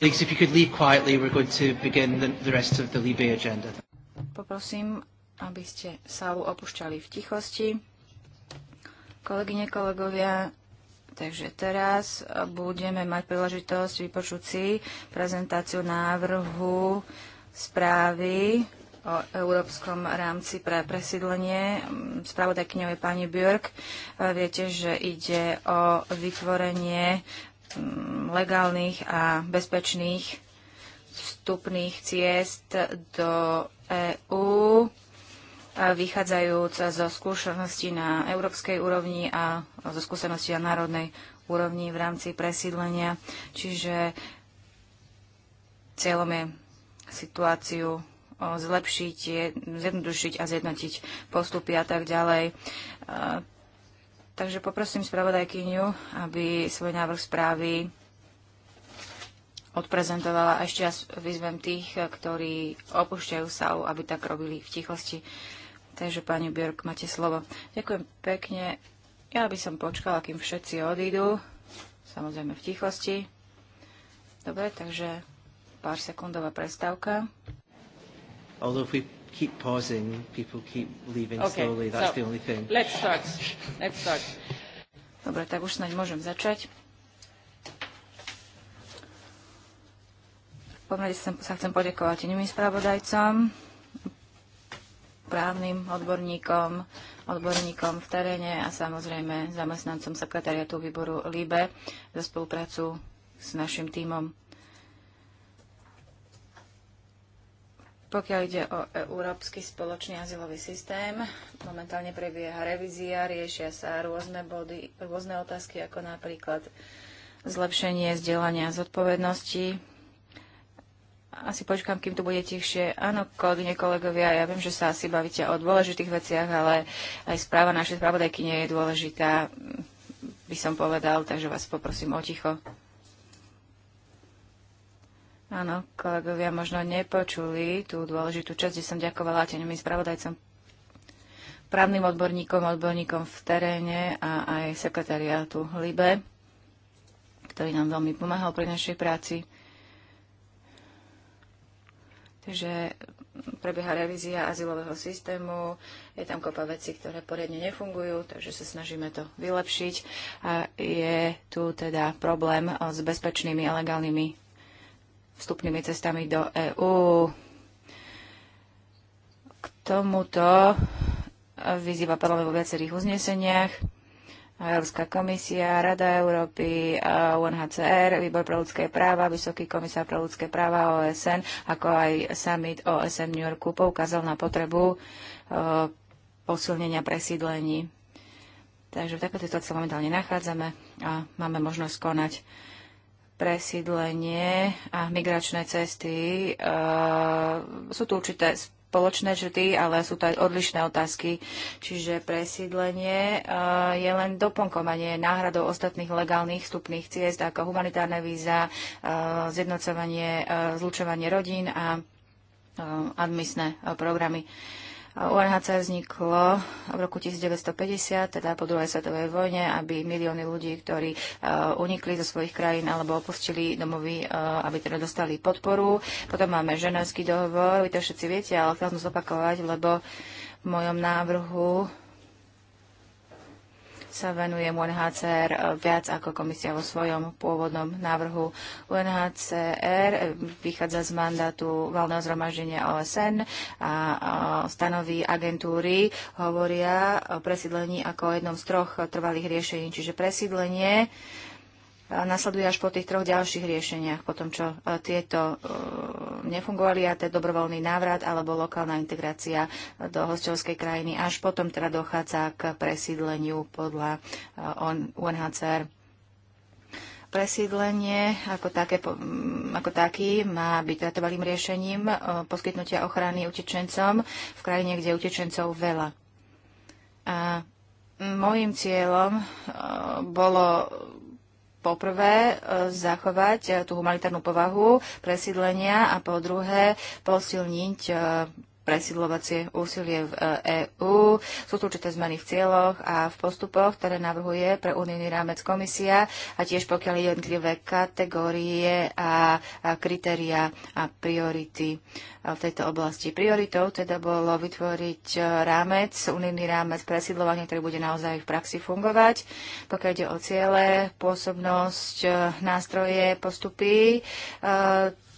Colleagues, if you could leave quietly, we're going to begin the, the rest of the agenda. Poprosím, aby ste sálu opúšťali v tichosti. Kolegyne, kolegovia, takže teraz budeme mať príležitosť vypočuť si prezentáciu návrhu správy o Európskom rámci pre presídlenie. Spravodajkňou je pani Björk. Viete, že ide o vytvorenie Mm, legálnych a bezpečných vstupných ciest do EÚ, vychádzajúc zo skúseností na európskej úrovni a zo skúseností na národnej úrovni v rámci presídlenia. Čiže cieľom je situáciu zlepšiť, zjednodušiť a zjednotiť postupy a tak ďalej. Takže poprosím spravodajkyňu, aby svoj návrh správy odprezentovala a ešte raz vyzvem tých, ktorí opúšťajú sálu, aby tak robili v tichosti. Takže pani Björk, máte slovo. Ďakujem pekne. Ja by som počkala, kým všetci odídu. Samozrejme v tichosti. Dobre, takže pár sekundová prestávka. Although we keep pausing, people keep leaving okay, slowly. That's so, the only thing. Let's start. Let's start. Dobre, tak už snáď môžem začať. Pomeď sa chcem podiekovať iným spravodajcom, právnym odborníkom, odborníkom v teréne a samozrejme zamestnancom sekretariatu výboru LIBE za spoluprácu s našim tímom. Pokiaľ ide o európsky spoločný azylový systém, momentálne prebieha revízia, riešia sa rôzne body, rôzne otázky, ako napríklad zlepšenie vzdelania zodpovednosti. Asi počkám, kým tu bude tichšie. Áno, kolegyne, kolegovia, ja viem, že sa asi bavíte o dôležitých veciach, ale aj správa našej spravodajky nie je dôležitá, by som povedal, takže vás poprosím o ticho. Áno, kolegovia možno nepočuli tú dôležitú časť, kde som ďakovala teňovým spravodajcom, právnym odborníkom, odborníkom v teréne a aj sekretariátu LIBE, ktorý nám veľmi pomáhal pri našej práci. Takže prebieha revízia azylového systému, je tam kopa vecí, ktoré poriadne nefungujú, takže sa snažíme to vylepšiť. A je tu teda problém s bezpečnými a legálnymi vstupnými cestami do EÚ. K tomuto vyzýva parlament vo viacerých uzneseniach. Európska komisia, Rada Európy, UNHCR, Výbor pre ľudské práva, Vysoký komisár pre ľudské práva OSN, ako aj summit OSN v New Yorku poukázal na potrebu posilnenia presídlení. Takže v takéto situácii momentálne nachádzame a máme možnosť konať presídlenie a migračné cesty. E, sú tu určité spoločné žrty, ale sú to aj odlišné otázky. Čiže presídlenie e, je len doplnkom náhradou ostatných legálnych vstupných ciest, ako humanitárne víza, e, zjednocovanie, e, zlučovanie rodín a e, admisné programy. E, UNHCR vzniklo v roku 1950, teda po druhej svetovej vojne, aby milióny ľudí, ktorí e, unikli zo svojich krajín alebo opustili domovy, e, aby teda dostali podporu. Potom máme ženevský dohovor, vy to všetci viete, ale chcel som zopakovať, lebo v mojom návrhu sa venujem UNHCR eh, viac ako komisia vo svojom pôvodnom návrhu. UNHCR eh, vychádza z mandátu valného zhromaždenia OSN a eh, stanoví agentúry, hovoria o presídlení ako o jednom z troch trvalých riešení, čiže presídlenie, nasleduje až po tých troch ďalších riešeniach, po tom, čo e, tieto e, nefungovali a ten dobrovoľný návrat alebo lokálna integrácia e, do hostovskej krajiny. Až potom teda dochádza k presídleniu podľa UNHCR. Presídlenie ako, také, ako taký má byť tratovalým riešením poskytnutia ochrany utečencom v krajine, kde je utečencov veľa. A Mojím cieľom bolo poprvé e, zachovať e, tú humanitárnu povahu presídlenia a po druhé posilniť e, presidlovacie úsilie v EÚ. E Sú tu určité zmeny v cieľoch a v postupoch, ktoré navrhuje pre unijný rámec komisia a tiež pokiaľ jednotlivé kategórie a, kritéria a priority e, v tejto oblasti. Prioritou teda bolo vytvoriť e, rámec, unijný rámec presidlovania, ktorý bude naozaj v praxi fungovať. Pokiaľ ide o ciele, pôsobnosť, nástroje, postupy,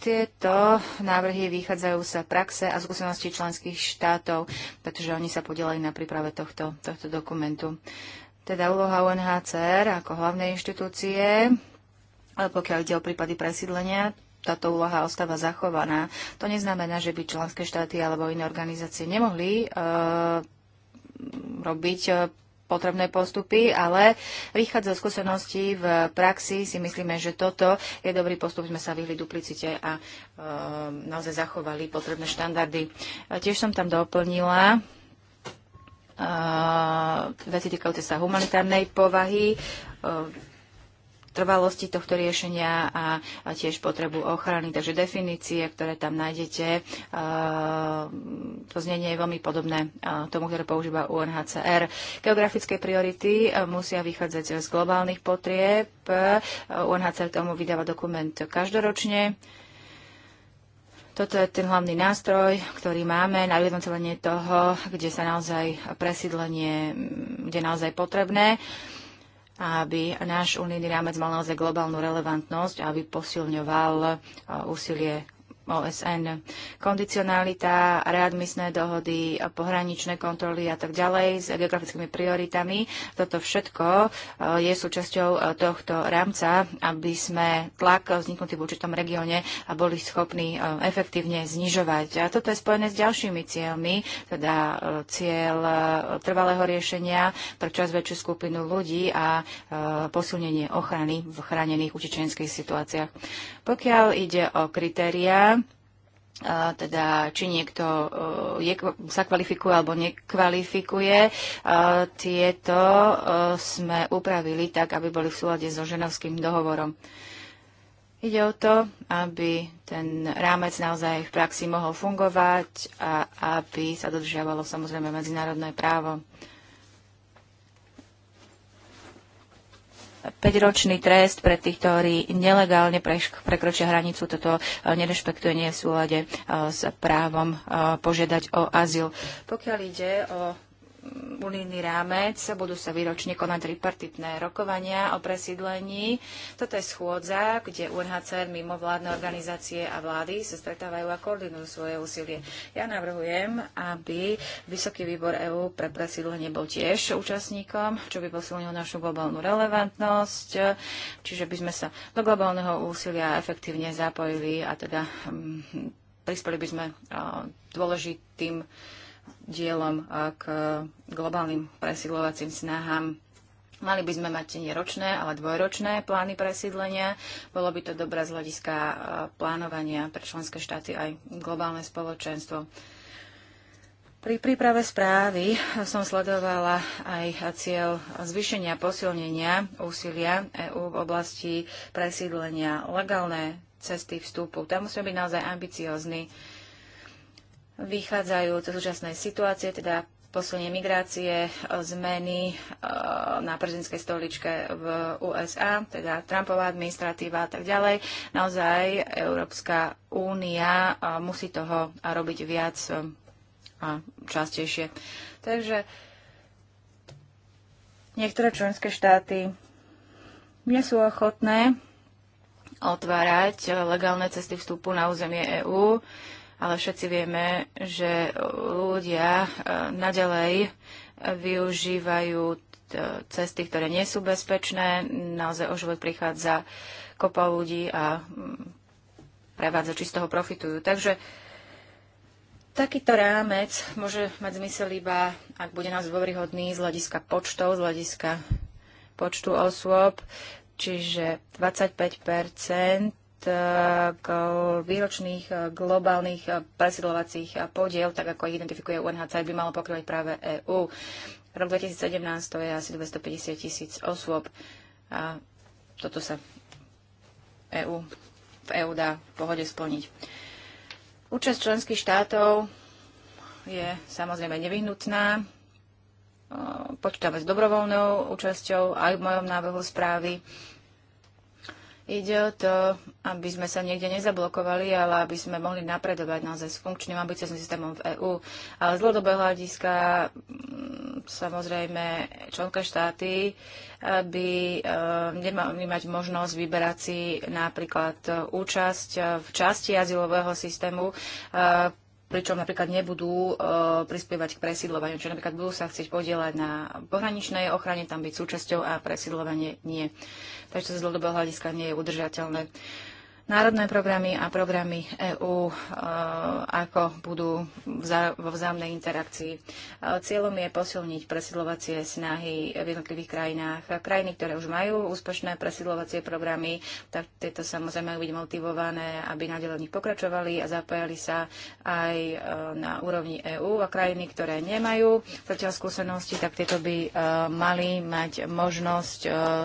tieto návrhy vychádzajú sa praxe a skúsenosti členských štátov, pretože oni sa podielali na príprave tohto, tohto dokumentu. Teda úloha UNHCR ako hlavnej inštitúcie, ale pokiaľ ide o prípady presídlenia, táto úloha ostáva zachovaná. To neznamená, že by členské štáty alebo iné organizácie nemohli uh, robiť eh, potrebné postupy, ale vychádza zo skúseností v praxi, si myslíme, že toto je dobrý postup, sme sa vyhli duplicite a e, naozaj zachovali potrebné štandardy. A tiež som tam doplnila e, veci týkajúce sa humanitárnej povahy, e, trvalosti tohto riešenia a, a tiež potrebu ochrany. Takže definície, ktoré tam nájdete, e, to znenie je veľmi podobné e, tomu, ktoré používa UNHCR. Geografické priority e, musia vychádzať z globálnych potrieb. UNHCR tomu vydáva dokument každoročne. Toto je ten hlavný nástroj, ktorý máme na vyhodnocovanie toho, kde sa naozaj presídlenie, kde naozaj potrebné. Uh, aby náš unijný rámec mal naozaj globálnu relevantnosť a aby posilňoval eh, úsilie OSN. Kondicionalita, readmisné dohody, pohraničné kontroly a tak ďalej s geografickými prioritami. Toto všetko eh, je súčasťou eh, tohto rámca, aby sme tlak vzniknutý v určitom regióne a eh, boli schopní efektívne znižovať. A toto je spojené s ďalšími cieľmi, teda cieľ trvalého riešenia pre čas väčšiu skupinu ľudí a posunenie ochrany v chránených utečenských situáciách. Pokiaľ ide o kritériá, teda či niekto eh, je, sa kvalifikuje alebo nekvalifikuje. Eh, tieto eh, sme upravili tak, aby boli v súlade so ženovským dohovorom. Ide o to, aby ten rámec naozaj v praxi mohol fungovať a aby sa dodržiavalo samozrejme medzinárodné právo. 5-ročný trest pre tých, ktorí nelegálne prekročia hranicu. Toto e, nerešpektuje, nie je v súlade e, s právom e, požiadať o azyl. Pokiaľ ide o unijný rámec, budú sa výročne konať tripartitné rokovania o presídlení. Toto je schôdza, kde UNHCR, vládne organizácie a vlády sa stretávajú a koordinujú svoje úsilie. Ja navrhujem, aby Vysoký výbor EÚ pre presídlenie bol tiež účastníkom, čo by posilnil našu globálnu relevantnosť, čiže by sme sa do globálneho úsilia efektívne zapojili a teda mm, prispeli by sme dôležitým dielom k e, globálnym presídlovacím snahám. Mali by sme mať nie ročné, ale dvojročné plány presídlenia. Bolo by to dobré z hľadiska e, plánovania pre členské štáty aj globálne spoločenstvo. Pri príprave správy som sledovala aj cieľ zvýšenia posilnenia úsilia EÚ v oblasti presídlenia legálne cesty vstupu. Tam musíme byť naozaj ambiciozni vychádzajú zo súčasnej situácie, teda posunie migrácie, e, zmeny e, na prezidentskej stoličke v USA, teda Trumpová administratíva a tak ďalej. Naozaj Európska únia e, musí toho robiť viac a častejšie. Takže niektoré členské štáty nie sú ochotné otvárať legálne cesty vstupu na územie EÚ ale všetci vieme, že ľudia e, naďalej využívajú e, cesty, ktoré nie sú bezpečné. Naozaj o život prichádza kopa ľudí a mm, prevádzači z toho profitujú. Takže takýto rámec môže mať zmysel iba, ak bude nás dôveryhodný z hľadiska počtov, z hľadiska počtu osôb, čiže 25 k výročných e, globálnych e, presídlovacích e, podiel, tak ako ich identifikuje UNHCR, by malo pokrývať práve EÚ. Rok 2017 to je asi 250 tisíc osôb a toto sa EU, v EÚ dá v pohode splniť. Účasť členských štátov je samozrejme nevyhnutná. Počítame s dobrovoľnou účasťou aj v mojom návrhu správy. Ide o to, aby sme sa niekde nezablokovali, ale aby sme mohli napredovať naozaj s funkčným ambiciozným systémom v EÚ. Ale z dlhodobého hľadiska mm, samozrejme členské štáty by eh, nemali mať možnosť vyberať si napríklad eh, účasť eh, v časti azylového systému, pričom napríklad nebudú e, prispievať k presídľovaniu, čiže napríklad budú sa chcieť podielať na pohraničnej ochrane, tam byť súčasťou a presídľovanie nie. Takže to z dlhodobého hľadiska nie je udržateľné národné programy a programy EÚ, e, ako budú vo vzájomnej interakcii. E, cieľom je posilniť presidlovacie snahy v jednotlivých krajinách. Krajiny, ktoré už majú úspešné presidlovacie programy, tak tieto samozrejme majú byť motivované, aby na v nich pokračovali a zapájali sa aj e, na úrovni EÚ a krajiny, ktoré nemajú zatiaľ skúsenosti, tak tieto by mali mať možnosť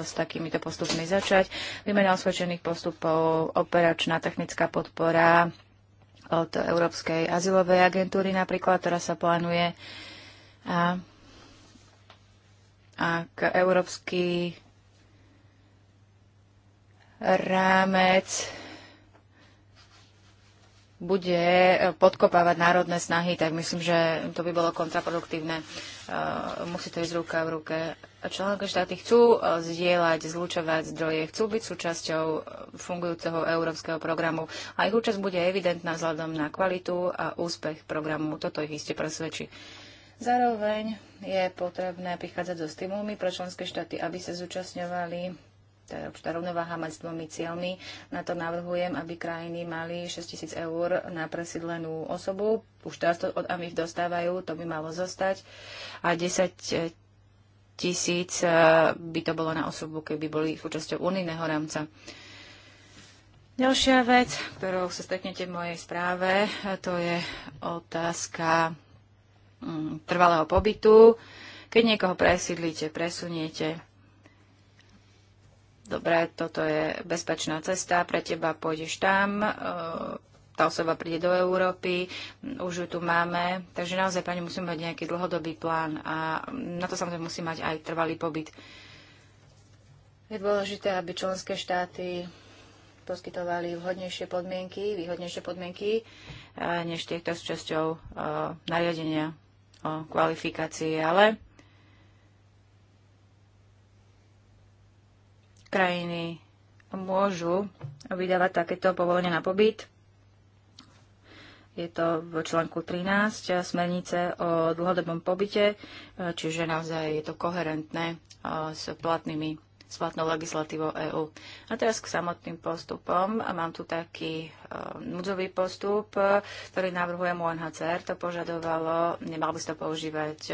s takýmito postupmi začať. Vymena osvedčených postupov, operačná technická podpora od Európskej azylovej agentúry napríklad, ktorá sa plánuje. A ak európsky rámec bude podkopávať národné snahy, tak myslím, že to by bolo kontraproduktívne musí to ísť ruka v ruke. Členské štáty chcú e, zdieľať, zlučovať zdroje, chcú byť súčasťou e, fungujúceho európskeho programu a ich účasť bude evidentná vzhľadom na kvalitu a úspech programu. Toto ich iste presvedčí. Zároveň je potrebné prichádzať so stimulmi pre členské štáty, aby sa zúčastňovali tá, e, tá rovnováha s dvomi cieľmi. Na to navrhujem, aby krajiny mali 6000 eur na presídlenú osobu. Už teraz to od AMIF dostávajú, to by malo zostať. A 10 e, tisíc e, by to bolo na osobu, keby boli súčasťou unijného rámca. Ďalšia vec, ktorou sa stretnete v mojej správe, to je otázka mm, trvalého pobytu. Keď niekoho presídlite, presuniete, dobre, toto je bezpečná cesta, pre teba pôjdeš tam, e, tá osoba príde do Európy, už ju tu máme, takže naozaj, pani, musíme mať nejaký dlhodobý plán a na to samozrejme musí mať aj trvalý pobyt. Je dôležité, aby členské štáty poskytovali vhodnejšie podmienky, výhodnejšie podmienky, e, než tieto s časťou e, nariadenia o kvalifikácii, ale krajiny môžu vydávať takéto povolenie na pobyt. Je to v článku 13 smernice o dlhodobom pobyte, čiže naozaj je to koherentné s platnými s platnou legislatívou EÚ. A teraz k samotným postupom. Mám tu taký e, núdzový postup, e, ktorý navrhujem UNHCR. To požadovalo, nemal by sa to používať e,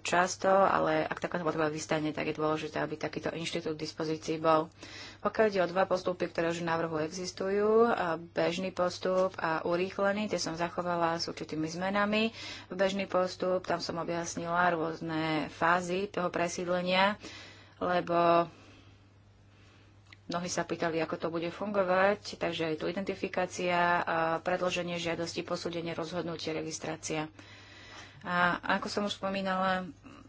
často, ale ak takáto potreba vystane, tak je dôležité, aby takýto inštitút v dispozícii bol. Pokiaľ ide o dva postupy, ktoré už v návrhu existujú, bežný postup a urýchlený, tie som zachovala s určitými zmenami. Bežný postup, tam som objasnila rôzne fázy toho presídlenia, lebo mnohí sa pýtali, ako to bude fungovať, takže je tu identifikácia, predloženie žiadosti, posúdenie, rozhodnutie, registrácia. A ako som už spomínala,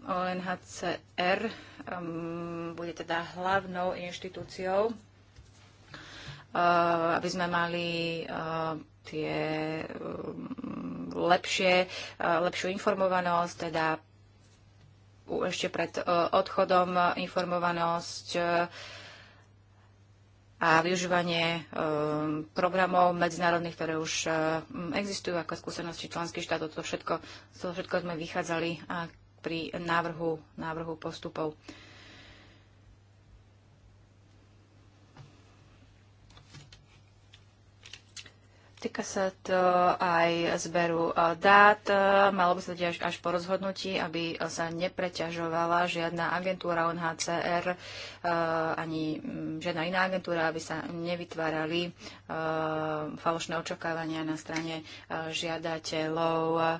ONHCR um, bude teda hlavnou inštitúciou, uh, aby sme mali uh, tie um, lepšie, uh, lepšiu informovanosť, teda ešte pred e, odchodom e, informovanosť e, a využívanie programov medzinárodných, ktoré už existujú ako skúsenosti členských štátov. To všetko, to všetko sme vychádzali pri návrhu, návrhu postupov. Týka sa to aj zberu e, dát. E, malo by sa to až, po rozhodnutí, aby e, sa nepreťažovala žiadna agentúra UNHCR ani žiadna iná agentúra, aby sa nevytvárali falošné očakávania na strane žiadateľov.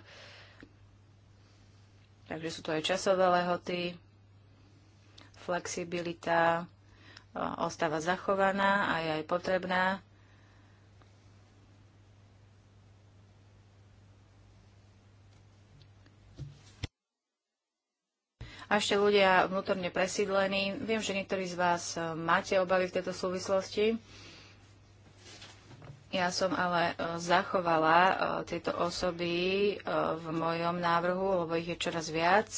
Takže sú tu aj časové lehoty, flexibilita ostáva zachovaná a je aj potrebná a ešte ľudia vnútorne presídlení. Viem, že niektorí z vás e, máte obavy v tejto súvislosti. Ja som ale e, zachovala e, tieto osoby v mojom návrhu, lebo ich je čoraz viac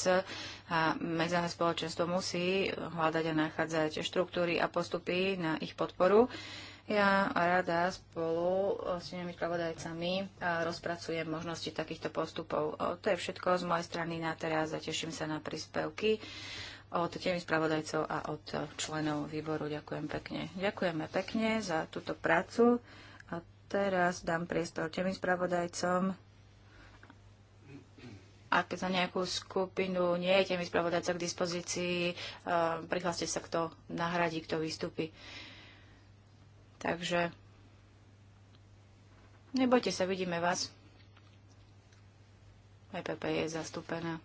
a medzinárodné spoločenstvo musí hľadať a nachádzať štruktúry a postupy na ich podporu. Ja a rada spolu e, s inými spravodajcami e, rozpracujem možnosti takýchto postupov. E, to je všetko z mojej strany na teraz a teším sa na príspevky od tými spravodajcov a od členov výboru. Ďakujem pekne. Ďakujeme pekne za túto prácu. A teraz dám priestor tými spravodajcom. Ak za nejakú skupinu nie je tými spravodajca k dispozícii, prihláste sa, kto nahradí, kto vystúpi. Takže nebojte sa, vidíme vás. EPP je zastúpená.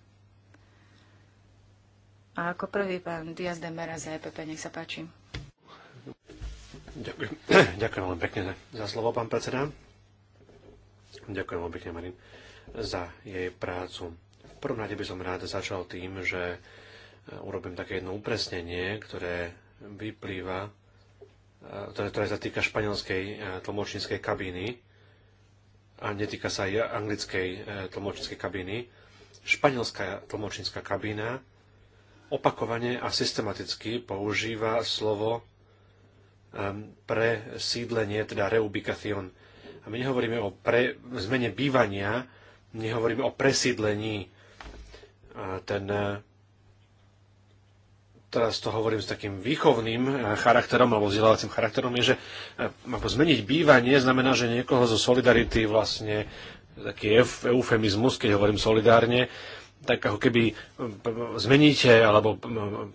A ako prvý pán Diaz de Mera za EPP, nech sa páči. Ďakujem. Ďakujem veľmi pekne za slovo, pán predseda. Ďakujem veľmi pekne, Marin, za jej prácu. V prvom rade by som rád začal tým, že e, urobím také jedno upresnenie, ktoré vyplýva ktoré, ktoré sa týka španielskej e, tlmočníckej kabíny a netýka sa aj anglickej e, tlmočníckej kabíny. Španielská tlmočnícka kabína opakovane a systematicky používa slovo e, pre sídlenie, teda reubicación. A my nehovoríme o pre, zmene bývania, nehovoríme o presídlení. A ten teraz to hovorím s takým výchovným eh, charakterom alebo vzdelávacím charakterom, je, že eh, ako zmeniť bývanie znamená, že niekoho zo solidarity vlastne taký eufemizmus, keď hovorím solidárne, tak ako keby eh, zmeníte alebo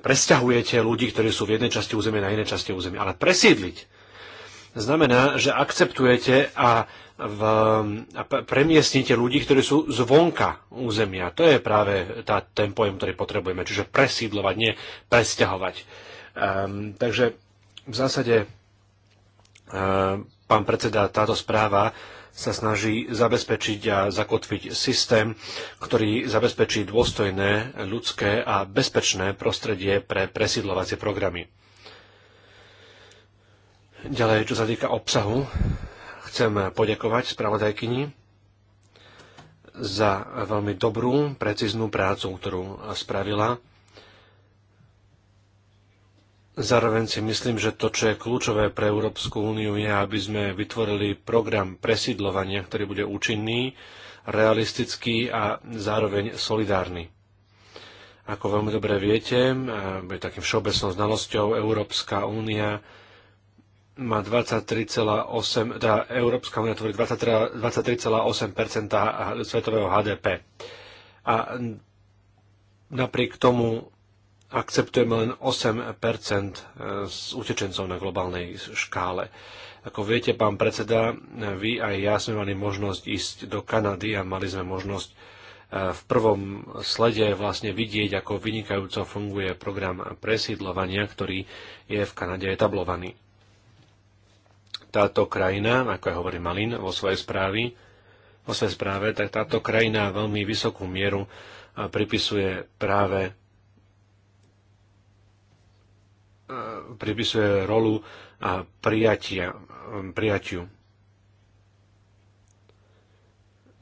presťahujete ľudí, ktorí sú v jednej časti územia na inej časti územia. Ale presídliť znamená, že akceptujete a v, a premiestnite ľudí, ktorí sú zvonka územia. To je práve tá, ten pojem, ktorý potrebujeme. Čiže presídlovať, nie presťahovať. Um, takže v zásade, um, pán predseda, táto správa sa snaží zabezpečiť a zakotviť systém, ktorý zabezpečí dôstojné, ľudské a bezpečné prostredie pre presídlovacie programy. Ďalej, čo sa týka obsahu, Chcem poďakovať spravodajkyni za veľmi dobrú, preciznú prácu, ktorú spravila. Zároveň si myslím, že to, čo je kľúčové pre Európsku úniu, je, aby sme vytvorili program presídlovania, ktorý bude účinný, realistický a zároveň solidárny. Ako veľmi dobre viete, takým všeobecnou znalosťou Európska únia má 23,8, teda Európska únia tvorí 23,8 svetového HDP. A napriek tomu akceptujeme len 8 eh, z utečencov na globálnej škále. Ako viete, pán predseda, vy aj ja sme mali možnosť ísť do Kanady a mali sme možnosť eh, v prvom slede vlastne vidieť, ako vynikajúco funguje program presídlovania, ktorý je v Kanade etablovaný táto krajina, ako ja hovorí Malin vo svojej správy, vo svojej správe, tak táto krajina veľmi vysokú mieru pripisuje práve pripisuje rolu a prijatia, prijatiu.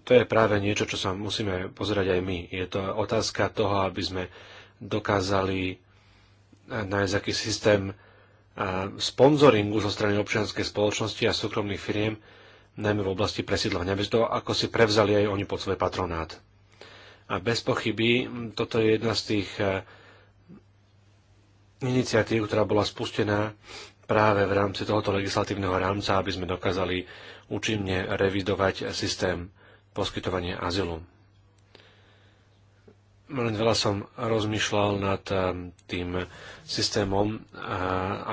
To je práve niečo, čo sa musíme pozerať aj my. Je to otázka toho, aby sme dokázali nájsť aký systém sponzoringu zo strany občianskej spoločnosti a súkromných firiem, najmä v oblasti presídlovania, bez toho, ako si prevzali aj oni pod svoj patronát. A bez pochyby toto je jedna z tých e, iniciatív, ktorá bola spustená práve v rámci tohoto legislatívneho rámca, aby sme dokázali účinne revidovať systém poskytovania azylu len veľa som rozmýšľal nad eh, tým systémom eh,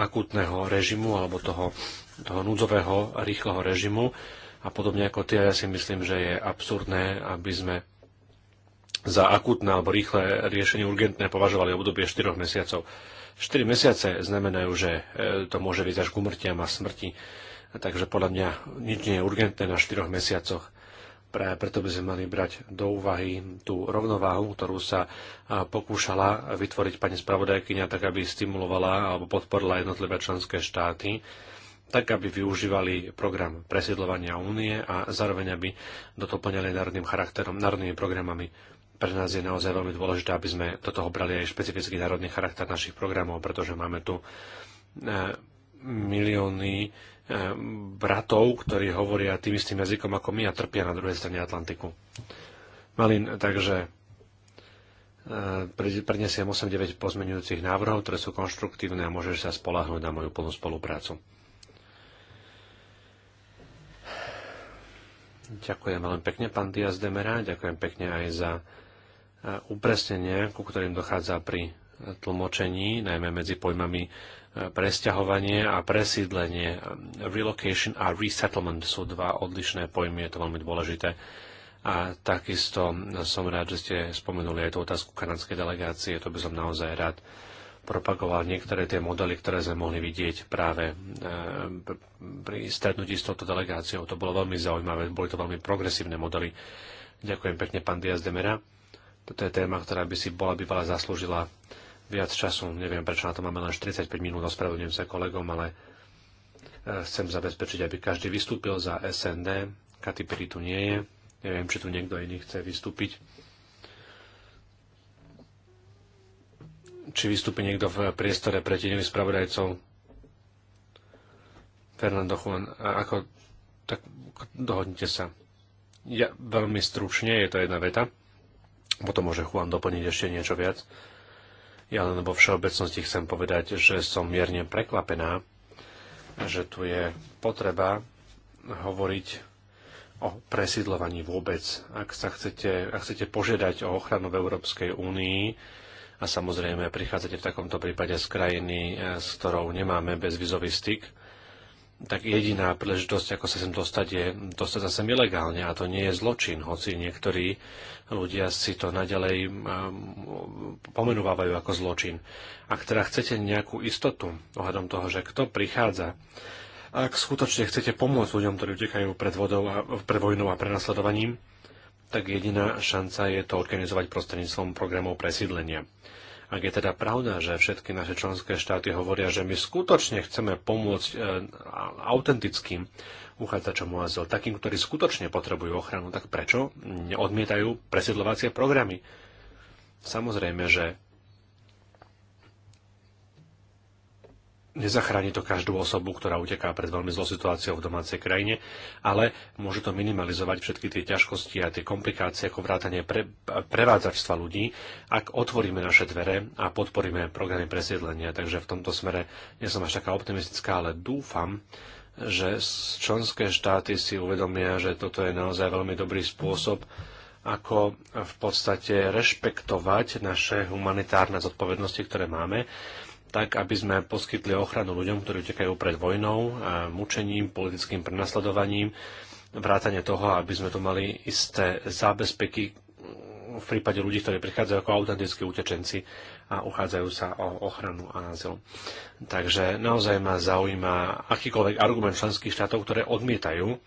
akutného režimu alebo toho, toho núdzového rýchleho režimu a podobne ako tie, ja si myslím, že je absurdné, aby sme za akutné alebo rýchle riešenie urgentné považovali obdobie 4 mesiacov. 4 mesiace znamenajú, že eh, to môže byť až k umrtiam a smrti, takže podľa mňa nič nie je urgentné na 4 mesiacoch. Práve preto by sme mali brať do úvahy tú rovnováhu, ktorú sa pokúšala vytvoriť pani spravodajkyňa, tak aby stimulovala alebo podporila jednotlivé členské štáty tak aby využívali program presiedlovania únie a zároveň aby plňali národným charakterom, národnými programami. Pre nás je naozaj veľmi dôležité, aby sme do toho brali aj špecifický národný charakter našich programov, pretože máme tu e, milióny Eh, bratov, ktorí hovoria tým istým jazykom ako my a trpia na druhej strane Atlantiku. Malin, takže eh, prednesiem 8-9 pozmenujúcich návrhov, ktoré sú konštruktívne a môžeš sa spolahnúť na moju plnú spoluprácu. Ďakujem veľmi pekne, pán Diaz Demera, ďakujem pekne aj za eh, upresnenie, ku ktorým dochádza pri tlmočení, najmä medzi pojmami e, presťahovanie a presídlenie. Relocation a resettlement sú dva odlišné pojmy, je to veľmi dôležité. A takisto som rád, že ste spomenuli aj tú otázku kanadskej delegácie, to by som naozaj rád propagoval niektoré tie modely, ktoré sme mohli vidieť práve e, pri stretnutí s touto delegáciou. To bolo veľmi zaujímavé, boli to veľmi progresívne modely. Ďakujem pekne, pán Diaz Demera. Toto je téma, ktorá by si bola bývala zaslúžila viac času. Neviem, prečo na to máme len 45 minút, ospravedlňujem sa kolegom, ale eh, chcem zabezpečiť, aby každý vystúpil za SND. Katy Piri tu nie je. Neviem, či tu niekto iný chce vystúpiť. Či vystúpi niekto v priestore pre tieňových spravodajcov? Fernando Juan, ako, tak dohodnite sa. Ja, veľmi stručne, je to jedna veta. Potom môže Juan doplniť ešte niečo viac. Ja len vo všeobecnosti chcem povedať, že som mierne prekvapená, že tu je potreba hovoriť o presídlovaní vôbec. Ak, sa chcete, ak chcete požiadať o ochranu v Európskej únii, a samozrejme prichádzate v takomto prípade z krajiny, e, s ktorou nemáme bezvizový styk, tak jediná príležitosť, ako sa sem dostať, je dostať sa sem ilegálne. A to nie je zločin, hoci niektorí ľudia si to naďalej um, pomenúvajú ako zločin. Ak teda chcete nejakú istotu ohľadom toho, že kto prichádza, ak skutočne chcete pomôcť ľuďom, ktorí utekajú pred, vodou a, pred vojnou a prenasledovaním, tak jediná šanca je to organizovať prostredníctvom programov presídlenia. Ak je teda pravda, že všetky naše členské štáty hovoria, že my skutočne chceme pomôcť e, autentickým uchádzačom o azyl, takým, ktorí skutočne potrebujú ochranu, tak prečo odmietajú presiedlovacie programy? Samozrejme, že Nezachráni to každú osobu, ktorá uteká pred veľmi zlou situáciou v domácej krajine, ale môže to minimalizovať všetky tie ťažkosti a tie komplikácie ako vrátanie pre, prevádzačstva ľudí, ak otvoríme naše dvere a podporíme programy presiedlenia. Takže v tomto smere nie som až taká optimistická, ale dúfam, že členské štáty si uvedomia, že toto je naozaj veľmi dobrý spôsob, ako v podstate rešpektovať naše humanitárne zodpovednosti, ktoré máme tak, aby sme poskytli ochranu ľuďom, ktorí utekajú pred vojnou, mučením, politickým prenasledovaním, vrátane toho, aby sme tu mali isté zábezpeky v prípade ľudí, ktorí prichádzajú ako autentickí utečenci a uchádzajú sa o ochranu a azyl. Takže naozaj ma zaujíma akýkoľvek argument členských štátov, ktoré odmietajú e,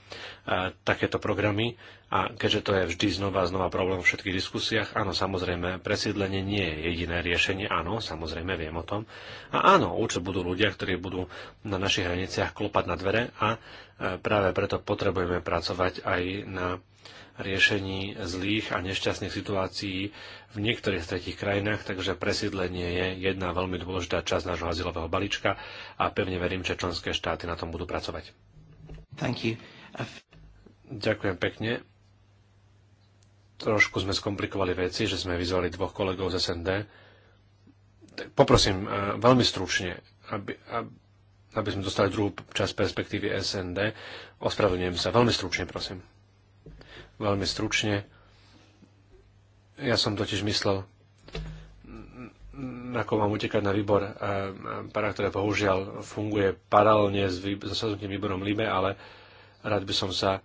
takéto programy a keďže to je vždy znova a znova problém v všetkých diskusiách, áno, samozrejme, presídlenie nie je jediné riešenie, áno, samozrejme, viem o tom. A áno, určite budú ľudia, ktorí budú na našich hraniciach klopať na dvere a e, práve preto potrebujeme pracovať aj na riešení zlých a nešťastných situácií v niektorých z tretich krajinách, takže presídlenie je jedna veľmi dôležitá časť nášho azylového balíčka a pevne verím, že členské štáty na tom budú pracovať. Thank you. Ďakujem pekne. Trošku sme skomplikovali veci, že sme vyzvali dvoch kolegov z SND. Poprosím eh, veľmi stručne, aby, aby sme dostali druhú časť perspektívy SND. Ospravedlňujem sa. Veľmi stručne, prosím veľmi stručne. Ja som totiž myslel, ako mám utekať na výbor eh, para, ktoré bohužiaľ funguje paralelne s zasadnutým výborom LIBE, ale rád by som sa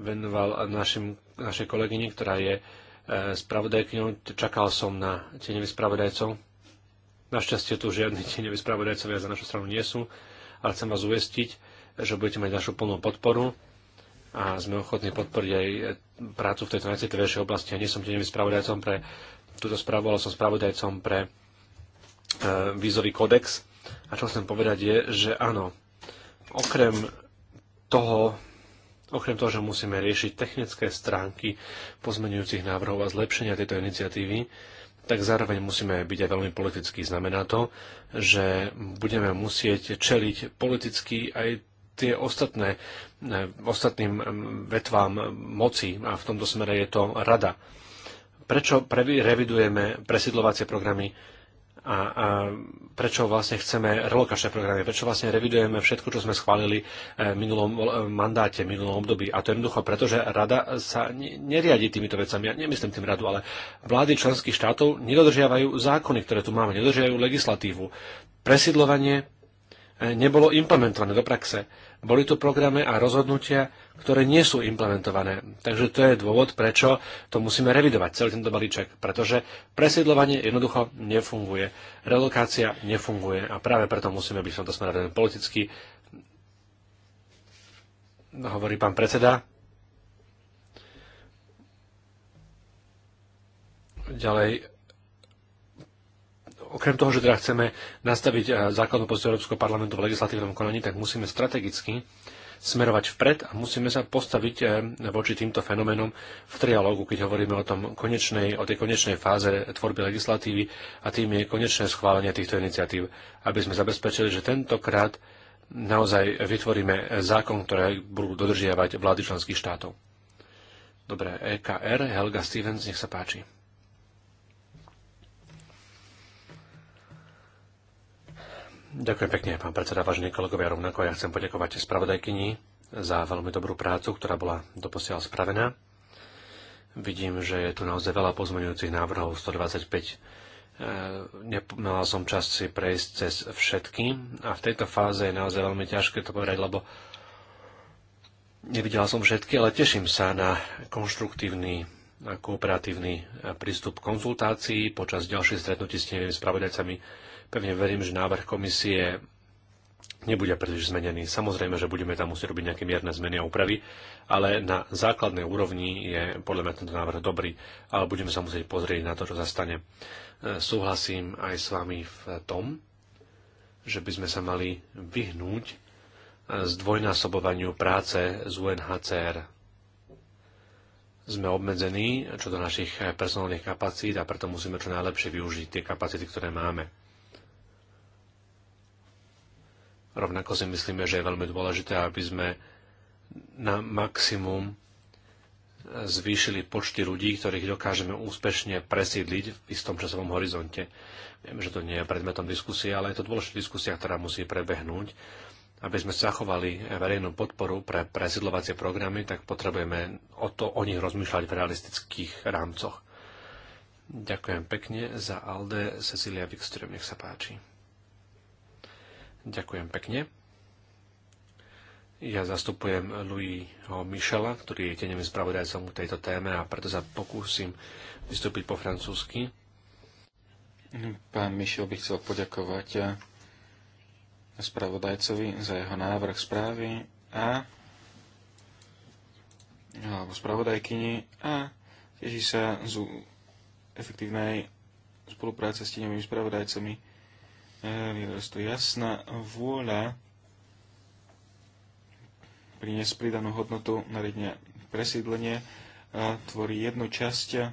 venoval našim, našej kolegyni, ktorá je eh, spravodajkňou. Čakal som na tieňových spravodajcov. Našťastie tu žiadni tie spravodajcovia za našu stranu nie sú, ale chcem vás uvestiť, že budete mať našu plnú podporu a sme ochotní podporiť aj prácu v tejto najcitlivejšej oblasti. Ja nie som tým spravodajcom pre túto správu, ale som spravodajcom pre e, vízový kodex. A čo chcem povedať je, že áno, okrem toho, okrem toho, že musíme riešiť technické stránky pozmenujúcich návrhov a zlepšenia tejto iniciatívy, tak zároveň musíme byť aj veľmi politicky. Znamená to, že budeme musieť čeliť politicky aj tie ostatné, e, ostatným e, vetvám moci a v tomto smere je to rada. Prečo revidujeme presidlovacie programy a, a prečo vlastne chceme relokačné programy, prečo vlastne revidujeme všetko, čo sme schválili e, v minulom mandáte, v minulom období. A to jednoducho, pretože rada sa neriadi týmito vecami, ja nemyslím tým radu, ale vlády členských štátov nedodržiavajú zákony, ktoré tu máme, nedodržiavajú legislatívu. Presidlovanie nebolo implementované do praxe boli tu programy a rozhodnutia, ktoré nie sú implementované. Takže to je dôvod, prečo to musíme revidovať, celý tento balíček. Pretože presiedlovanie jednoducho nefunguje, relokácia nefunguje a práve preto musíme byť v tomto smere politicky. Hovorí pán predseda. Ďalej okrem toho, že teda chceme nastaviť eh, základnú pozíciu Európskeho parlamentu v legislatívnom konaní, tak musíme strategicky smerovať vpred a musíme sa postaviť eh, voči týmto fenoménom v trialógu, keď hovoríme o, tom konečnej, o tej konečnej fáze tvorby legislatívy a tým je konečné schválenie týchto iniciatív, aby sme zabezpečili, že tentokrát naozaj vytvoríme zákon, ktoré budú dodržiavať vlády členských štátov. Dobre, EKR, Helga Stevens, nech sa páči. Ďakujem pekne, pán predseda, vážení kolegovia, rovnako ja chcem poďakovať spravodajkyni za veľmi dobrú prácu, ktorá bola doposiaľ spravená. Vidím, že je tu naozaj veľa pozmeňujúcich návrhov, 125. E, Nemala som čas si prejsť cez všetky a v tejto fáze je naozaj veľmi ťažké to povedať, lebo nevidela som všetky, ale teším sa na konštruktívny a kooperatívny prístup konzultácií počas ďalších stretnutí s tými spravodajcami Pevne verím, že návrh komisie nebude príliš zmenený. Samozrejme, že budeme tam musieť robiť nejaké mierne zmeny a úpravy, ale na základnej úrovni je podľa mňa tento návrh dobrý, ale budeme sa musieť pozrieť na to, čo zastane. E, súhlasím aj s vami v tom, že by sme sa mali vyhnúť e, zdvojnásobovaniu práce z UNHCR. Sme obmedzení čo do našich personálnych kapacít a preto musíme čo najlepšie využiť tie kapacity, ktoré máme. Rovnako si myslíme, že je veľmi dôležité, aby sme na maximum zvýšili počty ľudí, ktorých dokážeme úspešne presídliť v istom časovom horizonte. Viem, že to nie je predmetom diskusie, ale je to dôležitá diskusia, ktorá musí prebehnúť. Aby sme zachovali verejnú podporu pre presídlovacie programy, tak potrebujeme o, to, o nich rozmýšľať v realistických rámcoch. Ďakujem pekne za Alde, Cecilia Wikström, nech sa páči. Ďakujem pekne. Ja zastupujem Louisho Michela, ktorý je tenevým spravodajcom k tejto téme a preto sa pokúsim vystúpiť po francúzsky. Pán Michel by chcel poďakovať spravodajcovi za jeho návrh správy a alebo spravodajkyni a teší sa z efektívnej spolupráce s tieňovými spravodajcami Eh, je to jasná vôľa priniesť pridanú hodnotu nariadenia presídlenie tvorí jednu časť eh,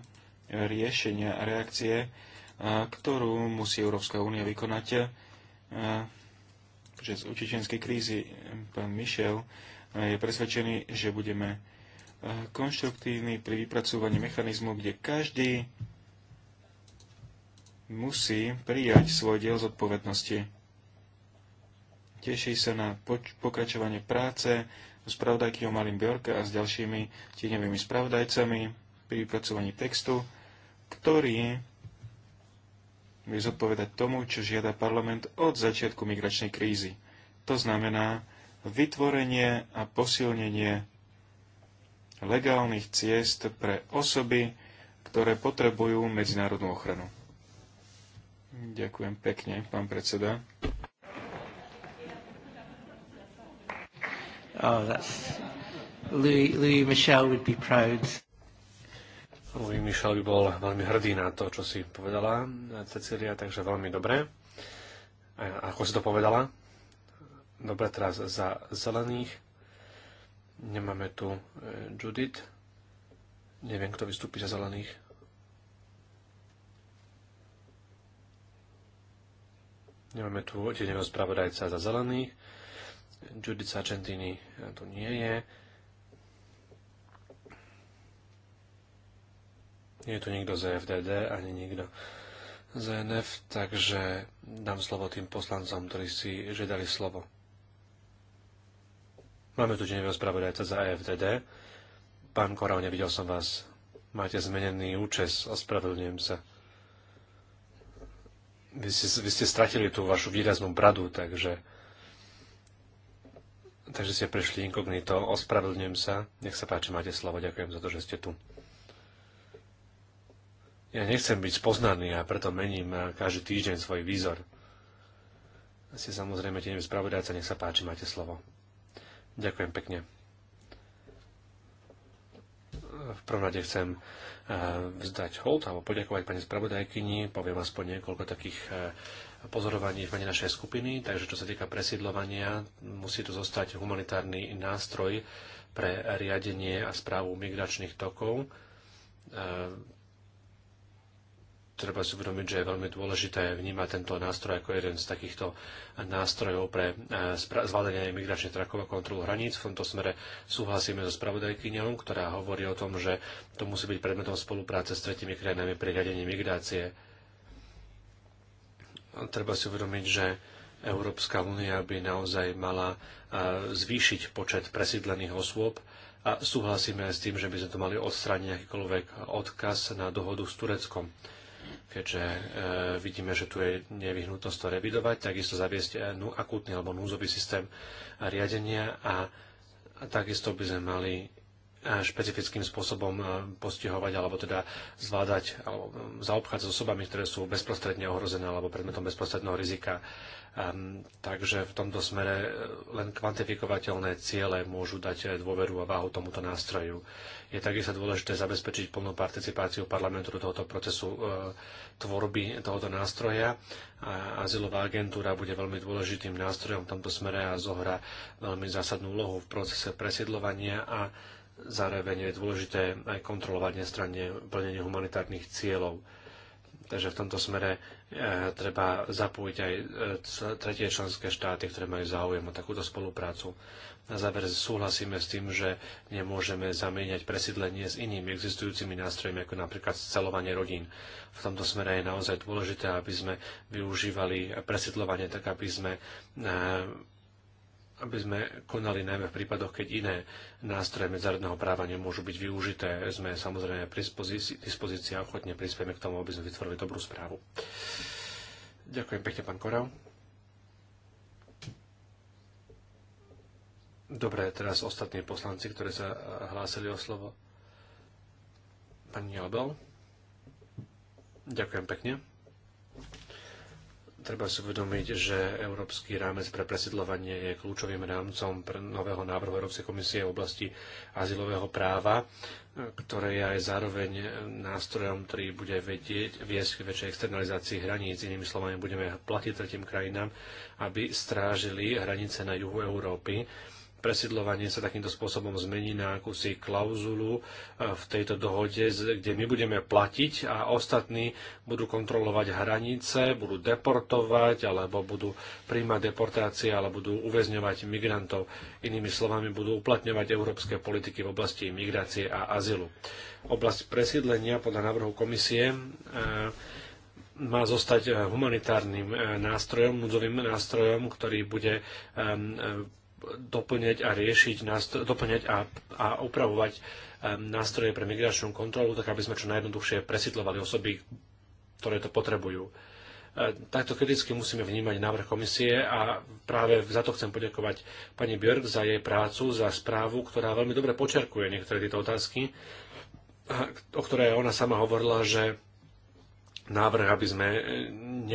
riešenia a reakcie, eh, ktorú musí Európska únia vykonať. Že z učičenskej krízy pán Michel je presvedčený, že budeme konštruktívni pri vypracovaní mechanizmu, kde každý musí prijať svoj diel zodpovednosti. Teší sa na pokračovanie práce s pravdajkyňou Malým Bjorka a s ďalšími tieňovými spravodajcami pri vypracovaní textu, ktorý bude zodpovedať tomu, čo žiada parlament od začiatku migračnej krízy. To znamená vytvorenie a posilnenie legálnych ciest pre osoby, ktoré potrebujú medzinárodnú ochranu. Ďakujem pekne, pán predseda. Oh, that's... Louis, Louis Michel would be proud. Louis Michel by bol veľmi hrdý na to, čo si povedala eh, Cecília, takže veľmi dobré. A ako si to povedala? Dobre, teraz za zelených. Nemáme tu eh, Judith. Neviem, kto vystúpi za zelených. Nemáme tu tieňového spravodajca za zelených. Judica Argentini tu nie je. Nie je tu nikto z e FDD, ani nikto z e NF, takže dám slovo tým poslancom, ktorí si žiadali slovo. Máme tu tieňového spravodajca za EFDD. Pán Korau, nevidel som vás. Máte zmenený účes, ospravedlňujem sa vy ste, vy ste stratili tú vašu výraznú bradu, takže, takže ste prešli inkognito. Ospravedlňujem sa. Nech sa páči, máte slovo. Ďakujem za to, že ste tu. Ja nechcem byť spoznaný a preto mením každý týždeň svoj výzor. Ste samozrejme tie spravodajca, nech sa páči, máte slovo. Ďakujem pekne v prvom rade chcem eh, vzdať hold alebo poďakovať pani spravodajkyni, poviem aspoň niekoľko takých eh, pozorovaní v mene našej skupiny, takže čo sa týka presídlovania, musí tu zostať humanitárny nástroj pre riadenie a správu migračných tokov eh, treba si uvedomiť, že je veľmi dôležité vnímať tento nástroj ako jeden z takýchto nástrojov pre e, zvládanie imigračných trakov a kontrolu hraníc. V tomto smere súhlasíme so spravodajkyňou, ktorá hovorí o tom, že to musí byť predmetom spolupráce s tretimi krajinami pri riadení migrácie. Treba si uvedomiť, že Európska únia by naozaj mala e, zvýšiť počet presídlených osôb, a súhlasíme aj s tým, že by sme to mali odstrániť akýkoľvek odkaz na dohodu s Tureckom keďže e, vidíme, že tu je nevyhnutnosť to revidovať, takisto zaviesť e, nú, akútny alebo núzový systém riadenia a, a takisto by sme mali e, špecifickým spôsobom e, postihovať alebo teda zvládať alebo zaobchádzať s osobami, ktoré sú bezprostredne ohrozené alebo predmetom bezprostredného rizika. Ehm, takže v tomto smere e, len kvantifikovateľné ciele môžu dať e, dôveru a váhu tomuto nástroju. Je takisto dôležité zabezpečiť plnú participáciu parlamentu do tohoto procesu e, tvorby tohoto nástroja a azylová agentúra bude veľmi dôležitým nástrojom v tomto smere a zohra veľmi zásadnú úlohu v procese presiedlovania a zároveň je dôležité aj kontrolovať nestranne plnenie humanitárnych cieľov. Takže v tomto smere E, treba zapojiť aj e, tretie členské štáty, ktoré majú záujem o takúto spoluprácu. Na záver súhlasíme s tým, že nemôžeme zamieňať presídlenie s inými existujúcimi nástrojmi, ako napríklad scelovanie rodín. V tomto smere je naozaj dôležité, aby sme využívali presídlovanie tak, aby sme e, aby sme konali najmä v prípadoch, keď iné nástroje medzárodného práva nemôžu byť využité. Sme samozrejme pri dispozícii a ochotne prispieme k tomu, aby sme vytvorili dobrú správu. Ďakujem pekne, pán Korau. Dobre, teraz ostatní poslanci, ktorí sa hlásili o slovo. Pani Albel. Ďakujem pekne. Treba si uvedomiť, že Európsky rámec pre presidľovanie je kľúčovým rámcom pre nového návrhu Európskej komisie v oblasti azylového práva, ktoré je aj zároveň nástrojom, ktorý bude vedieť, viesť k väčšej externalizácii hraníc. Inými slovami, budeme platiť tretím krajinám, aby strážili hranice na juhu Európy presidlovanie sa takýmto spôsobom zmení na akúsi klauzulu e, v tejto dohode, kde my budeme platiť a ostatní budú kontrolovať hranice, budú deportovať alebo budú príjmať deportácie alebo budú uväzňovať migrantov. Inými slovami budú uplatňovať európske politiky v oblasti migrácie a azylu. Oblasť presídlenia podľa návrhu komisie e, má zostať e, humanitárnym nástrojom, núdzovým nástrojom, ktorý bude doplňať a riešiť, doplňať a, a upravovať um, nástroje pre migračnú kontrolu, tak aby sme čo najjednoduchšie presidlovali osoby, ktoré to potrebujú. E, takto kriticky musíme vnímať návrh komisie a práve za to chcem poďakovať pani Björk za jej prácu, za správu, ktorá veľmi dobre počerkuje niektoré tieto otázky, o ktoré ona sama hovorila, že návrh, aby sme e,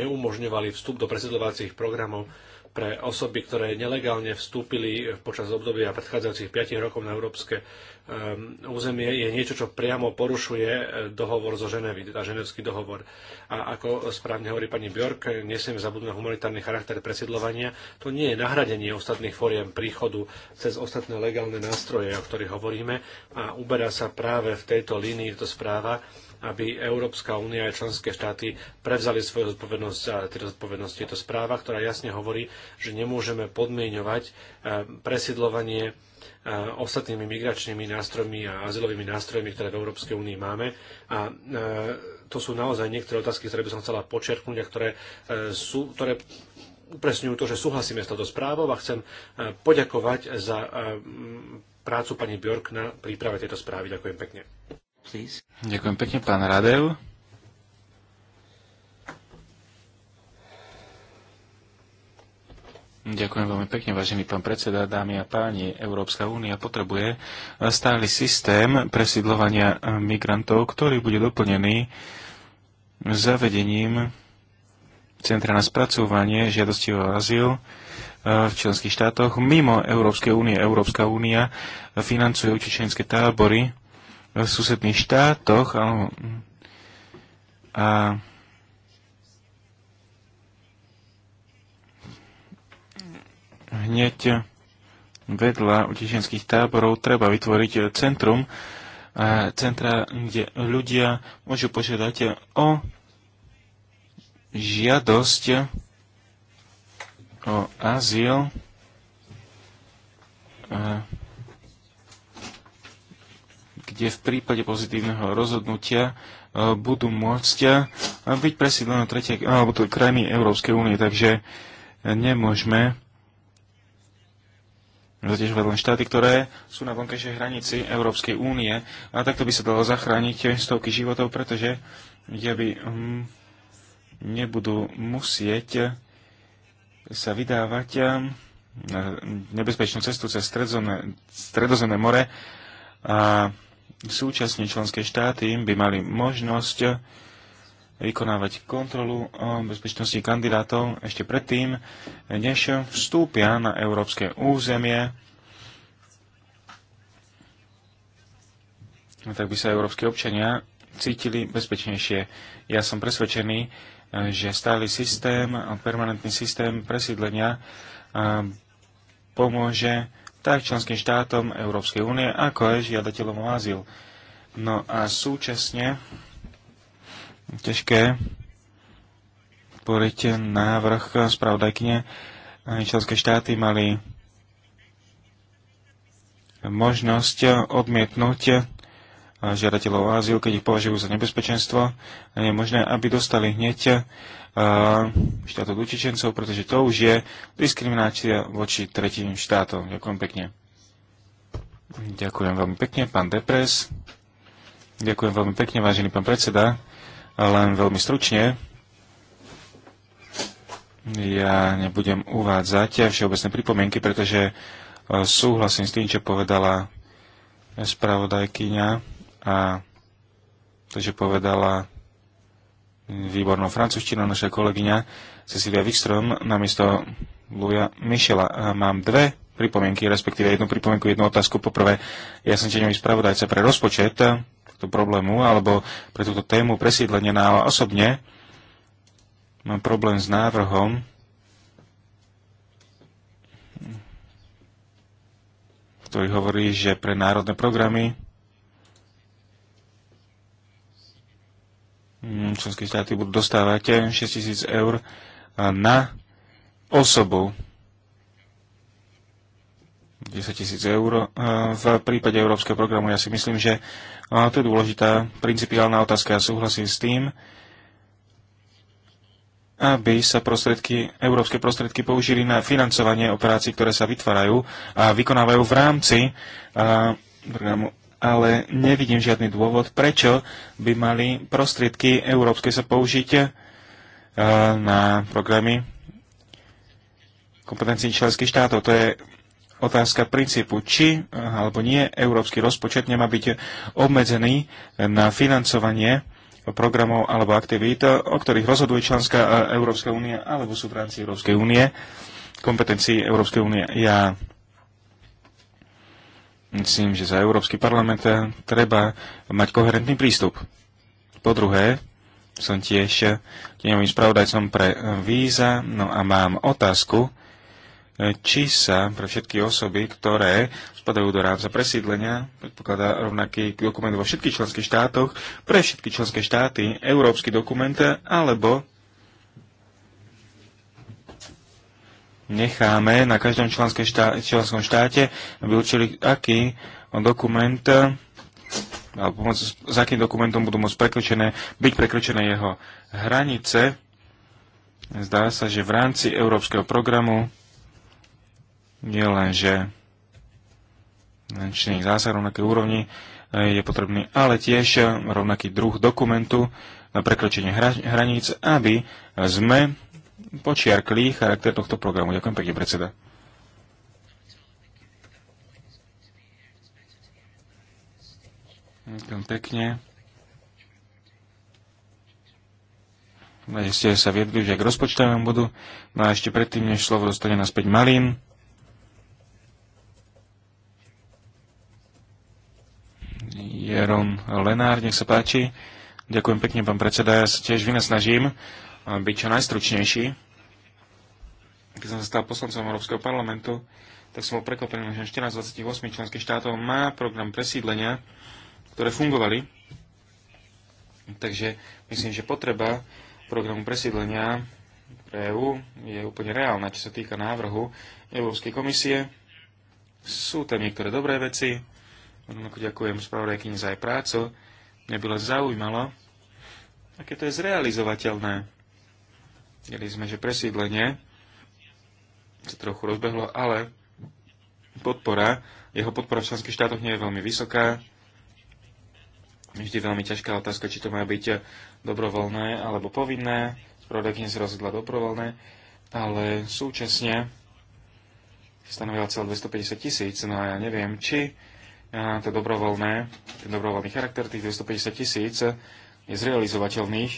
neumožňovali vstup do presidlovacích programov pre osoby, ktoré nelegálne vstúpili počas obdobia predchádzajúcich 5 rokov na európske um, územie, je niečo, čo priamo porušuje eh, dohovor zo Ženevy, teda ženevský dohovor. A ako správne hovorí pani Bjork, nesmieme zabudnúť na humanitárny charakter presidlovania, To nie je nahradenie ostatných fóriem príchodu cez ostatné legálne nástroje, o ktorých hovoríme. A uberá sa práve v tejto línii to správa, aby Európska únia a členské štáty prevzali svoju zodpovednosť a teda zodpovednosť je to správa, ktorá jasne hovorí, že nemôžeme podmieňovať eh, presidlovanie eh, ostatnými migračnými nástrojmi a azylovými nástrojmi, ktoré v Európskej únii máme. A eh, to sú naozaj niektoré otázky, ktoré by som chcela počerknúť a ktoré, sú, ktoré upresňujú to, že súhlasíme s touto správou a chcem poďakovať za prácu pani Bjork na príprave tejto správy. Ďakujem pekne. Ďakujem pekne, pán Radev. Ďakujem veľmi pekne, vážený pán predseda, dámy a páni. Európska únia potrebuje stály systém presídlovania migrantov, ktorý bude doplnený zavedením Centra na spracovanie žiadosti o azyl e, v členských štátoch mimo Európskej únie. Európska únia financuje utečenské tábory v susedných štátoch a, a hneď vedľa utečenských táborov treba vytvoriť centrum, a centra, kde ľudia môžu požiadať o žiadosť o azyl kde v prípade pozitívneho rozhodnutia e, budú môcť e, byť presídlené tretie, alebo to krajiny Európskej únie. Takže nemôžeme zaťažovať len štáty, ktoré sú na vonkajšej hranici Európskej únie. A takto by sa dalo zachrániť stovky životov, pretože ľudia by hm, nebudú musieť sa vydávať e, na nebezpečnú cestu cez Stredozemné more a Súčasne členské štáty by mali možnosť vykonávať kontrolu o bezpečnosti kandidátov ešte predtým, než vstúpia na európske územie. No, tak by sa európske občania cítili bezpečnejšie. Ja som presvedčený, že stály systém, permanentný systém presídlenia pomôže tak členským štátom Európskej únie, ako aj žiadateľom o azyl. No a súčasne ťažké poriete návrh spravodajkne. Členské štáty mali možnosť odmietnúť žiadateľov o azyl, keď ich považujú za nebezpečenstvo. Nie je možné, aby dostali hneď štátov Lučičencov, pretože to už je diskriminácia voči tretím štátom. Ďakujem pekne. Ďakujem veľmi pekne, pán Depres. Ďakujem veľmi pekne, vážený pán predseda. Len veľmi stručne. Ja nebudem uvádzať všeobecné pripomienky, pretože súhlasím s tým, čo povedala spravodajkyňa a takže povedala výbornou francúzštinou naša kolegyňa Cecilia Wikström namiesto Luja Michela. A mám dve pripomienky, respektíve jednu pripomienku, jednu otázku. Poprvé, ja som tieňový spravodajca pre rozpočet tohto problému alebo pre túto tému presídlenia na no osobne mám problém s návrhom ktorý hovorí, že pre národné programy Mm, členské štáty budú dostávať tisíc eur na osobu. 10 tisíc eur. V prípade Európskeho programu ja si myslím, že to je dôležitá principiálna otázka. a súhlasím s tým, aby sa prostredky, európske prostredky použili na financovanie operácií, ktoré sa vytvárajú a vykonávajú v rámci programu ale nevidím žiadny dôvod, prečo by mali prostriedky európske sa použiť e, na programy kompetencií členských štátov. To je otázka princípu, či alebo nie európsky rozpočet nemá byť obmedzený na financovanie programov alebo aktivít, o ktorých rozhoduje členská e, Európska únia alebo sú v rámci Európskej únie, kompetencií Európskej únie. Ja Myslím, že za Európsky parlament treba mať koherentný prístup. Po druhé, som tiež tieňovým spravodajcom pre víza, no a mám otázku, či sa pre všetky osoby, ktoré spadajú do rámca presídlenia, predpokladá rovnaký dokument vo všetkých členských štátoch, pre všetky členské štáty, európsky dokument, alebo necháme na každom členskom štáte, aby určili, aký dokument eh, alebo pomoc, s akým dokumentom budú môcť prekročené, byť prekročené jeho hranice. Zdá sa, že v rámci európskeho programu nie len, že činných zásah rovnaké úrovni eh, je potrebný, ale tiež eh, rovnaký druh dokumentu na prekročenie hraníc, aby sme počiarkli charakter tohto programu. Ďakujem pekne, predseda. Ďakujem pekne. No, že ste sa viedli že k rozpočtovému bodu. No a ešte predtým, než slovo dostane naspäť Malín. Jeron Lenár, nech sa páči. Ďakujem pekne, pán predseda. Ja sa tiež vynasnažím byť čo najstručnejší. Keď som sa stal poslancom Európskeho parlamentu, tak som bol prekvapený, že 14 28 členských štátov má program presídlenia, ktoré fungovali. Takže myslím, že potreba programu presídlenia pre EÚ je úplne reálna, čo sa týka návrhu Európskej komisie. Sú tam niektoré dobré veci. Rovnako ďakujem spravodajkyni za aj prácu. Mne by len zaujímalo, aké to je zrealizovateľné. Videli sme, že presídlenie sa trochu rozbehlo, ale podpora, jeho podpora v členských štátoch nie je veľmi vysoká. Vždy veľmi ťažká otázka, či to má byť dobrovoľné alebo povinné. Spravodajkynia sa rozhodla dobrovoľné, ale súčasne stanovila celé 250 tisíc, no a ja neviem, či to dobrovoľné, ten dobrovoľný charakter tých 250 tisíc je zrealizovateľných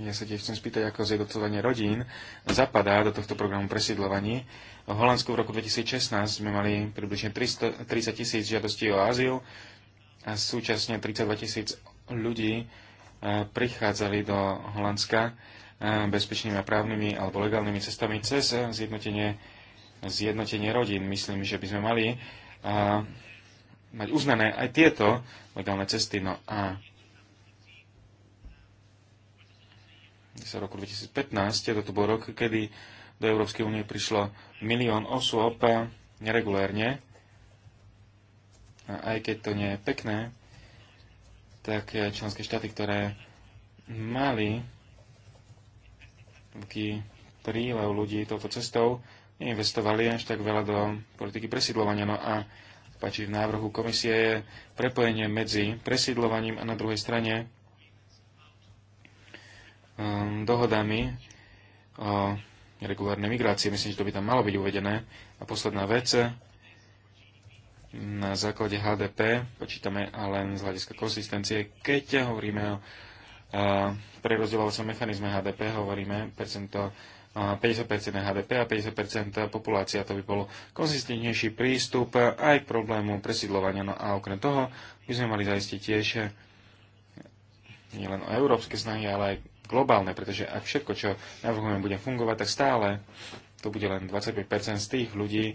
Ja sa tiež chcem spýtať, ako zjednocovanie rodín zapadá do tohto programu presiedľovaní. V Holandsku v roku 2016 sme mali približne 300, 30 tisíc žiadostí o azyl a súčasne 32 tisíc ľudí e, prichádzali do Holandska e, bezpečnými a právnymi alebo legálnymi cestami cez e, zjednotenie, zjednotenie rodín. Myslím, že by sme mali mať uznané aj tieto legálne cesty. No a sa roku 2015, toto bol rok, kedy do Európskej únie prišlo milión osôb neregulérne. A aj keď to nie je pekné, tak členské štáty, ktoré mali taký prílev ľudí touto cestou, neinvestovali až tak veľa do politiky presídlovania. No a páči v návrhu komisie je prepojenie medzi presídlovaním a na druhej strane Um, dohodami o regulárnej migrácie. Myslím, že to by tam malo byť uvedené. A posledná vec, na základe HDP počítame a len z hľadiska konzistencie. Keď hovoríme o prerozdielovacom mechanizme HDP, hovoríme percento, 50% HDP a 50% populácia. To by bol konzistentnejší prístup aj k problému presídlovania. No a okrem toho by sme mali zaistiť tiež nielen o európske snahy, ale aj globálne, pretože ak všetko, čo navrhujeme, bude fungovať, tak stále to bude len 25 z tých ľudí, e,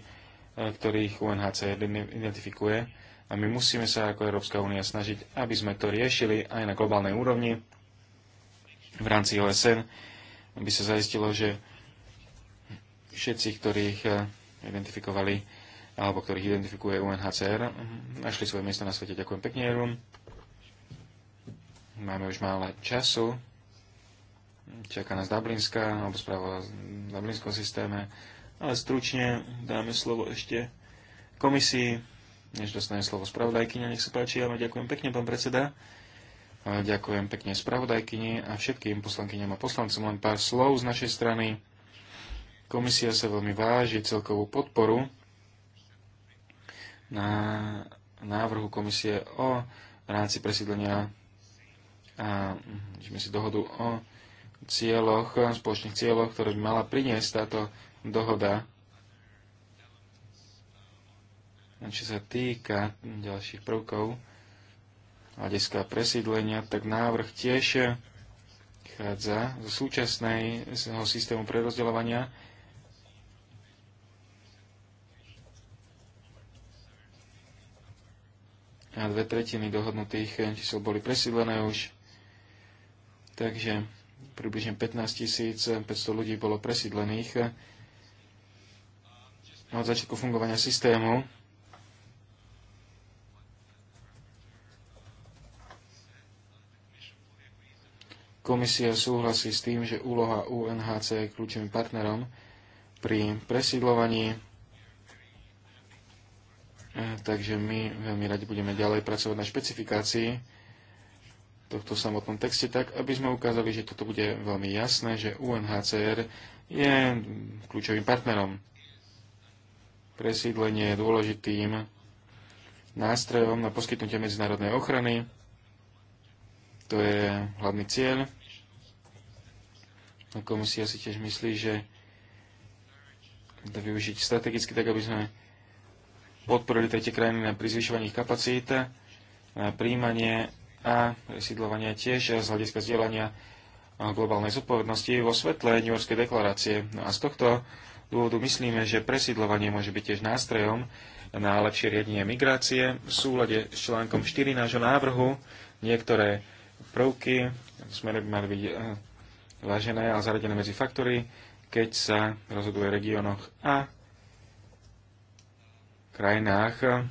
ktorých UNHCR identifikuje. A my musíme sa ako Európska únia snažiť, aby sme to riešili aj na globálnej úrovni v rámci OSN, aby sa zaistilo, že všetci, ktorých e, identifikovali alebo ktorých identifikuje UNHCR, našli svoje miesto na svete. Ďakujem pekne, Máme už málo času. Čaká nás Dublinská, alebo správa v Dublinskom systéme. Ale stručne dáme slovo ešte komisii, než dostane slovo spravodajkyňa. Nech sa páči, ja vám ďakujem pekne, pán predseda. A ďakujem pekne spravodajkyni a všetkým poslankyňam a poslancom. Len pár slov z našej strany. Komisia sa veľmi váži celkovú podporu na návrhu komisie o rámci presídlenia a hm, sme si dohodu o cieľoch, spoločných cieľoch, ktoré by mala priniesť táto dohoda. Čo sa týka ďalších prvkov hľadiska presídlenia, tak návrh tiež chádza zo súčasného systému prerozdeľovania, a dve tretiny dohodnutých čísel boli presídlené už. Takže približne 15 500 ľudí bolo presídlených eh, od začiatku fungovania systému. Komisia súhlasí s tým, že úloha UNHC je kľúčovým partnerom pri presídlovaní, eh, takže my veľmi radi budeme ďalej pracovať na špecifikácii tohto samotnom texte, tak aby sme ukázali, že toto bude veľmi jasné, že UNHCR je kľúčovým partnerom. Presídlenie je dôležitým nástrojom na poskytnutie medzinárodnej ochrany. To je hlavný cieľ. A komisia si tiež myslí, že to využiť strategicky tak, aby sme podporili tretie krajiny na prizvyšovaní kapacít, na príjmanie a vysídľovania tiež z hľadiska vzdelania globálnej zodpovednosti vo svetle New Yorkskej deklarácie. No a z tohto dôvodu myslíme, že presídľovanie môže byť tiež nástrojom na lepšie riadenie migrácie. V súlade s článkom 4 nášho návrhu niektoré prvky v smere by mali byť e, vážené a zaradené medzi faktory, keď sa rozhoduje v regiónoch a krajinách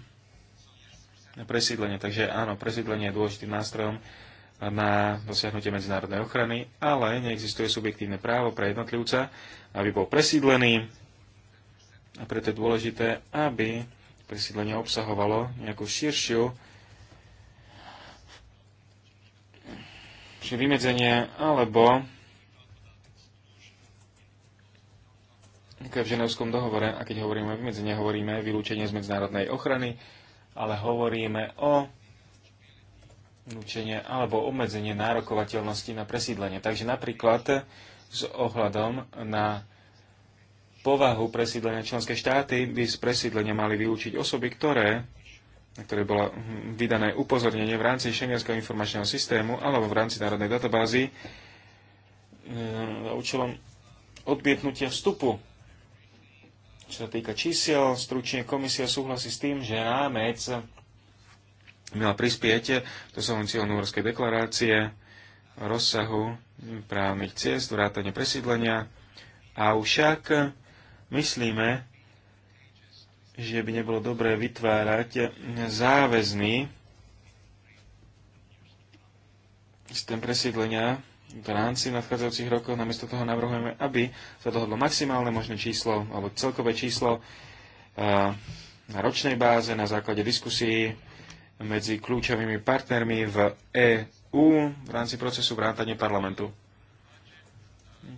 presídlenie. Takže áno, presídlenie je dôležitým nástrojom na dosiahnutie medzinárodnej ochrany, ale neexistuje subjektívne právo pre jednotlivca, aby bol presídlený a preto je dôležité, aby presídlenie obsahovalo nejakú širšiu či vymedzenie alebo v Ženevskom dohovore, a keď hovoríme o vymedzenie, hovoríme vylúčenie z medzinárodnej ochrany, ale hovoríme o nutenie alebo obmedzenie nárokovateľnosti na presídlenie. Takže napríklad s ohľadom na povahu presídlenia členské štáty by z presídlenia mali vylúčiť osoby, ktoré, na ktoré bolo vydané upozornenie v rámci šengenského informačného systému alebo v rámci národnej databázy e, za účelom odmietnutia vstupu čo sa týka čísiel, stručne komisia súhlasí s tým, že rámec mal prispieť do svojom cieľom Úorskej deklarácie rozsahu právnych ciest, vrátane presídlenia. však myslíme, že by nebolo dobré vytvárať záväzný systém presídlenia v rámci nadchádzajúcich rokov namiesto toho navrhujeme, aby sa dohodlo maximálne možné číslo alebo celkové číslo eh, na ročnej báze na základe diskusí medzi kľúčovými partnermi v EÚ v rámci procesu vrátania parlamentu.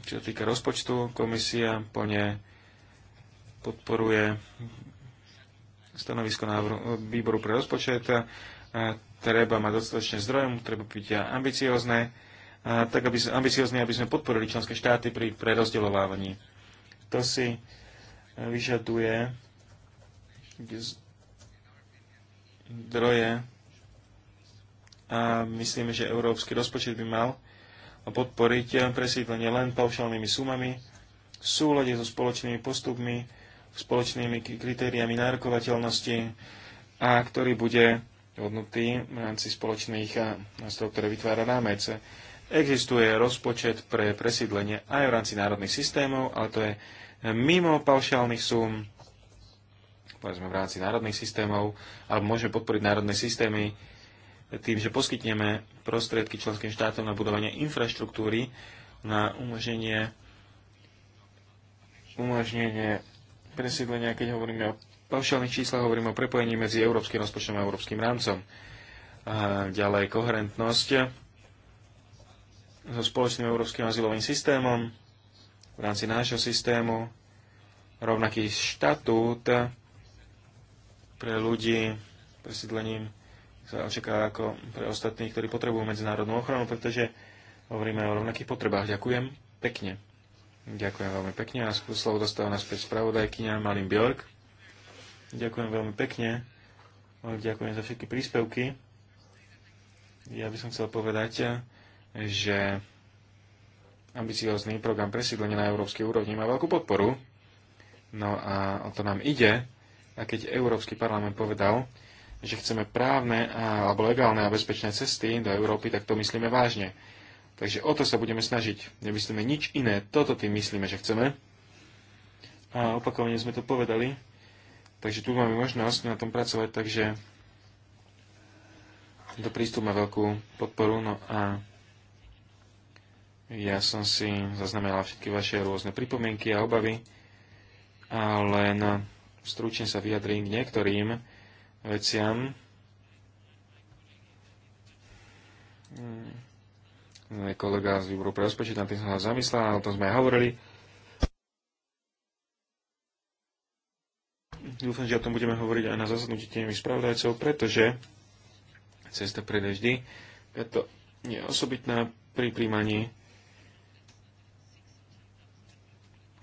Čo sa týka rozpočtu, komisia plne podporuje stanovisko návru, výboru pre rozpočet. treba mať dostatočné zdroje, treba byť ambiciozne tak aby, ambiciozne, aby sme podporili členské štáty pri prerozdeľovávaní. To si e, vyžaduje zdroje a myslíme, že európsky rozpočet by mal podporiť presídlenie len paušálnymi sumami v súlade so spoločnými postupmi, spoločnými kritériami nárokovateľnosti a ktorý bude hodnutý v rámci spoločných e, nástrojov, ktoré vytvára rámec. Existuje rozpočet pre presídlenie aj v rámci národných systémov, ale to je mimo paušálnych súm, povedzme v rámci národných systémov, alebo môžeme podporiť národné systémy tým, že poskytneme prostriedky členským štátom na budovanie infraštruktúry, na umožnenie, umožnenie presídlenia, keď hovoríme o paušálnych číslach, hovoríme o prepojení medzi európskym rozpočtom a európskym rámcom. A ďalej koherentnosť so spoločným európskym azylovým systémom, v rámci nášho systému, rovnaký štatút pre ľudí presídlením sa očakáva ako pre ostatných, ktorí potrebujú medzinárodnú ochranu, pretože hovoríme o rovnakých potrebách. Ďakujem pekne. Ďakujem veľmi pekne a slovo dostáva naspäť spravodajkyňa Malin Bjork. Ďakujem veľmi pekne. Ďakujem za všetky príspevky. Ja by som chcel povedať, že ambiciózny program presídlenia na európskej úrovni má veľkú podporu. No a o to nám ide. A keď Európsky parlament povedal, že chceme právne a, alebo legálne a bezpečné cesty do Európy, tak to myslíme vážne. Takže o to sa budeme snažiť. Nemyslíme nič iné. Toto tým myslíme, že chceme. A opakovane sme to povedali. Takže tu máme možnosť na tom pracovať, takže tento prístup má veľkú podporu. No a ja som si zaznamenal všetky vaše rôzne pripomienky a obavy ale na stručne sa vyjadrím k niektorým veciam. Kolega z výboru pre rozpočet, na tým som sa zamyslel, o tom sme aj hovorili. Dúfam, že o tom budeme hovoriť aj na zasadnutí tými spravodajcov, pretože cesta prede vždy, Je je neosobitná pri príjmaní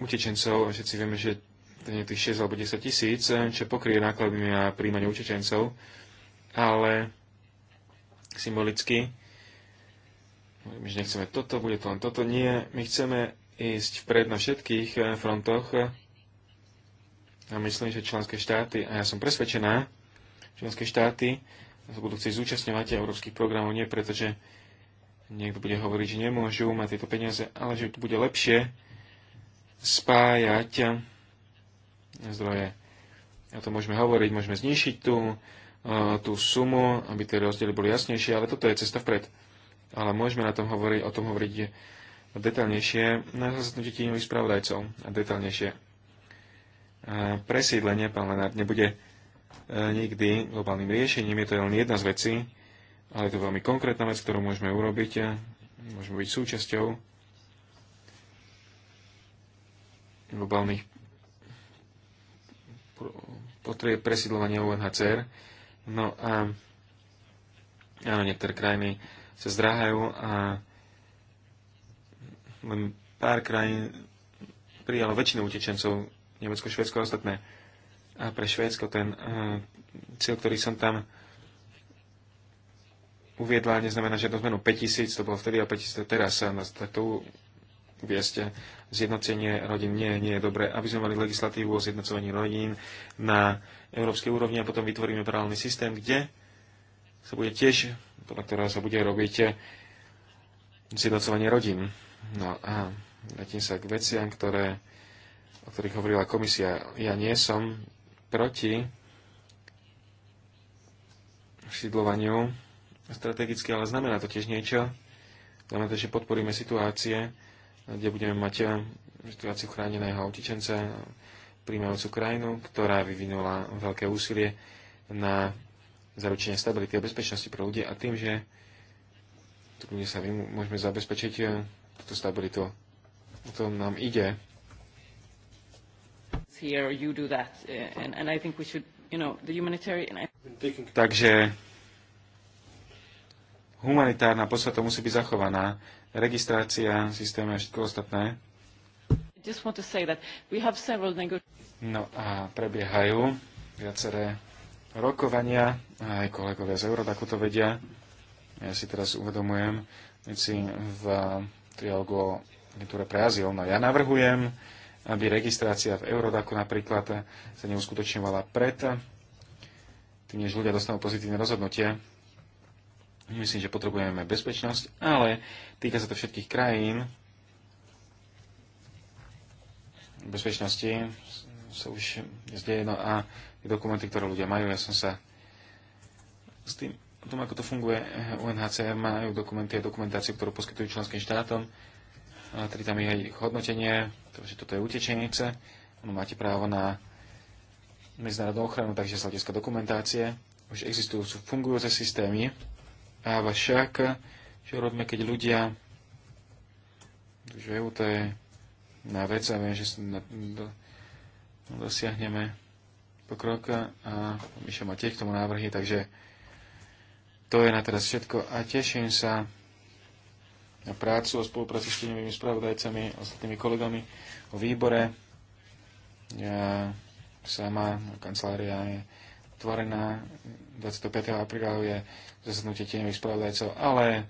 utečencov, všetci vieme, že to je tých 6 alebo 10 tisíc, eh, čo pokrie nákladmi na príjmanie utečencov, ale symbolicky, my že nechceme toto, bude to len toto, nie, my chceme ísť vpred na všetkých eh, frontoch a myslím, že členské štáty, a ja som presvedčená, členské štáty sa budú chcieť zúčastňovať európskych programov, nie preto, že niekto bude hovoriť, že nemôžu mať tieto peniaze, ale že to bude lepšie, spájať zdroje. O tom môžeme hovoriť, môžeme znišiť tú, e, tú sumu, aby tie rozdiely boli jasnejšie, ale toto je cesta vpred. Ale môžeme na tom hovoriť, o tom hovoriť detaľnejšie na zasadnutí tieňových spravodajcov a detaľnejšie. E, presídlenie, pán Lenard, nebude e, nikdy globálnym riešením, je to len jedna z vecí, ale je to veľmi konkrétna vec, ktorú môžeme urobiť, môžeme byť súčasťou globálnych potrieb presídlovania UNHCR. No a áno, niektoré krajiny sa zdráhajú a len pár krajín prijalo väčšinu utečencov, Nemecko, Švédsko a ostatné. A pre Švédsko ten uh, cieľ, ktorý som tam uviedla, neznamená žiadnu zmenu. 5000 to bolo vtedy a 5000 teraz sa nás takto uvieste zjednocenie rodín nie, nie je dobré, aby sme mali legislatívu o zjednocovaní rodín na európskej úrovni a potom vytvoríme právny systém, kde sa bude tiež, podľa ktorého sa bude robiť zjednocovanie rodín. No a vrátim sa k veciam, ktoré, o ktorých hovorila komisia. Ja nie som proti sídlovaniu strategicky, ale znamená to tiež niečo. Znamená to, že podporíme situácie, kde budeme mať eh, situáciu chráneného utečenca, príjmajúcu krajinu, ktorá vyvinula veľké úsilie na zaručenie stability a bezpečnosti pre ľudí a tým, že tu kde sa vym- môžeme zabezpečiť eh, túto stabilitu. O tom nám ide. Takže humanitárna podstata musí byť zachovaná. Registrácia, systému a všetko ostatné. No a prebiehajú viaceré rokovania, aj kolegovia z Eurodaku to vedia. Ja si teraz uvedomujem, si v trialgu o agentúre pre azyl, no ja navrhujem, aby registrácia v Eurodaku napríklad sa neuskutočňovala pred tým, než ľudia dostanú pozitívne rozhodnutie. Myslím, že potrebujeme bezpečnosť, ale týka sa to všetkých krajín. Bezpečnosti sa už zdeje, no a dokumenty, ktoré ľudia majú, ja som sa s tým, o tom, ako to funguje, UNHCR majú dokumenty a dokumentáciu, ktorú poskytujú členským štátom, a tedy tam je aj hodnotenie, takže toto je utečenice, ono máte právo na medzinárodnú ochranu, takže z hľadiska dokumentácie už existujú, sú fungujúce systémy, Áva však, čo robíme, keď ľudia že EU to je na vec a viem, že na, do, dosiahneme pokrok a Mišo má tiež k tomu návrhy, takže to je na teraz všetko a teším sa na prácu a spolupráci s tými spravodajcami, a s tými kolegami o výbore. Ja sama kancelária je stvorená 25. apríla je zasadnutie tieňových spravodajcov, ale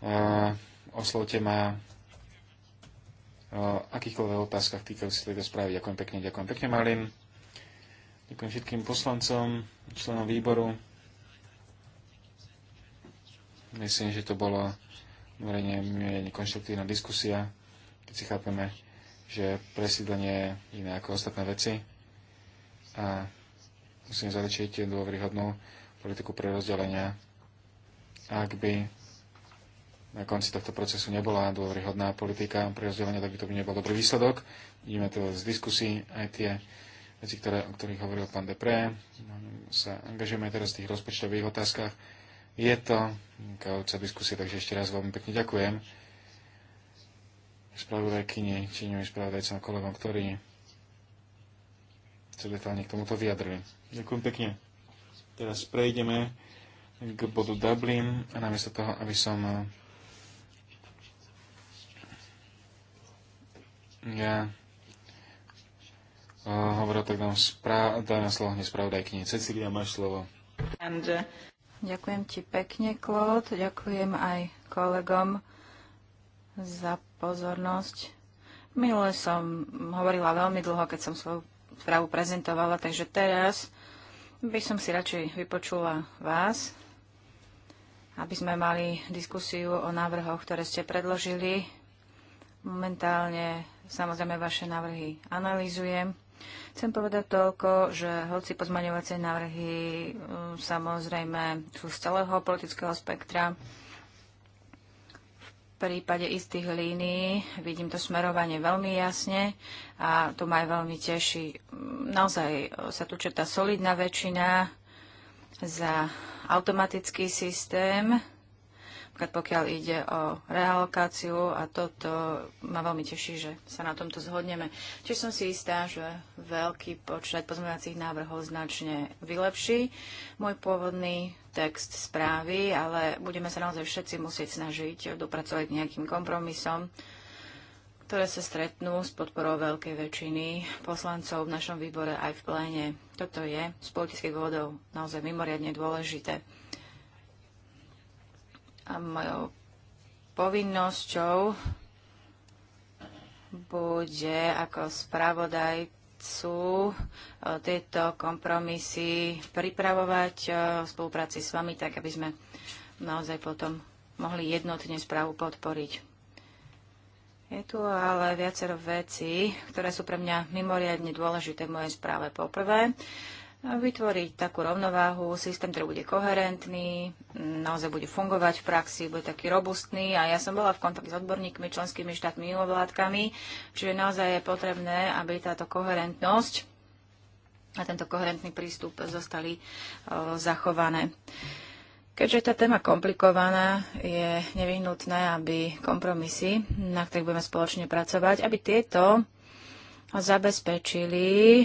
uh, oslovte ma o eh, akýchkoľvek otázkach týkajúcich tejto správy. Ďakujem pekne, ďakujem pekne, Malin. Ďakujem všetkým poslancom, členom výboru. Myslím, že to bolo verejne konštruktívna diskusia, keď si chápeme, že presídlenie je iné ako ostatné veci. A Musím zaličiť dôvryhodnú politiku prerozdelenia. Ak by na konci tohto procesu nebola dôvryhodná politika rozdelenia, tak by to by nebol dobrý výsledok. Vidíme to z diskusí, aj tie veci, ktoré, o ktorých hovoril pán Depré. Sa angažujeme teraz v tých rozpočtových otázkach. Je to vynikajúca diskusia, takže ešte raz veľmi pekne ďakujem spravodajkyni, či neviem, spravodajcom kolegom, ktorí sa detálne k tomuto vyjadrili. Ďakujem pekne. Teraz prejdeme k bodu Dublin a namiesto toho, aby som eh, ja eh, hovoril, tak dám, správne dám slovo hneď spravodajkyni. Cecília, máš slovo. Eh, Ďakujem ti pekne, Klód. Ďakujem aj kolegom za pozornosť. Minule som hovorila veľmi dlho, keď som svoju správu prezentovala, takže teraz by som si radšej vypočula vás, aby sme mali diskusiu o návrhoch, ktoré ste predložili. Momentálne samozrejme vaše návrhy analýzujem. Chcem povedať toľko, že hoci pozmaňovacie návrhy mm, samozrejme sú z celého politického spektra, prípade istých línií vidím to smerovanie veľmi jasne a to ma aj veľmi teší. Naozaj sa tu črta solidná väčšina za automatický systém, pokiaľ ide o realokáciu a toto ma veľmi teší, že sa na tomto zhodneme. Čiže som si istá, že veľký počet pozmeňovacích návrhov značne vylepší môj pôvodný text správy, ale budeme sa naozaj všetci musieť snažiť dopracovať nejakým kompromisom, ktoré sa stretnú s podporou veľkej väčšiny poslancov v našom výbore aj v pléne. Toto je z politických dôvodov naozaj mimoriadne dôležité. A mojou povinnosťou bude ako spravodaj prácu eh, tieto kompromisy pripravovať eh, v spolupráci s vami, tak aby sme naozaj potom mohli jednotne správu podporiť. Je tu ale viacero vecí, ktoré sú pre mňa mimoriadne dôležité v mojej správe. Poprvé, vytvoriť takú rovnováhu, systém, ktorý bude koherentný, naozaj bude fungovať v praxi, bude taký robustný a ja som bola v kontakte s odborníkmi, členskými štátmi, mimovládkami, čiže naozaj je potrebné, aby táto koherentnosť a tento koherentný prístup zostali e, zachované. Keďže je tá téma komplikovaná, je nevyhnutné, aby kompromisy, na ktorých budeme spoločne pracovať, aby tieto zabezpečili e,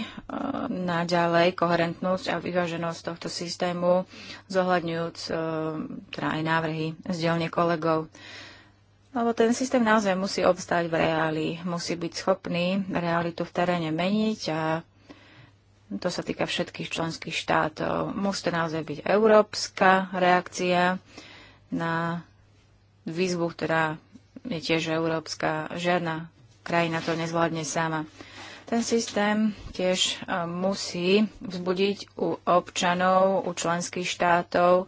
naďalej koherentnosť a vyváženosť tohto systému, zohľadňujúc e, teda aj návrhy z dielne kolegov. Lebo ten systém naozaj musí obstáť v reáli, musí byť schopný realitu v teréne meniť a to sa týka všetkých členských štátov. Musí to naozaj byť európska reakcia na výzvu, ktorá je tiež európska. Žiadna krajina to nezvládne sama. Ten systém tiež e, musí vzbudiť u občanov, u členských štátov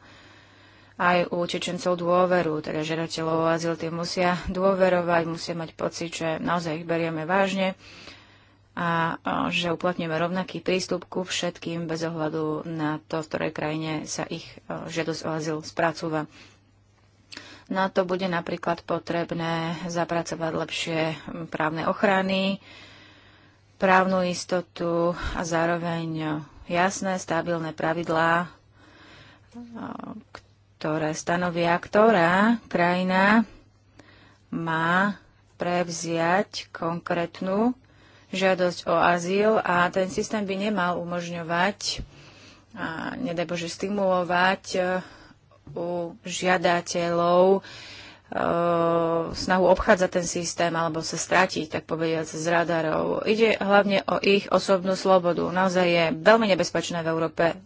aj u utečencov dôveru, teda žiadateľov o azyl, tie musia dôverovať, musia mať pocit, že naozaj ich berieme vážne a e, že uplatňujeme rovnaký prístup ku všetkým bez ohľadu na to, v ktorej krajine sa ich e, žiadosť o azyl spracúva. Na to bude napríklad potrebné zapracovať lepšie právne ochrany, právnu istotu a zároveň jasné, stabilné pravidlá, ktoré stanovia, ktorá krajina má prevziať konkrétnu žiadosť o azyl a ten systém by nemal umožňovať a nedaj Bože stimulovať u žiadateľov Eh, snahu obchádzať ten systém alebo sa stratiť, tak povediať, z radarov. Ide hlavne o ich osobnú slobodu. Naozaj je veľmi nebezpečné v Európe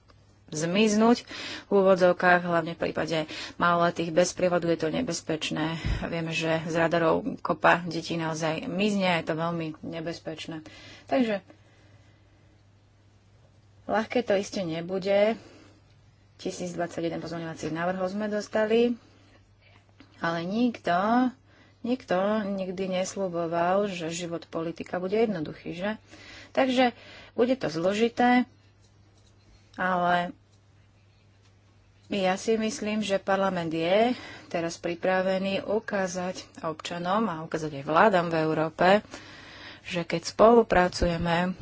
zmiznúť v úvodzovkách, hlavne v prípade maloletých bez prievodu je to nebezpečné. Vieme, že z radarov kopa detí naozaj mizne, je to veľmi nebezpečné. Takže ľahké to iste nebude. 1021 pozvoňovacích návrhov sme dostali. Ale nikto, nikto nikdy nesľuboval, že život politika bude jednoduchý, že? Takže bude to zložité, ale ja si myslím, že parlament je teraz pripravený ukázať občanom a ukázať aj vládam v Európe, že keď spolupracujeme,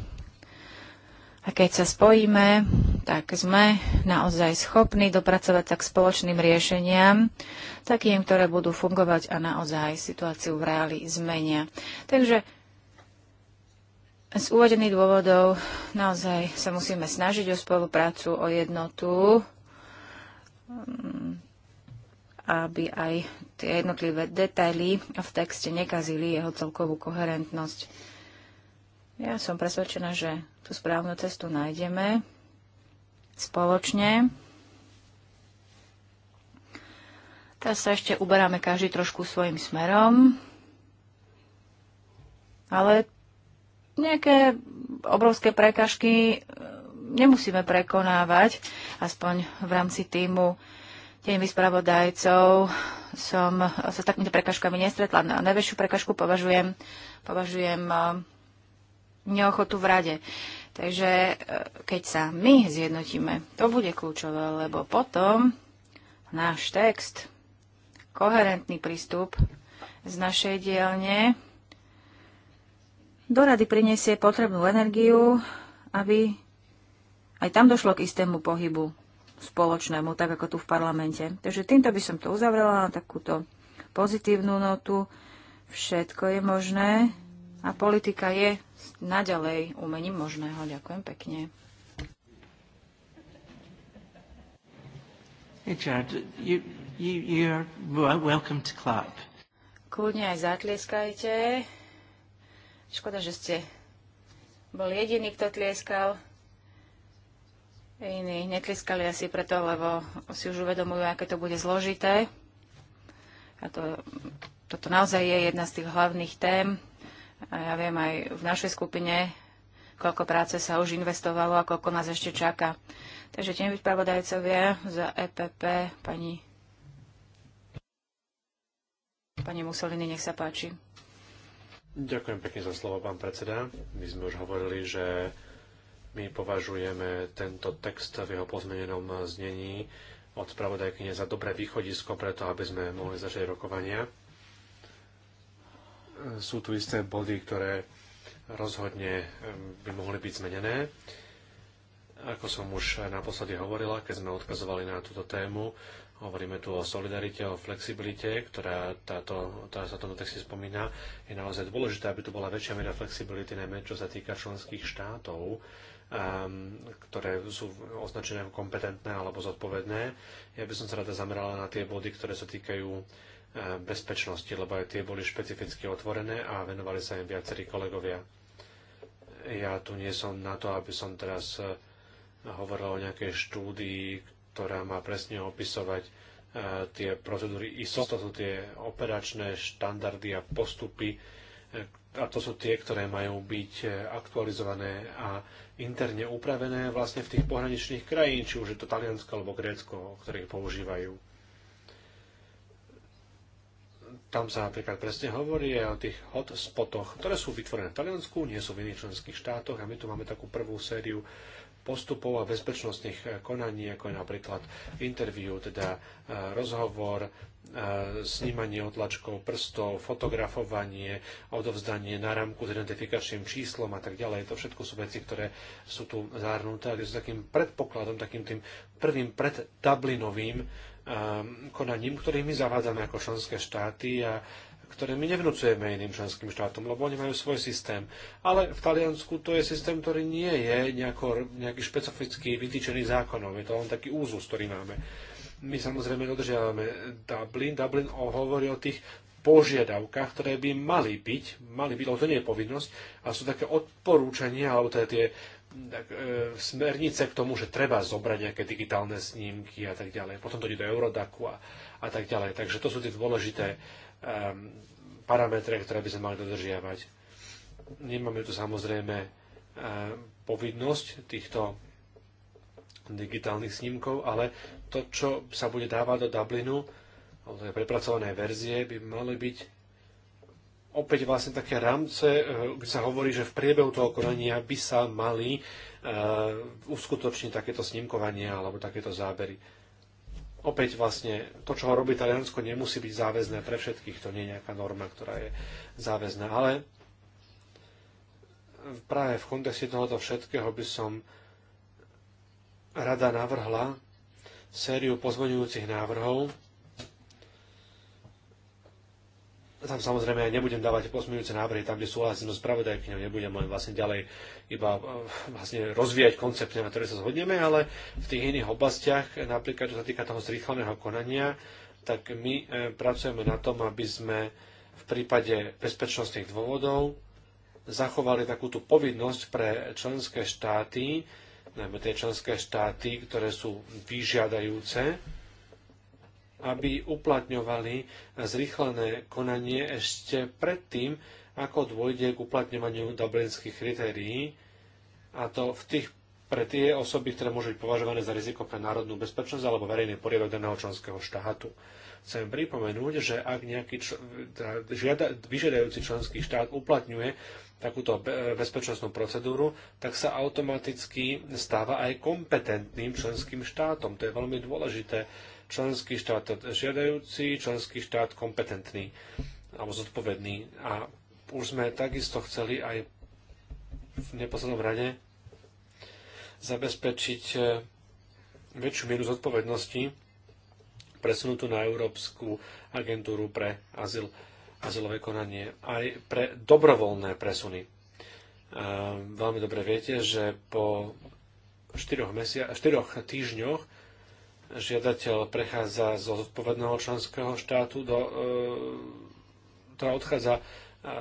a keď sa spojíme, tak sme naozaj schopní dopracovať sa k spoločným riešeniam, takým, ktoré budú fungovať a naozaj situáciu v reáli zmenia. Takže z uvedených dôvodov naozaj sa musíme snažiť o spoluprácu, o jednotu, mm, aby aj tie jednotlivé detaily v texte nekazili jeho celkovú koherentnosť. Ja som presvedčená, že tú správnu cestu nájdeme spoločne. Teraz sa ešte uberáme každý trošku svojim smerom, ale nejaké obrovské prekažky eh, nemusíme prekonávať, aspoň v rámci týmu tým vyspravodajcov som sa s takýmito prekažkami nestretla. Na najväčšiu prekažku považujem, považujem eh, neochotu v rade. Takže e, keď sa my zjednotíme, to bude kľúčové, lebo potom náš text, koherentný prístup z našej dielne do rady prinesie potrebnú energiu, aby aj tam došlo k istému pohybu spoločnému, tak ako tu v parlamente. Takže týmto by som to uzavrela na takúto pozitívnu notu. Všetko je možné a politika je naďalej umením možného. Ďakujem pekne. Hey Jared, you, you, welcome to clap. Kľudne aj zatlieskajte. Škoda, že ste bol jediný, kto tlieskal. Iní netlieskali asi preto, lebo si už uvedomujú, aké to bude zložité. A to, toto naozaj je jedna z tých hlavných tém a ja viem aj v našej skupine, koľko práce sa už investovalo a koľko nás ešte čaká. Takže tým byť pravodajcovia za EPP, pani, pani Mussolini, nech sa páči. Ďakujem pekne za slovo, pán predseda. My sme už hovorili, že my považujeme tento text v jeho pozmenenom znení od spravodajkyne za dobré východisko preto, aby sme mohli začať rokovania sú tu isté body, ktoré rozhodne by mohli byť zmenené. Ako som už naposledy hovorila, keď sme odkazovali na túto tému, hovoríme tu o solidarite, o flexibilite, ktorá, táto, ktorá sa tomu texte spomína, je naozaj dôležité, aby tu bola väčšia miera flexibility, najmä čo sa týka členských štátov, um, ktoré sú označené kompetentné alebo zodpovedné. Ja by som sa rada zamerala na tie body, ktoré sa týkajú bezpečnosti, lebo aj tie boli špecificky otvorené a venovali sa im viacerí kolegovia. Ja tu nie som na to, aby som teraz e, hovoril o nejakej štúdii, ktorá má presne opisovať e, tie procedúry ISO, to sú tie operačné štandardy a postupy, e, a to sú tie, ktoré majú byť aktualizované a interne upravené vlastne v tých pohraničných krajín, či už je to Taliansko alebo Grécko, ktorých používajú tam sa napríklad presne hovorí aj o tých hotspotoch, ktoré sú vytvorené v Taliansku, nie sú v iných členských štátoch a my tu máme takú prvú sériu postupov a bezpečnostných eh, konaní, ako je napríklad interviu, teda eh, rozhovor, eh, snímanie otlačkov prstov, fotografovanie, odovzdanie na rámku s identifikačným číslom a tak ďalej. To všetko sú veci, ktoré sú tu zahrnuté a sú takým predpokladom, takým tým prvým pred Dublinovým Um, konaním, ktorých my zavádzame ako členské štáty a ktoré my nevnúcujeme iným členským štátom, lebo oni majú svoj systém. Ale v Taliansku to je systém, ktorý nie je nejako, nejaký špecificky vytýčený zákonom. Je to len taký úzus, ktorý máme. My samozrejme dodržiavame Dublin. Dublin hovorí o tých požiadavkách, ktoré by mali byť, mali byť, ale to nie je povinnosť, a sú také odporúčania, alebo teda tie tak, e, smernice k tomu, že treba zobrať nejaké digitálne snímky a tak ďalej. Potom to ide do Eurodaku a, a tak ďalej. Takže to sú tie dôležité e, parametre, ktoré by sme mali dodržiavať. Nemáme tu samozrejme e, povinnosť týchto digitálnych snímkov, ale to, čo sa bude dávať do Dublinu, alebo prepracované verzie, by mali byť opäť vlastne také rámce, eh, kde sa hovorí, že v priebehu toho konania by sa mali eh, uskutočniť takéto snímkovanie alebo takéto zábery. Opäť vlastne to, čo robí Taliansko, nemusí byť záväzné pre všetkých. To nie je nejaká norma, ktorá je záväzná. Ale práve v kontexte tohoto všetkého by som rada navrhla sériu pozvoňujúcich návrhov, tam samozrejme nebudem dávať posmiujúce návrhy, tam, kde súhlasím so spravodajkyňou, nebudem len vlastne ďalej iba eh, vlastne rozvíjať koncepty, na ktoré sa zhodneme, ale v tých iných oblastiach, napríklad čo sa týka toho zrýchleného konania, tak my eh, pracujeme na tom, aby sme v prípade bezpečnostných dôvodov zachovali takúto povinnosť pre členské štáty, najmä tie členské štáty, ktoré sú vyžiadajúce, aby uplatňovali zrýchlené konanie ešte predtým, ako dôjde k uplatňovaniu dublinských kritérií, a to v tých, pre tie osoby, ktoré môžu byť považované za riziko pre národnú bezpečnosť alebo verejný poriadok daného členského štátu. Chcem pripomenúť, že ak nejaký čl- teda žiada, vyžiadajúci členský štát uplatňuje takúto bezpečnostnú procedúru, tak sa automaticky stáva aj kompetentným členským štátom. To je veľmi dôležité členský štát žiadajúci, členský štát kompetentný alebo zodpovedný. A už sme takisto chceli aj v neposlednom rade zabezpečiť e, väčšiu mieru zodpovednosti presunutú na Európsku agentúru pre azyl, azylové konanie aj pre dobrovoľné presuny. E, veľmi dobre viete, že po 4, mesia- 4 týždňoch žiadateľ prechádza zo zodpovedného členského štátu do, e, teda odchádza e,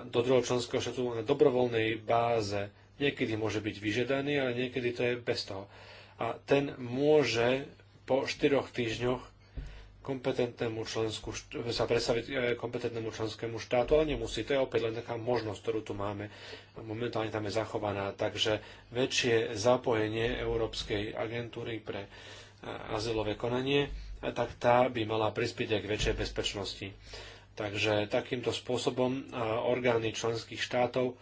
do druhého členského štátu na dobrovoľnej báze. Niekedy môže byť vyžiadaný, ale niekedy to je bez toho. A ten môže po štyroch týždňoch kompetentnému člensku, sa predstaviť e, kompetentnému členskému štátu, ale nemusí. To je opäť len taká možnosť, ktorú tu máme. Momentálne tam je zachovaná. Takže väčšie zapojenie Európskej agentúry pre azylové konanie, tak tá by mala prispieť aj k väčšej bezpečnosti. Takže takýmto spôsobom orgány členských štátov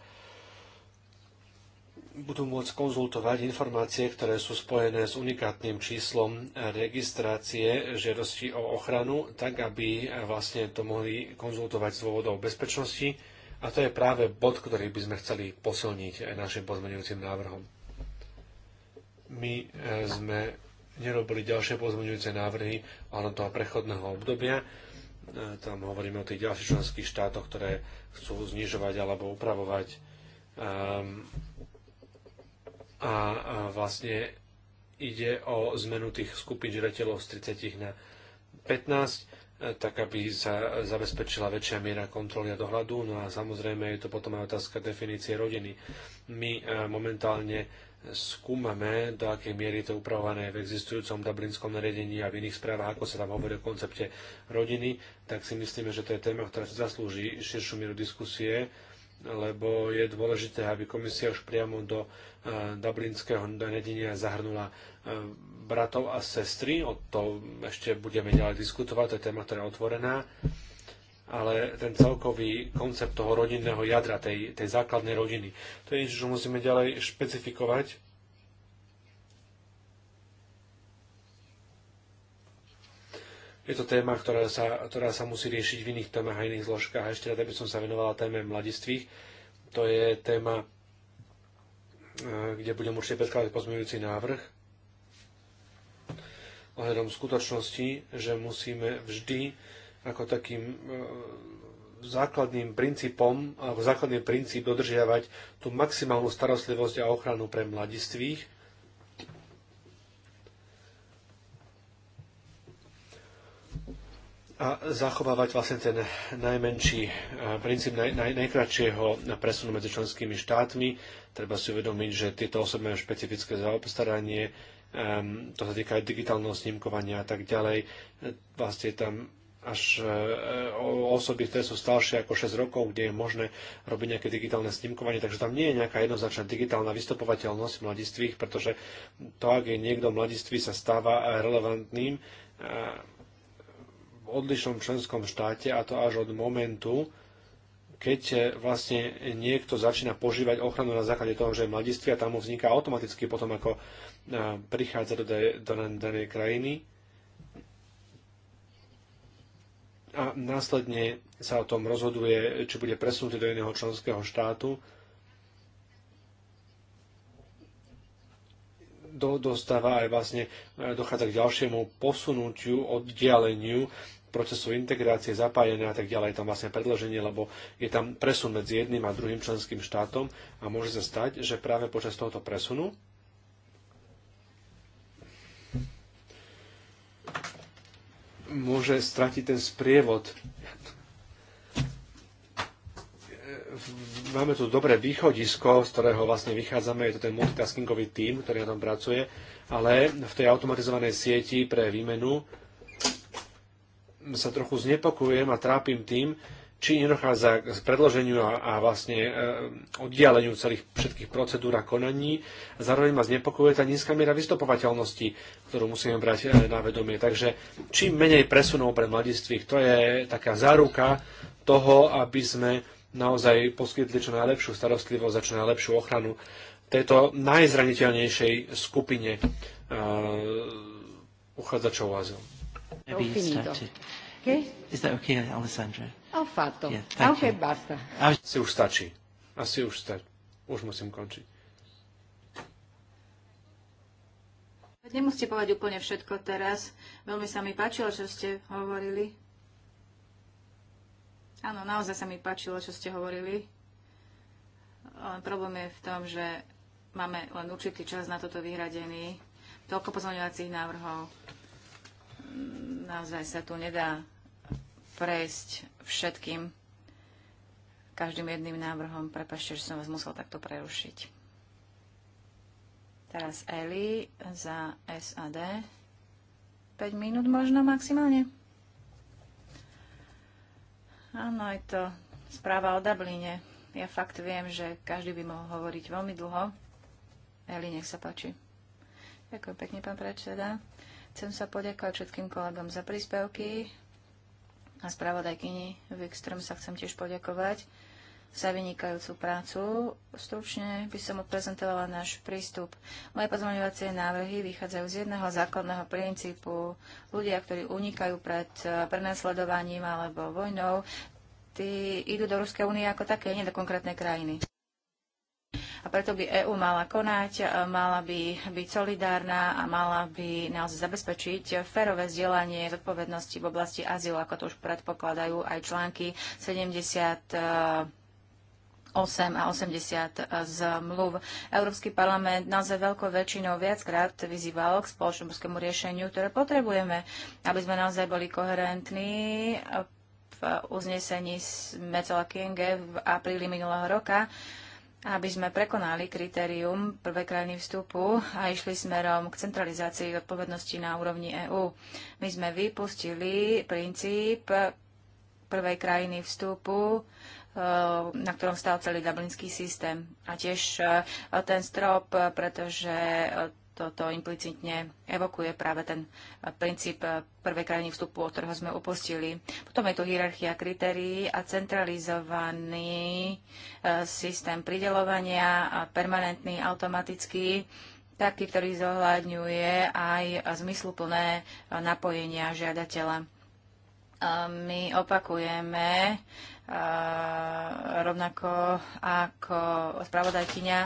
budú môcť konzultovať informácie, ktoré sú spojené s unikátnym číslom e, registrácie žiadosti o ochranu, tak aby e, vlastne to mohli konzultovať z dôvodov bezpečnosti. A to je práve bod, ktorý by sme chceli posilniť našim pozmeňujúcim návrhom. My e, sme nerobili ďalšie pozmeňujúce návrhy áno toho prechodného obdobia. E, tam hovoríme o tých ďalších členských štátoch, ktoré chcú znižovať alebo upravovať. Ehm, a vlastne ide o zmenu tých skupín žiadateľov z 30 na 15, e, tak aby sa zabezpečila väčšia miera kontroly a dohľadu. No a samozrejme je to potom aj otázka definície rodiny. My e, momentálne skúmame, do akej miery je to upravované v existujúcom dublinskom nariadení a v iných správach, ako sa tam hovorí o koncepte rodiny, tak si myslíme, že to je téma, ktorá si zaslúži širšiu mieru diskusie, lebo je dôležité, aby komisia už priamo do e, dublinského nariadenia zahrnula e, bratov a sestry. O to ešte budeme ďalej diskutovať, to je téma, ktorá je otvorená ale ten celkový koncept toho rodinného jadra, tej, tej základnej rodiny. To je niečo, čo musíme ďalej špecifikovať. Je to téma, ktorá sa, ktorá sa musí riešiť v iných témach a iných zložkách. A ešte rád by som sa venovala téme mladistvých. To je téma, e, kde budem určite predkladať pozmeňujúci návrh ohľadom skutočnosti, že musíme vždy ako takým e, základným princípom, alebo základný princíp dodržiavať tú maximálnu starostlivosť a ochranu pre mladistvých. A zachovávať vlastne ten najmenší e, princíp naj, naj, najkračšieho presunu medzi členskými štátmi. Treba si uvedomiť, že tieto osoby majú špecifické zaobstaranie, um, to sa týka aj digitálneho snímkovania a tak ďalej. Vlastne tam až e, osoby, ktoré sú staršie ako 6 rokov, kde je možné robiť nejaké digitálne snímkovanie, takže tam nie je nejaká jednoznačná digitálna vystupovateľnosť mladistvých, pretože to, ak je niekto mladiství, sa stáva relevantným e, v odlišnom členskom štáte a to až od momentu, keď e, vlastne niekto začína požívať ochranu na základe toho, že je mladiství a tam mu vzniká automaticky potom, ako prichádza do danej krajiny, a následne sa o tom rozhoduje, či bude presunutý do iného členského štátu. Do, dostáva aj vlastne, e, dochádza k ďalšiemu posunutiu, oddialeniu procesu integrácie, zapájenia a tak ďalej. Je tam vlastne predloženie, lebo je tam presun medzi jedným a druhým členským štátom a môže sa stať, že práve počas tohoto presunu môže stratiť ten sprievod. Máme tu dobré východisko, z ktorého vlastne vychádzame, je to ten multitaskingový tím, ktorý na tom pracuje, ale v tej automatizovanej sieti pre výmenu sa trochu znepokojujem a trápim tým, či nedochádza k predloženiu a, a vlastne e, oddialeniu celých všetkých procedúr a konaní. Zároveň ma znepokojuje tá nízka miera vystopovateľnosti, ktorú musíme brať e, na vedomie. Takže čím menej presunov pre mladistvých, to je taká záruka toho, aby sme naozaj poskytli čo najlepšiu starostlivosť a čo najlepšiu ochranu tejto najzraniteľnejšej skupine e, uchádzačov o azyl. Che? Is that okay, Alessandra? Ho fatto. Yeah, thank you. basta. Asi už stačí. Asi už stačí. Už musím končiť. Nemusíte povedať úplne všetko teraz. Veľmi sa mi páčilo, čo ste hovorili. Áno, naozaj sa mi páčilo, čo ste hovorili. Len problém je v tom, že máme len určitý čas na toto vyhradený. Toľko pozmeňovacích návrhov naozaj sa tu nedá prejsť všetkým každým jedným návrhom. Prepašte, že som vás musel takto prerušiť. Teraz Eli za SAD. 5 minút možno maximálne. Áno, je to správa o Dubline. Ja fakt viem, že každý by mohol hovoriť veľmi dlho. Eli, nech sa páči. Ďakujem pekne, pán predseda. Chcem sa poďakovať všetkým kolegom za príspevky a spravodajkyni Wikström sa chcem tiež poďakovať za vynikajúcu prácu. Stručne by som odprezentovala náš prístup. Moje pozmaňovacie návrhy vychádzajú z jedného základného princípu. Ľudia, ktorí unikajú pred prenasledovaním alebo vojnou, tí idú do Ruskej únie ako také, nie do konkrétnej krajiny preto by EÚ mala konať, e, mala by byť solidárna a mala by naozaj zabezpečiť férové vzdelanie zodpovednosti v oblasti azylu, ako to už predpokladajú aj články 70 8 a 80 zmluv. Európsky parlament naozaj veľkou väčšinou viackrát vyzýval k spoločenskému riešeniu, ktoré potrebujeme, aby sme naozaj boli koherentní. V uznesení Metzola Kienge v apríli minulého roka aby sme prekonali kritérium prvej krajiny vstupu a išli smerom k centralizácii odpovednosti na úrovni EÚ. My sme vypustili princíp prvej krajiny vstupu, eh, na ktorom stal celý dublinský systém. A tiež eh, ten strop, pretože eh, toto implicitne evokuje práve ten eh, princíp eh, prvej krajiny vstupu, od ktorého sme upustili. Potom je tu hierarchia kritérií a centralizovaný eh, systém pridelovania a permanentný, automatický, taký, ktorý zohľadňuje aj zmysluplné napojenia žiadateľa. My opakujeme rovnako ako spravodajkyňa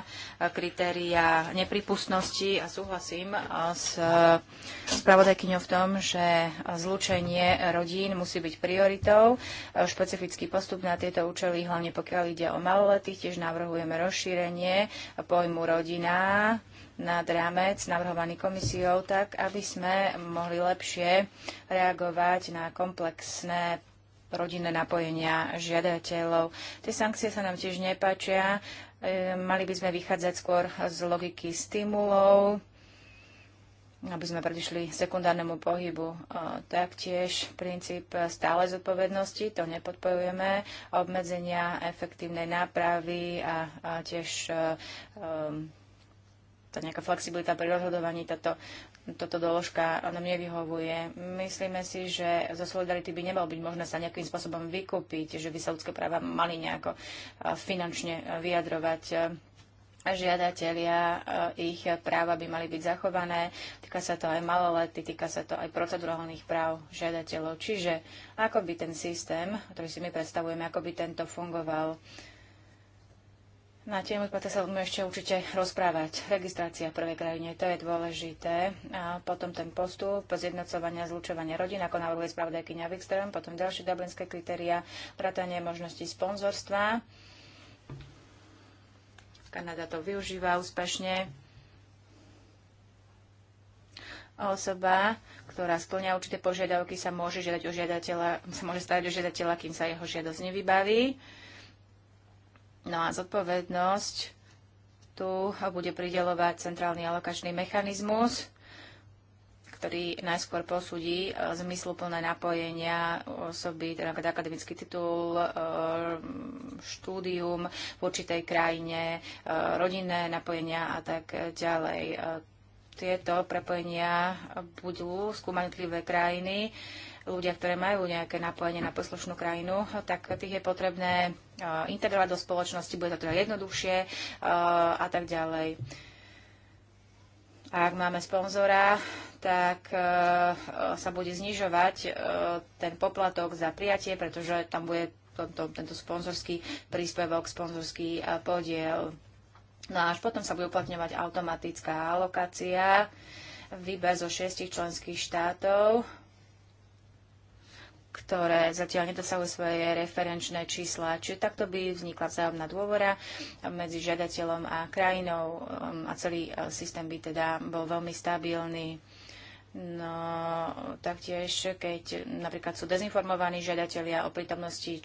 kritéria nepripustnosti a súhlasím s spravodajkyňou v tom, že zlučenie rodín musí byť prioritou. Špecifický postup na tieto účely, hlavne pokiaľ ide o maloletých, tiež navrhujeme rozšírenie pojmu rodina nad rámec navrhovaný komisiou, tak aby sme mohli lepšie reagovať na komplexné rodinné napojenia žiadateľov. Tie sankcie sa nám tiež nepáčia. E, mali by sme vychádzať skôr z logiky stimulov, aby sme predišli sekundárnemu pohybu. E, taktiež princíp stále zodpovednosti, to nepodporujeme, obmedzenia efektívnej nápravy a, a tiež e, tá nejaká flexibilita pri rozhodovaní, táto toto doložka nám nevyhovuje. Myslíme si, že zo solidarity by nemalo byť možné sa nejakým spôsobom vykúpiť, že by sa ľudské práva mali nejako e, finančne e, vyjadrovať žiadatelia, e, ich práva by mali byť zachované. Týka sa to aj malolety, týka sa to aj procedurálnych práv žiadateľov. Čiže ako by ten systém, ktorý si my predstavujeme, ako by tento fungoval, na tému to sa budeme ešte určite rozprávať. Registrácia v prvej krajine, to je dôležité. A potom ten postup zjednocovania, zlučovania rodín, ako navrhuje spravodajkyňa Wikström, potom ďalšie dublinské kritéria, vrátanie možnosti sponzorstva. Kanada to využíva úspešne. Osoba, ktorá splňa určité požiadavky, sa môže, žiadať o žiadateľa, sa môže stať o žiadateľa, kým sa jeho žiadosť nevybaví. No a zodpovednosť tu bude pridelovať centrálny alokačný mechanizmus, ktorý najskôr posúdi e, zmysluplné napojenia osoby, teda akademický titul, e, štúdium v určitej krajine, e, rodinné napojenia a tak ďalej. Tieto prepojenia budú skúmať krajiny ľudia, ktoré majú nejaké napojenie na poslušnú krajinu, tak tých je potrebné integrovať do spoločnosti, bude to teda jednoduchšie a tak ďalej. A ak máme sponzora, tak e, sa bude znižovať e, ten poplatok za prijatie, pretože tam bude tento, tento sponzorský príspevok, sponzorský e, podiel. No a až potom sa bude uplatňovať automatická alokácia, výber zo šiestich členských štátov ktoré zatiaľ nedosahujú svoje referenčné čísla. Čiže takto by vznikla vzájomná dôvora medzi žiadateľom a krajinou um, a celý uh, systém by teda bol veľmi stabilný. No, taktiež, keď napríklad sú dezinformovaní žiadatelia o prítomnosti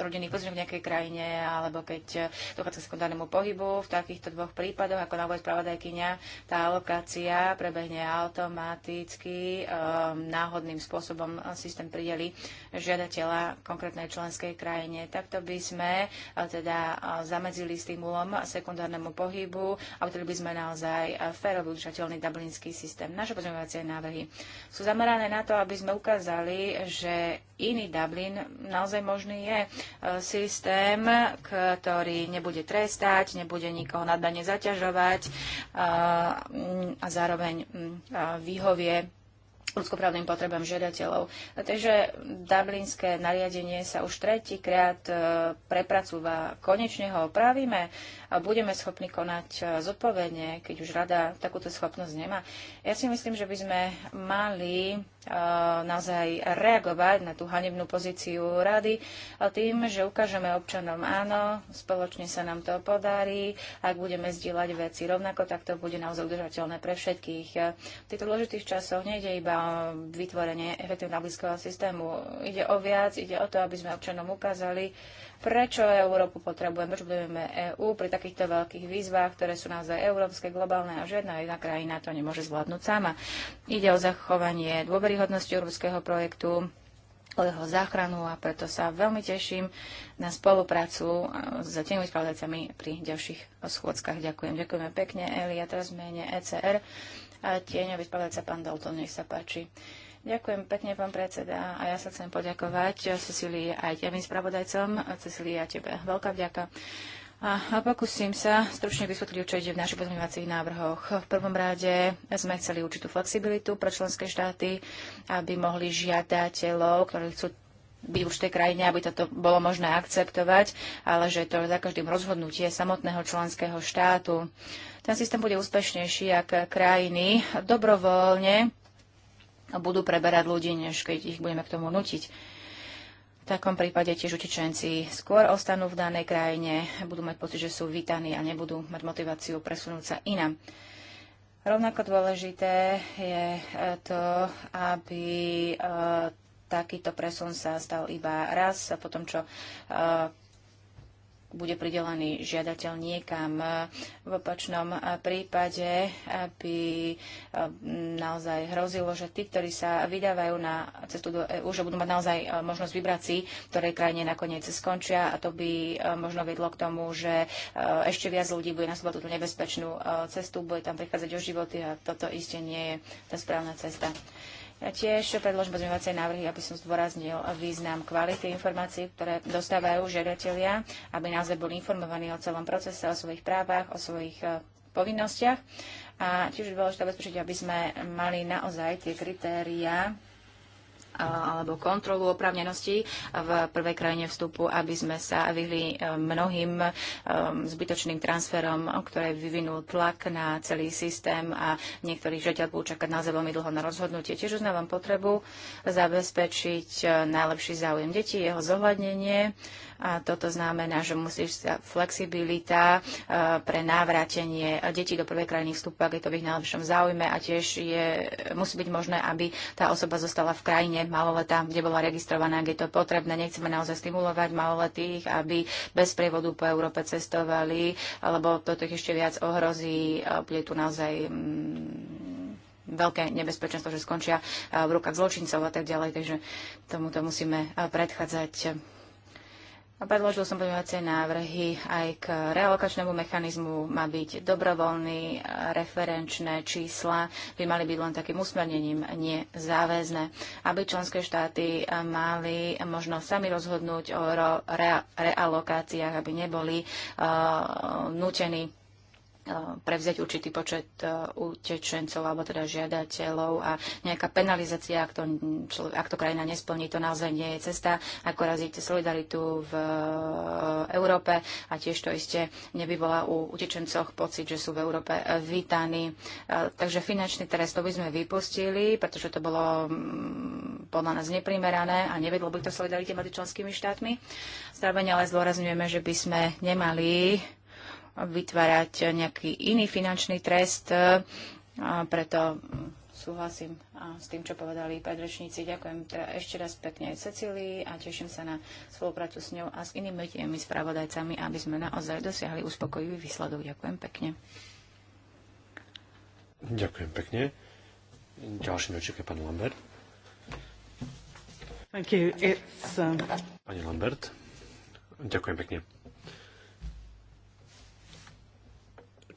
rodinný pozriek v nejakej krajine, alebo keď eh, dochádza k sekundárnemu pohybu. V takýchto dvoch prípadoch, ako navodí spravodajkynia, tá alokácia prebehne automaticky, eh, náhodným spôsobom eh, systém prideli žiadateľa konkrétnej členskej krajine. Takto by sme teda zamedzili stimulom sekundárnemu pohybu a vtedy by sme naozaj férový udržateľný dublinský systém. Naše pozmeňovacie návrhy sú zamerané na to, aby sme ukázali, že iný Dublin naozaj možný je. E, systém, ktorý nebude trestať, nebude nikoho nadane zaťažovať e, a zároveň mm, vyhovie ľudskoprávnym potrebám žiadateľov. Takže Dublinské nariadenie sa už tretíkrát e, prepracúva. Konečne ho opravíme a budeme schopní konať zodpovedne, keď už rada takúto schopnosť nemá. Ja si myslím, že by sme mali naozaj reagovať na tú hanebnú pozíciu rady tým, že ukážeme občanom áno, spoločne sa nám to podarí, ak budeme zdieľať veci rovnako, tak to bude naozaj udržateľné pre všetkých. V týchto dôležitých časoch nejde iba o vytvorenie efektívneho blízkeho systému. Ide o viac, ide o to, aby sme občanom ukázali, prečo Európu potrebujeme, prečo budeme EÚ pri takýchto veľkých výzvach, ktoré sú naozaj európske, globálne a žiadna jedna krajina to nemôže zvládnuť sama. Ide o zachovanie dôveryhodnosti európskeho projektu, o jeho záchranu a preto sa veľmi teším na spoluprácu s tými spravodajcami pri ďalších schôdzkach. Ďakujem. Ďakujeme pekne, Eli. A teraz mene ECR. A tieňový spravodajca pán Dalton, nech sa páči. Ďakujem pekne, pán predseda, a ja sa chcem poďakovať Cecílii aj tebým spravodajcom. Cecília, tebe veľká vďaka. A pokúsim sa stručne vysvetliť, čo ide v našich pozmeňovacích návrhoch. V prvom rade sme chceli určitú flexibilitu pre členské štáty, aby mohli žiadateľov, ktorí chcú byť už v tej krajine, aby toto bolo možné akceptovať, ale že to za každým rozhodnutie samotného členského štátu. Ten systém bude úspešnejší, ak krajiny dobrovoľne budú preberať ľudí, než keď ich budeme k tomu nutiť. V takom prípade tiež utečenci skôr ostanú v danej krajine, budú mať pocit, že sú vítaní a nebudú mať motiváciu presunúť sa inam. Rovnako dôležité je e, to, aby e, takýto presun sa stal iba raz a potom, čo e, bude pridelený žiadateľ niekam. V opačnom prípade by eh, naozaj hrozilo, že tí, ktorí sa vydávajú na cestu do EU, že budú mať naozaj eh, možnosť vybrať si, ktoré krajine nakoniec skončia a to by eh, možno vedlo k tomu, že ešte viac ľudí bude nasúbať túto nebezpečnú cestu, bude tam prichádzať o životy a toto iste nie je tá správna cesta. Ja tiež predložím pozmeňovacie návrhy, aby som zdôraznil význam kvality informácií, ktoré dostávajú žiadatelia, aby naozaj boli informovaní o celom procese, o svojich právach, o svojich e, povinnostiach. A tiež je dôležité zabezpečiť, aby sme mali naozaj tie kritéria alebo kontrolu oprávnenosti v prvej krajine vstupu, aby sme sa vyhli e, mnohým e, zbytočným transferom, ktoré vyvinul tlak na celý systém a niektorých žiaľ budú čakať naozaj veľmi dlho na rozhodnutie. Tiež uznávam potrebu zabezpečiť e, najlepší záujem detí, jeho zohľadnenie a toto znamená, že musí sa flexibilita e, pre návratenie detí do prvej krajiny vstupu, ak je to v ich najlepšom záujme a tiež je, musí byť možné, aby tá osoba zostala v krajine maloletá, kde bola registrovaná, ak je to potrebné. Nechceme naozaj stimulovať maloletých, aby bez prievodu po Európe cestovali, lebo toto ich ešte viac ohrozí. E, bude tu naozaj mm, veľké nebezpečenstvo, že skončia e, v rukách zločincov a tak ďalej. Takže tomuto musíme predchádzať. Predložil som pozmeňovacie návrhy aj k realokačnému mechanizmu. Má byť dobrovoľný, e, referenčné čísla by mali byť len takým usmernením, nie záväzne. Aby členské štáty e, mali možnosť sami rozhodnúť o realokáciách, aby neboli uh, nutení Eh, prevziať určitý počet eh, utečencov alebo teda žiadateľov a nejaká penalizácia, ak to, ak to krajina nesplní, to naozaj nie je cesta, ako razíte solidaritu v eh, Európe a tiež to iste nebyvola u utečencoch pocit, že sú v Európe vítaní. Takže finančný trest to by sme vypustili, pretože to bolo mm, podľa nás neprimerané a nevedlo by to solidarite medzi členskými štátmi. Zároveň ale zdôrazňujeme, že by sme nemali vytvárať nejaký iný finančný trest. E, preto súhlasím s tým, čo povedali predrečníci. Ďakujem teda ešte raz pekne aj Cecílii a teším sa na spoluprácu s ňou a s inými tými spravodajcami, aby sme naozaj dosiahli uspokojivý výsledok. Ďakujem pekne. Ďakujem pekne. Ďalší rečníkom je pán Lambert. Thank you. It's, um... Pani Lambert, ďakujem pekne.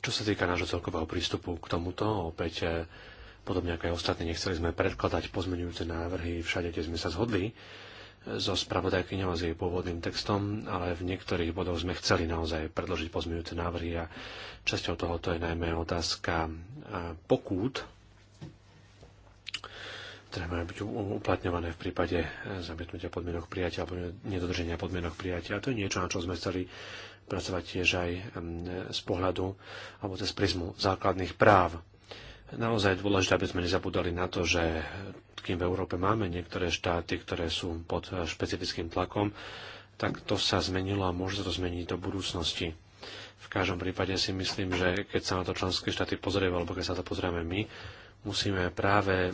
Čo sa týka nášho celkového prístupu k tomuto, opäť eh, podobne ako aj ostatní, nechceli sme predkladať pozmeňujúce návrhy všade, kde sme sa zhodli eh, so spravodajkyňou a s jej pôvodným textom, ale v niektorých bodoch sme chceli naozaj predložiť pozmeňujúce návrhy a časťou tohoto je najmä otázka eh, pokút, ktoré majú byť uplatňované v prípade zamietnutia podmienok prijatia alebo nedodrženia podmienok prijatia. A to je niečo, na čo sme chceli pracovať tiež aj z pohľadu alebo cez prizmu základných práv. Naozaj je dôležité, aby sme nezabudali na to, že kým v Európe máme niektoré štáty, ktoré sú pod eh, špecifickým tlakom, tak to sa zmenilo a môže sa to zmeniť do budúcnosti. V každom prípade si myslím, že keď sa na to členské štáty pozrieme, alebo keď sa to pozrieme my, musíme práve eh,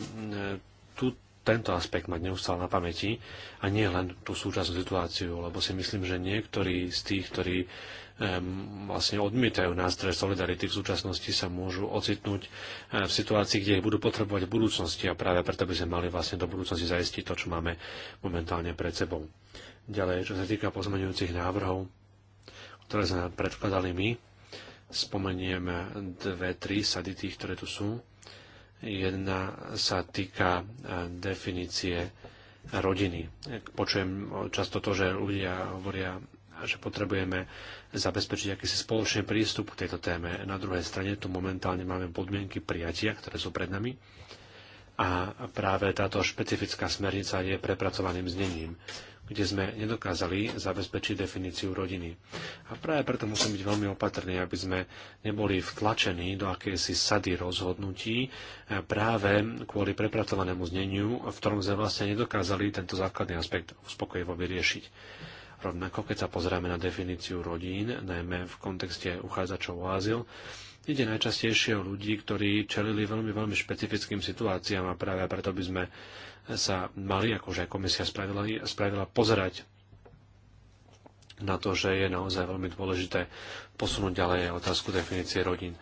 tu, tento aspekt mať neustále na pamäti a nie len tú súčasnú situáciu, lebo si myslím, že niektorí z tých, ktorí um, vlastne odmietajú nástroje solidarity v súčasnosti, sa môžu ocitnúť eh, v situácii, kde ich budú potrebovať v budúcnosti a práve preto by sme mali vlastne do budúcnosti zaistiť to, čo máme momentálne pred sebou. Ďalej, čo sa týka pozmeňujúcich návrhov, ktoré sme predkladali my, spomeniem dve, tri sady tých, ktoré tu sú Jedna sa týka e, definície rodiny. Počujem často to, že ľudia hovoria, že potrebujeme zabezpečiť akýsi spoločný prístup k tejto téme. Na druhej strane tu momentálne máme podmienky prijatia, ktoré sú pred nami. A práve táto špecifická smernica je prepracovaným znením, kde sme nedokázali zabezpečiť definíciu rodiny. A práve preto musíme byť veľmi opatrní, aby sme neboli vtlačení do akejsi sady rozhodnutí e, práve kvôli prepracovanému zneniu, v ktorom sme vlastne nedokázali tento základný aspekt uspokojivo vyriešiť. Rovnako, keď sa pozrieme na definíciu rodín, najmä v kontexte uchádzačov o azyl, ide najčastejšie o ľudí, ktorí čelili veľmi, veľmi špecifickým situáciám a práve preto by sme sa mali, akože aj komisia spravila, spravila pozerať na to, že je naozaj veľmi dôležité posunúť ďalej otázku definície rodín.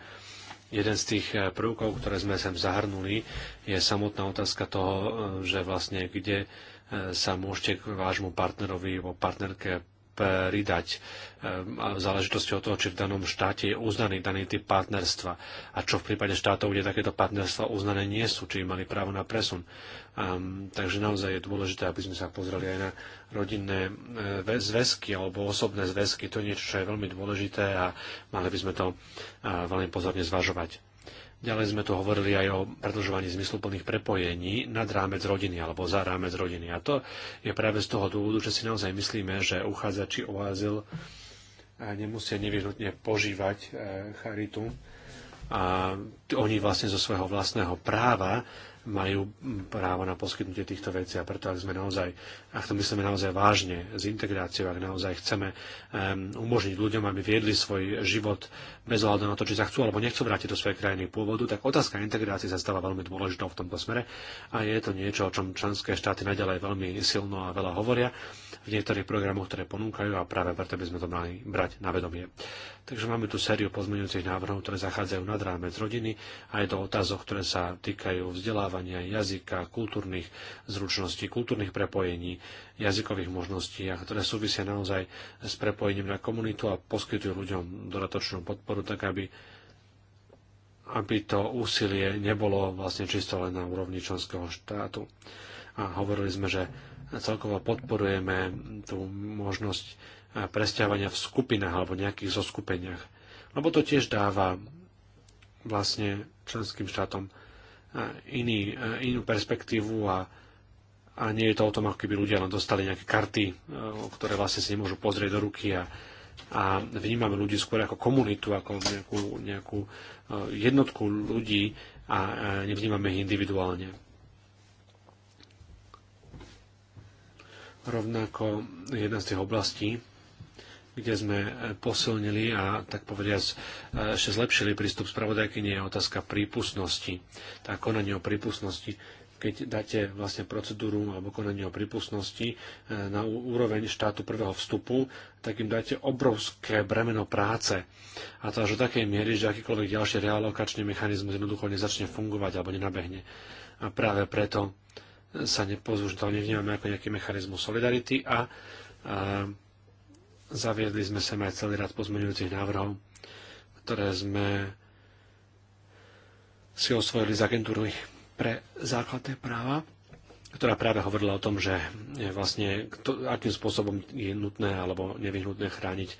Jeden z tých eh, prvkov, ktoré sme sem zahrnuli, je samotná otázka toho, eh, že vlastne kde eh, sa môžete k vášmu partnerovi alebo partnerke pridať v záležitosti od toho, či v danom štáte je uznaný daný typ partnerstva a čo v prípade štátov, kde takéto partnerstva uznané nie sú, či mali právo na presun. Um, takže naozaj je dôležité, aby sme sa pozreli aj na rodinné e, zväzky alebo osobné zväzky. To je niečo, čo je veľmi dôležité a mali by sme to veľmi pozorne zvažovať. Ďalej sme tu hovorili aj o predlžovaní zmysluplných prepojení nad rámec rodiny alebo za rámec rodiny. A to je práve z toho dôvodu, že si naozaj myslíme, že uchádzači o azyl e, nemusia nevyhnutne požívať e, charitu. A oni vlastne zo svojho vlastného práva majú právo na poskytnutie týchto vecí a preto, ak sme naozaj ak to myslíme naozaj vážne s integráciou, ak naozaj chceme umožniť ľuďom, aby viedli svoj život bez ohľadu na to, či sa chcú alebo nechcú vrátiť do svojej krajiny pôvodu, tak otázka integrácie sa stáva veľmi dôležitou v tomto smere a je to niečo, o čom členské štáty naďalej veľmi silno a veľa hovoria v niektorých programoch, ktoré ponúkajú a práve preto by sme to mali brať na vedomie. Takže máme tu sériu pozmeňujúcich návrhov, ktoré zachádzajú nad rámec rodiny a je to otázok, ktoré sa týkajú vzdelávania jazyka, kultúrnych zručností, kultúrnych prepojení, jazykových možností a ktoré súvisia naozaj s prepojením na komunitu a poskytujú ľuďom dodatočnú podporu, tak aby, aby to úsilie nebolo vlastne čisto len na úrovni členského štátu. A hovorili sme, že celkovo podporujeme tú možnosť eh, presťahovania v skupinách alebo nejakých zoskupeniach. Lebo to tiež dáva vlastne členským štátom eh, iný, eh, inú perspektívu a a nie je to o tom, ako keby ľudia len dostali nejaké karty, e, ktoré vlastne si nemôžu pozrieť do ruky a, a vnímame ľudí skôr ako komunitu, ako nejakú, nejakú e, jednotku ľudí a nevnímame ich individuálne. Rovnako jedna z tých oblastí, kde sme posilnili a tak povediať e, ešte zlepšili prístup spravodajky, nie je otázka prípustnosti, tá konanie o prípustnosti keď dáte vlastne procedúru alebo konanie o prípustnosti e, na úroveň štátu prvého vstupu, tak im dáte obrovské bremeno práce. A to až do takej miery, že akýkoľvek ďalší realokačný mechanizmus jednoducho nezačne fungovať alebo nenabehne. A práve preto e, sa to nevnímame ako nejaký mechanizmus solidarity a, a zaviedli sme sa aj celý rad pozmeňujúcich návrhov, ktoré sme si osvojili z agentúry pre základné práva, ktorá práve hovorila o tom, že vlastne to, akým spôsobom je nutné alebo nevyhnutné chrániť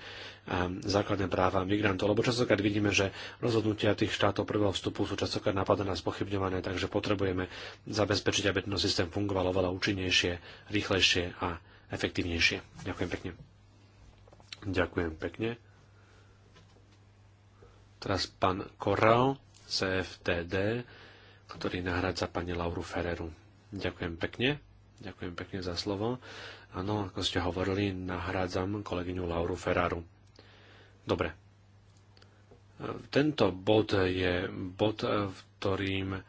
základné práva migrantov. Lebo častokrát vidíme, že rozhodnutia tých štátov prvého vstupu sú častokrát napadané a spochybňované, takže potrebujeme zabezpečiť, aby ten systém fungoval oveľa účinnejšie, rýchlejšie a efektívnejšie. Ďakujem pekne. Ďakujem pekne. Teraz pán Koral, CFTD ktorý nahradza pani Lauru Ferreru. Ďakujem pekne. Ďakujem pekne za slovo. Áno, ako ste hovorili, nahrádzam kolegyňu Lauru Ferraru. Dobre. Tento bod je bod, v ktorým eh,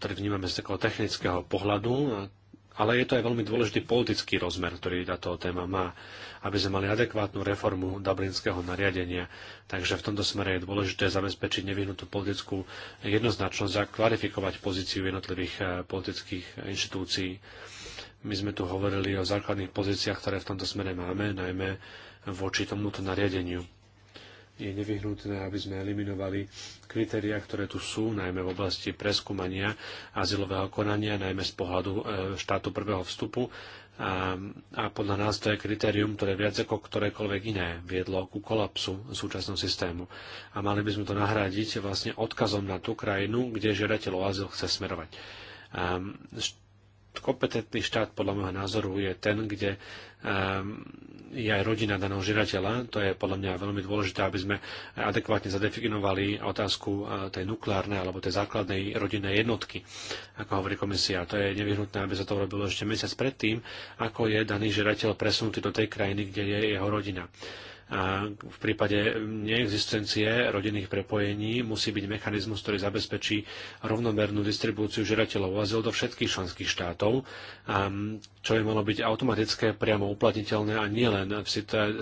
ktorý vnímame z takého technického pohľadu, ale je to aj veľmi dôležitý politický rozmer, ktorý táto téma má, aby sme mali adekvátnu reformu dublinského nariadenia. Takže v tomto smere je dôležité zabezpečiť nevyhnutú politickú jednoznačnosť a klarifikovať pozíciu jednotlivých eh, politických inštitúcií. My sme tu hovorili o základných pozíciách, ktoré v tomto smere máme, najmä voči tomuto nariadeniu je nevyhnutné, aby sme eliminovali kritéria, ktoré tu sú, najmä v oblasti preskúmania azylového konania, najmä z pohľadu e, štátu prvého vstupu. A, a podľa nás to je kritérium, ktoré viac ako ktorékoľvek iné viedlo ku kolapsu súčasného systému. A mali by sme to nahradiť vlastne odkazom na tú krajinu, kde žiadateľ o azyl chce smerovať. A, kompetentný štát podľa môjho názoru je ten, kde ehm, je aj rodina daného žirateľa. To je podľa mňa veľmi dôležité, aby sme adekvátne zadefinovali otázku e, tej nukleárnej alebo tej základnej rodinnej jednotky, ako hovorí komisia. To je nevyhnutné, aby sa to robilo ešte mesiac predtým, ako je daný žirateľ presunutý do tej krajiny, kde je jeho rodina. V prípade neexistencie rodinných prepojení musí byť mechanizmus, ktorý zabezpečí rovnomernú distribúciu žiadateľov o azyl do všetkých členských štátov, čo by malo byť automatické, priamo uplatniteľné a nielen v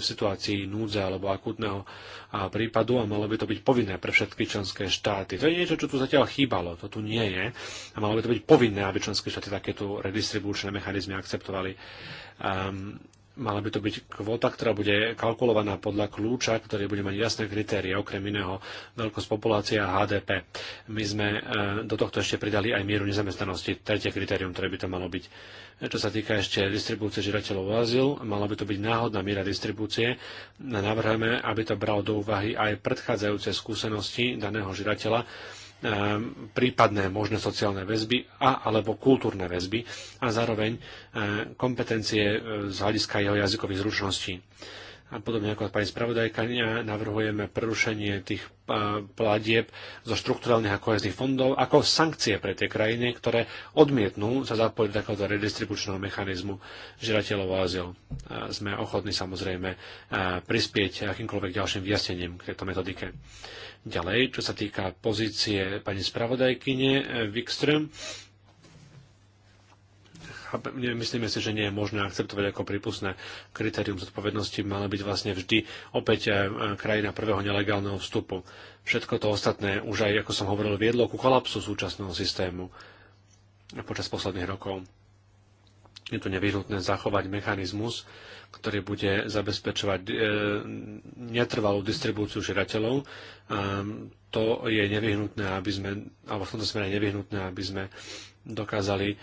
situácii núdze alebo akútneho prípadu a malo by to byť povinné pre všetky členské štáty. To je niečo, čo tu zatiaľ chýbalo, to tu nie je a malo by to byť povinné, aby členské štáty takéto redistribučné mechanizmy akceptovali. Mala by to byť kvota, ktorá bude kalkulovaná podľa kľúča, ktorý bude mať jasné kritérie, okrem iného veľkosť populácia a HDP. My sme e, do tohto ešte pridali aj mieru nezamestnanosti, tretie kritérium, ktoré by to malo byť. E, čo sa týka ešte distribúcie žiadateľov o azyl, mala by to byť náhodná miera distribúcie. Navrhujeme, aby to bralo do úvahy aj predchádzajúce skúsenosti daného žiadateľa, Ehm, prípadné možné sociálne väzby a alebo kultúrne väzby a zároveň ehm, kompetencie e, z hľadiska jeho jazykových zručností a podobne ako pani spravodajka, e, navrhujeme prerušenie tých e, platieb zo štrukturálnych a kohezných fondov ako sankcie pre tie krajiny, ktoré odmietnú sa zapojiť do takéhoto redistribučného mechanizmu žiadateľov o azyl. E, sme ochotní samozrejme prispieť akýmkoľvek ďalším vyjasnením k tejto metodike. Ďalej, čo sa týka pozície pani spravodajkyne Wikström, myslíme si, že nie je možné akceptovať ako prípustné kritérium zodpovednosti, mala byť vlastne vždy opäť e, e, krajina prvého nelegálneho vstupu. Všetko to ostatné už aj, ako som hovoril, viedlo ku kolapsu súčasného systému počas posledných rokov. Je tu nevyhnutné zachovať mechanizmus, ktorý bude zabezpečovať e, netrvalú distribúciu žiadateľov. E, to je nevyhnutné, aby sme, alebo v tomto smere nevyhnutné, aby sme dokázali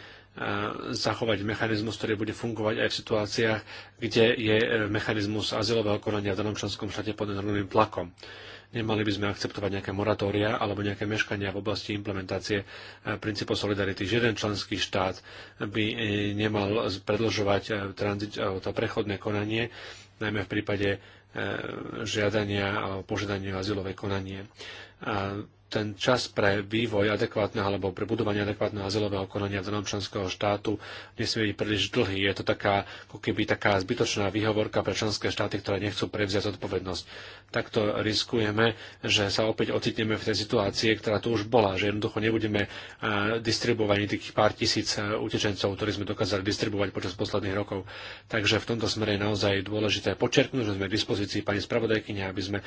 zachovať mechanizmus, ktorý bude fungovať aj v situáciách, kde je e, mechanizmus azylového konania v danom členskom štáte pod enormným tlakom. Nemali by sme akceptovať nejaké moratória alebo nejaké meškania v oblasti implementácie e, princípov solidarity. Žiaden členský štát by e, nemal predlžovať tranzit, to prechodné konanie, najmä v prípade žiadania alebo požiadania azylové konanie. A ten čas pre vývoj adekvátneho alebo pre budovanie adekvátneho azylového konania v danom členského štátu nesmie byť príliš dlhý. Je to taká, ako keby taká zbytočná výhovorka pre členské štáty, ktoré nechcú prevziať zodpovednosť takto riskujeme, že sa opäť ocitneme v tej situácii, ktorá tu už bola, že jednoducho nebudeme e, distribuovaní tých pár tisíc e, utečencov, ktorí sme dokázali distribuovať počas posledných rokov. Takže v tomto smere je naozaj dôležité počerknúť, že sme k dispozícii pani spravodajkyne, aby sme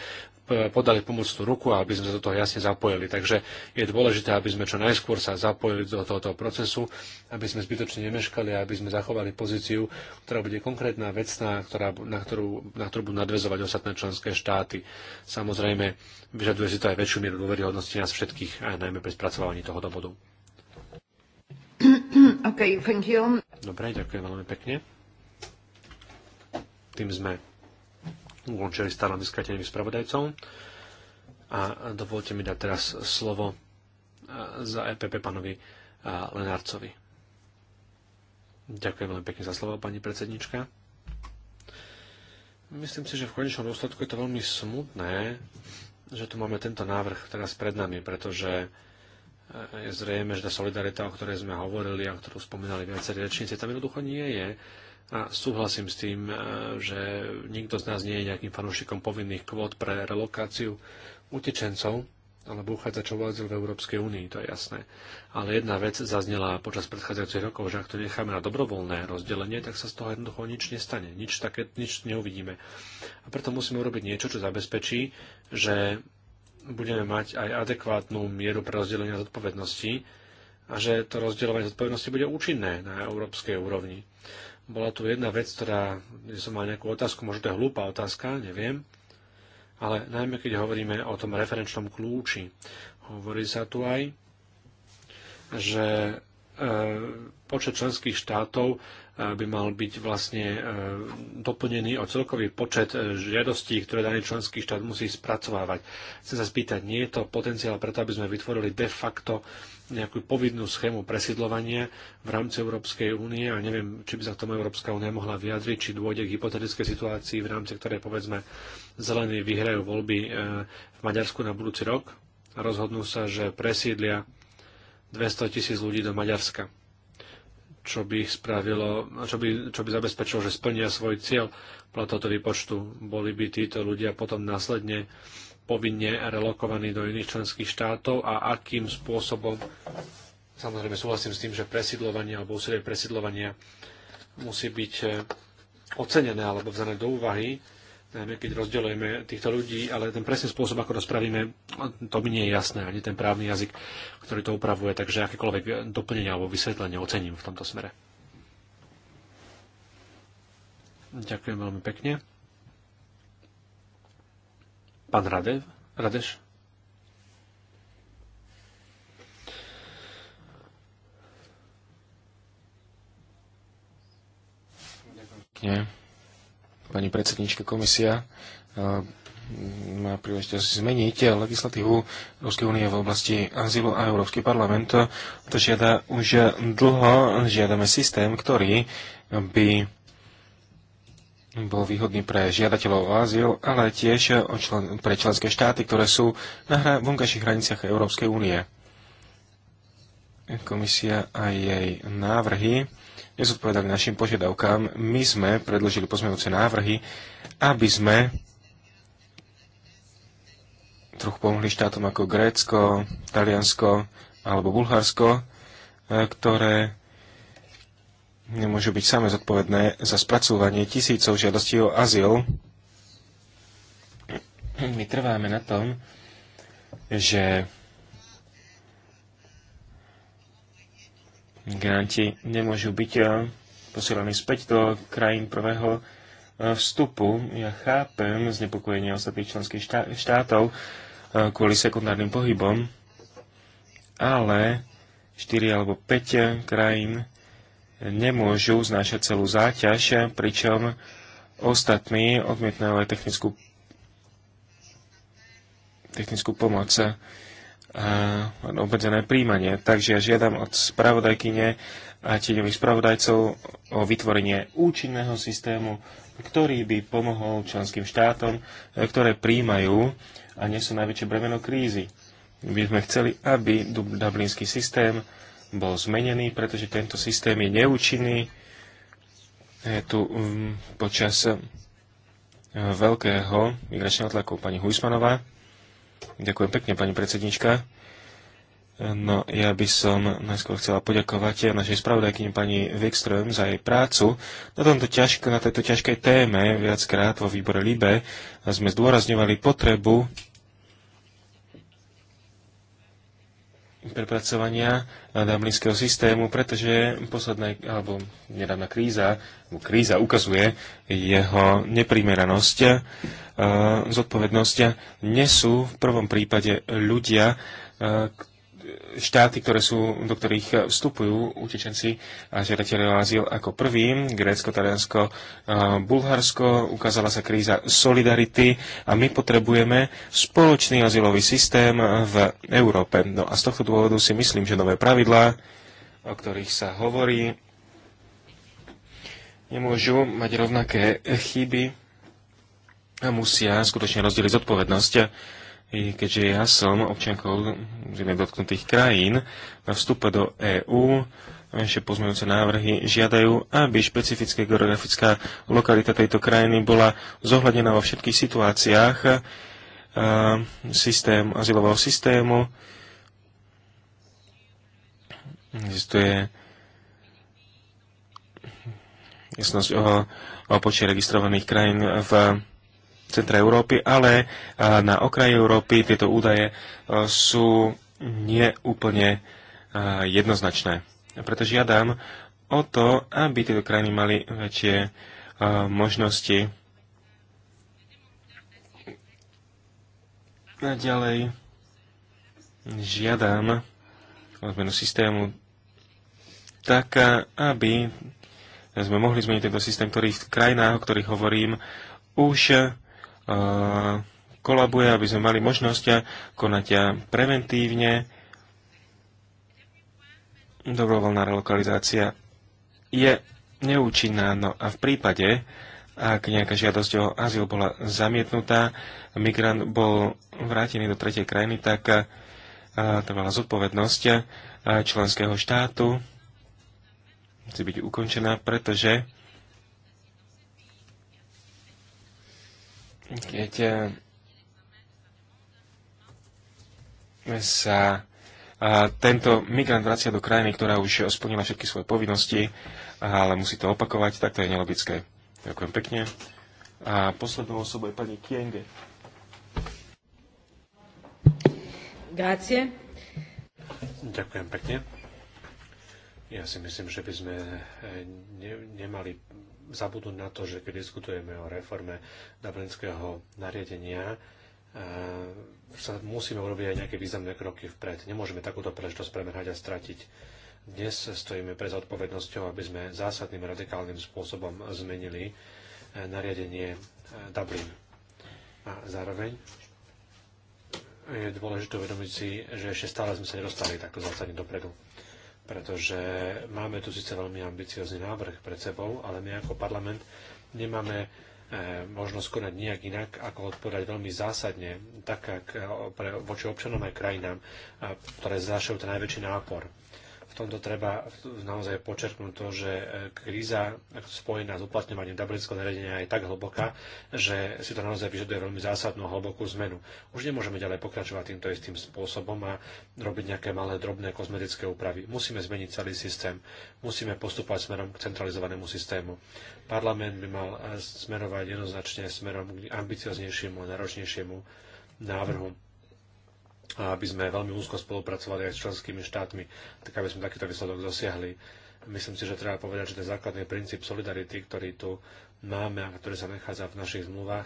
e, podali pomocnú ruku a aby sme sa do toho jasne zapojili. Takže je dôležité, aby sme čo najskôr sa zapojili do tohoto procesu, aby sme zbytočne nemeškali a aby sme zachovali pozíciu, ktorá bude konkrétna, vecná, ktorá, na, ktorú, na ktorú budú nadvezovať ostatné členské štáty produkty. Samozrejme, vyžaduje si to aj väčšiu mieru dôveryhodnosti nás všetkých, aj najmä pri spracovaní toho bodu. Okay, thank you. Dobre, ďakujem veľmi pekne. Tým sme ukončili stále tenými spravodajcom. A dovolte mi dať teraz slovo za EPP pánovi Lenárcovi. Ďakujem veľmi pekne za slovo, pani predsednička. Myslím si, že v konečnom dôsledku je to veľmi smutné, že tu máme tento návrh teraz pred nami, pretože e, je zrejme, že tá solidarita, o ktorej sme hovorili a ktorú spomínali viacerí rečníci, tam jednoducho nie je. A súhlasím s tým, e, že nikto z nás nie je nejakým fanúšikom povinných kvót pre relokáciu utečencov, alebo uchádzačov voľateľ v Európskej únii, to je jasné. Ale jedna vec zaznela počas predchádzajúcich rokov, že ak to necháme na dobrovoľné rozdelenie, tak sa z toho jednoducho nič nestane, nič také, nič neuvidíme. A preto musíme urobiť niečo, čo zabezpečí, že budeme mať aj adekvátnu mieru pre rozdelenia zodpovednosti a že to rozdeľovanie zodpovednosti bude účinné na európskej úrovni. Bola tu jedna vec, ktorá, kde som mal nejakú otázku, možno to je hlúpa otázka, neviem, ale najmä keď hovoríme o tom referenčnom kľúči. Hovorí sa tu aj, že e, počet členských štátov e, by mal byť vlastne e, doplnený o celkový počet žiadostí, ktoré daný členský štát musí spracovávať. Chcem sa spýtať, nie je to potenciál preto, aby sme vytvorili de facto nejakú povinnú schému presidlovania v rámci Európskej únie a neviem, či by sa k tomu Európska únia mohla vyjadriť, či dôjde k hypotetickej situácii, v rámci ktorej povedzme zelení vyhrajú voľby e, v Maďarsku na budúci rok a rozhodnú sa, že presídlia 200 tisíc ľudí do Maďarska, čo by, ich spravilo, čo by, čo by zabezpečilo, že splnia svoj cieľ podľa tohto výpočtu. Boli by títo ľudia potom následne povinne relokovaní do iných členských štátov a akým spôsobom, samozrejme súhlasím s tým, že presidlovanie alebo úsilie presidlovania musí byť e, ocenené alebo vzané do úvahy, najmä keď rozdeľujeme týchto ľudí, ale ten presný spôsob, ako to spravíme, to mi nie je jasné, ani ten právny jazyk, ktorý to upravuje, takže akékoľvek doplnenia alebo vysvetlenie ocením v tomto smere. Ďakujem veľmi pekne. Pán Radev, Radeš? Ďakujem pani predsednička komisia e, má príležitosť zmeniť legislatívu Európskej únie v oblasti azylu a Európsky parlament to žiada už dlho, žiadame systém, ktorý by bol výhodný pre žiadateľov o azyl, ale tiež pre členské štáty, ktoré sú na vonkajších hraniciach Európskej únie. Komisia a jej návrhy nezodpovedali našim požiadavkám. My sme predložili pozmeňujúce návrhy, aby sme trochu pomohli štátom ako Grécko, Taliansko alebo Bulharsko, e, ktoré nemôžu byť samé zodpovedné za spracúvanie tisícov žiadostí o azyl. My trváme na tom, že migranti nemôžu byť eh, posielaní späť do krajín prvého eh, vstupu. Ja chápem znepokojenie ostatných členských štátov eh, kvôli sekundárnym pohybom, ale 4 alebo 5 krajín nemôžu znášať celú záťaž, pričom ostatní odmietnú aj technickú, technickú pomoc obmedzené príjmanie. Takže ja žiadam od spravodajkyne a tieňových spravodajcov o vytvorenie účinného systému, ktorý by pomohol členským štátom, e, ktoré príjmajú a nesú najväčšie bremeno krízy. My sme chceli, aby dublinský systém bol zmenený, pretože tento systém je neúčinný. Je tu mm, počas e, veľkého migračného tlaku pani Huismanová. Ďakujem pekne, pani predsednička. No, ja by som najskôr chcela poďakovať našej spravodajkyni pani Wikström za jej prácu na, tomto ťažk- na tejto ťažkej téme. Viackrát vo výbore LIBE sme zdôrazňovali potrebu prepracovania eh, dublinského systému, pretože posledná, alebo nedávna kríza, alebo kríza ukazuje jeho neprimeranosť, eh, zodpovednosť nesú v prvom prípade ľudia, eh, štáty, ktoré sú, do ktorých eh, vstupujú utečenci a žiadatelia o azyl ako prvým, Grécko, Taliansko, eh, Bulharsko, ukázala sa kríza solidarity a my potrebujeme spoločný azylový systém eh, v Európe. No a z tohto dôvodu si myslím, že nové pravidlá, o ktorých sa hovorí, nemôžu mať rovnaké chyby a musia skutočne rozdeliť zodpovednosť i keďže ja som občiankou zrejme dotknutých krajín, na vstupe do EÚ naše pozmeňujúce návrhy žiadajú, aby špecifická geografická lokalita tejto krajiny bola zohľadená vo všetkých situáciách systém, azylového systému. Existuje jasnosť o, o počte registrovaných krajín v centra Európy, ale na okraji Európy tieto údaje e, sú neúplne e, jednoznačné. Preto žiadam o to, aby tieto krajiny mali väčšie e, možnosti a ďalej žiadam o zmenu systému tak, aby sme mohli zmeniť tento systém, ktorý v krajinách, o ktorých hovorím, už kolabuje, aby sme mali možnosť konať preventívne. Dobrovoľná relokalizácia je neúčinná, no a v prípade, ak nejaká žiadosť o azyl bola zamietnutá, migrant bol vrátený do tretej krajiny, tak to bola zodpovednosť členského štátu musí byť ukončená, pretože keď sa a tento migrant vracia do krajiny, ktorá už splnila všetky svoje povinnosti, ale musí to opakovať, tak to je nelogické. Ďakujem pekne. A poslednou osobou je pani Kienge. Grazie. Ďakujem pekne. Ja si myslím, že by sme eh, ne, nemali zabudnúť na to, že keď diskutujeme o reforme dublinského nariadenia, e, sa musíme urobiť aj nejaké významné kroky vpred. Nemôžeme takúto príležitosť premerhať a stratiť. Dnes stojíme pred zodpovednosťou, aby sme zásadným radikálnym spôsobom zmenili e, nariadenie e, Dublin. A zároveň je dôležité uvedomiť si, že ešte stále sme sa nedostali takto zásadne dopredu pretože máme tu síce veľmi ambiciózny návrh pred sebou, ale my ako parlament nemáme eh, možnosť konať nejak inak, ako odpovedať veľmi zásadne, tak ako eh, voči občanom aj krajinám, eh, ktoré znášajú ten najväčší nápor v tomto treba naozaj počerknúť to, že e, kríza spojená s uplatňovaním dublinského nariadenia je tak hlboká, že si to naozaj vyžaduje veľmi zásadnú hlbokú zmenu. Už nemôžeme ďalej pokračovať týmto istým spôsobom a robiť nejaké malé drobné kozmetické úpravy. Musíme zmeniť celý systém. Musíme postupovať smerom k centralizovanému systému. Parlament by mal e, smerovať jednoznačne smerom k ambicioznejšiemu a náročnejšiemu návrhu a aby sme veľmi úzko spolupracovali aj s členskými štátmi, tak aby sme takýto výsledok dosiahli. Myslím si, že treba povedať, že ten základný princíp solidarity, ktorý tu máme a ktorý sa nachádza v našich zmluvách,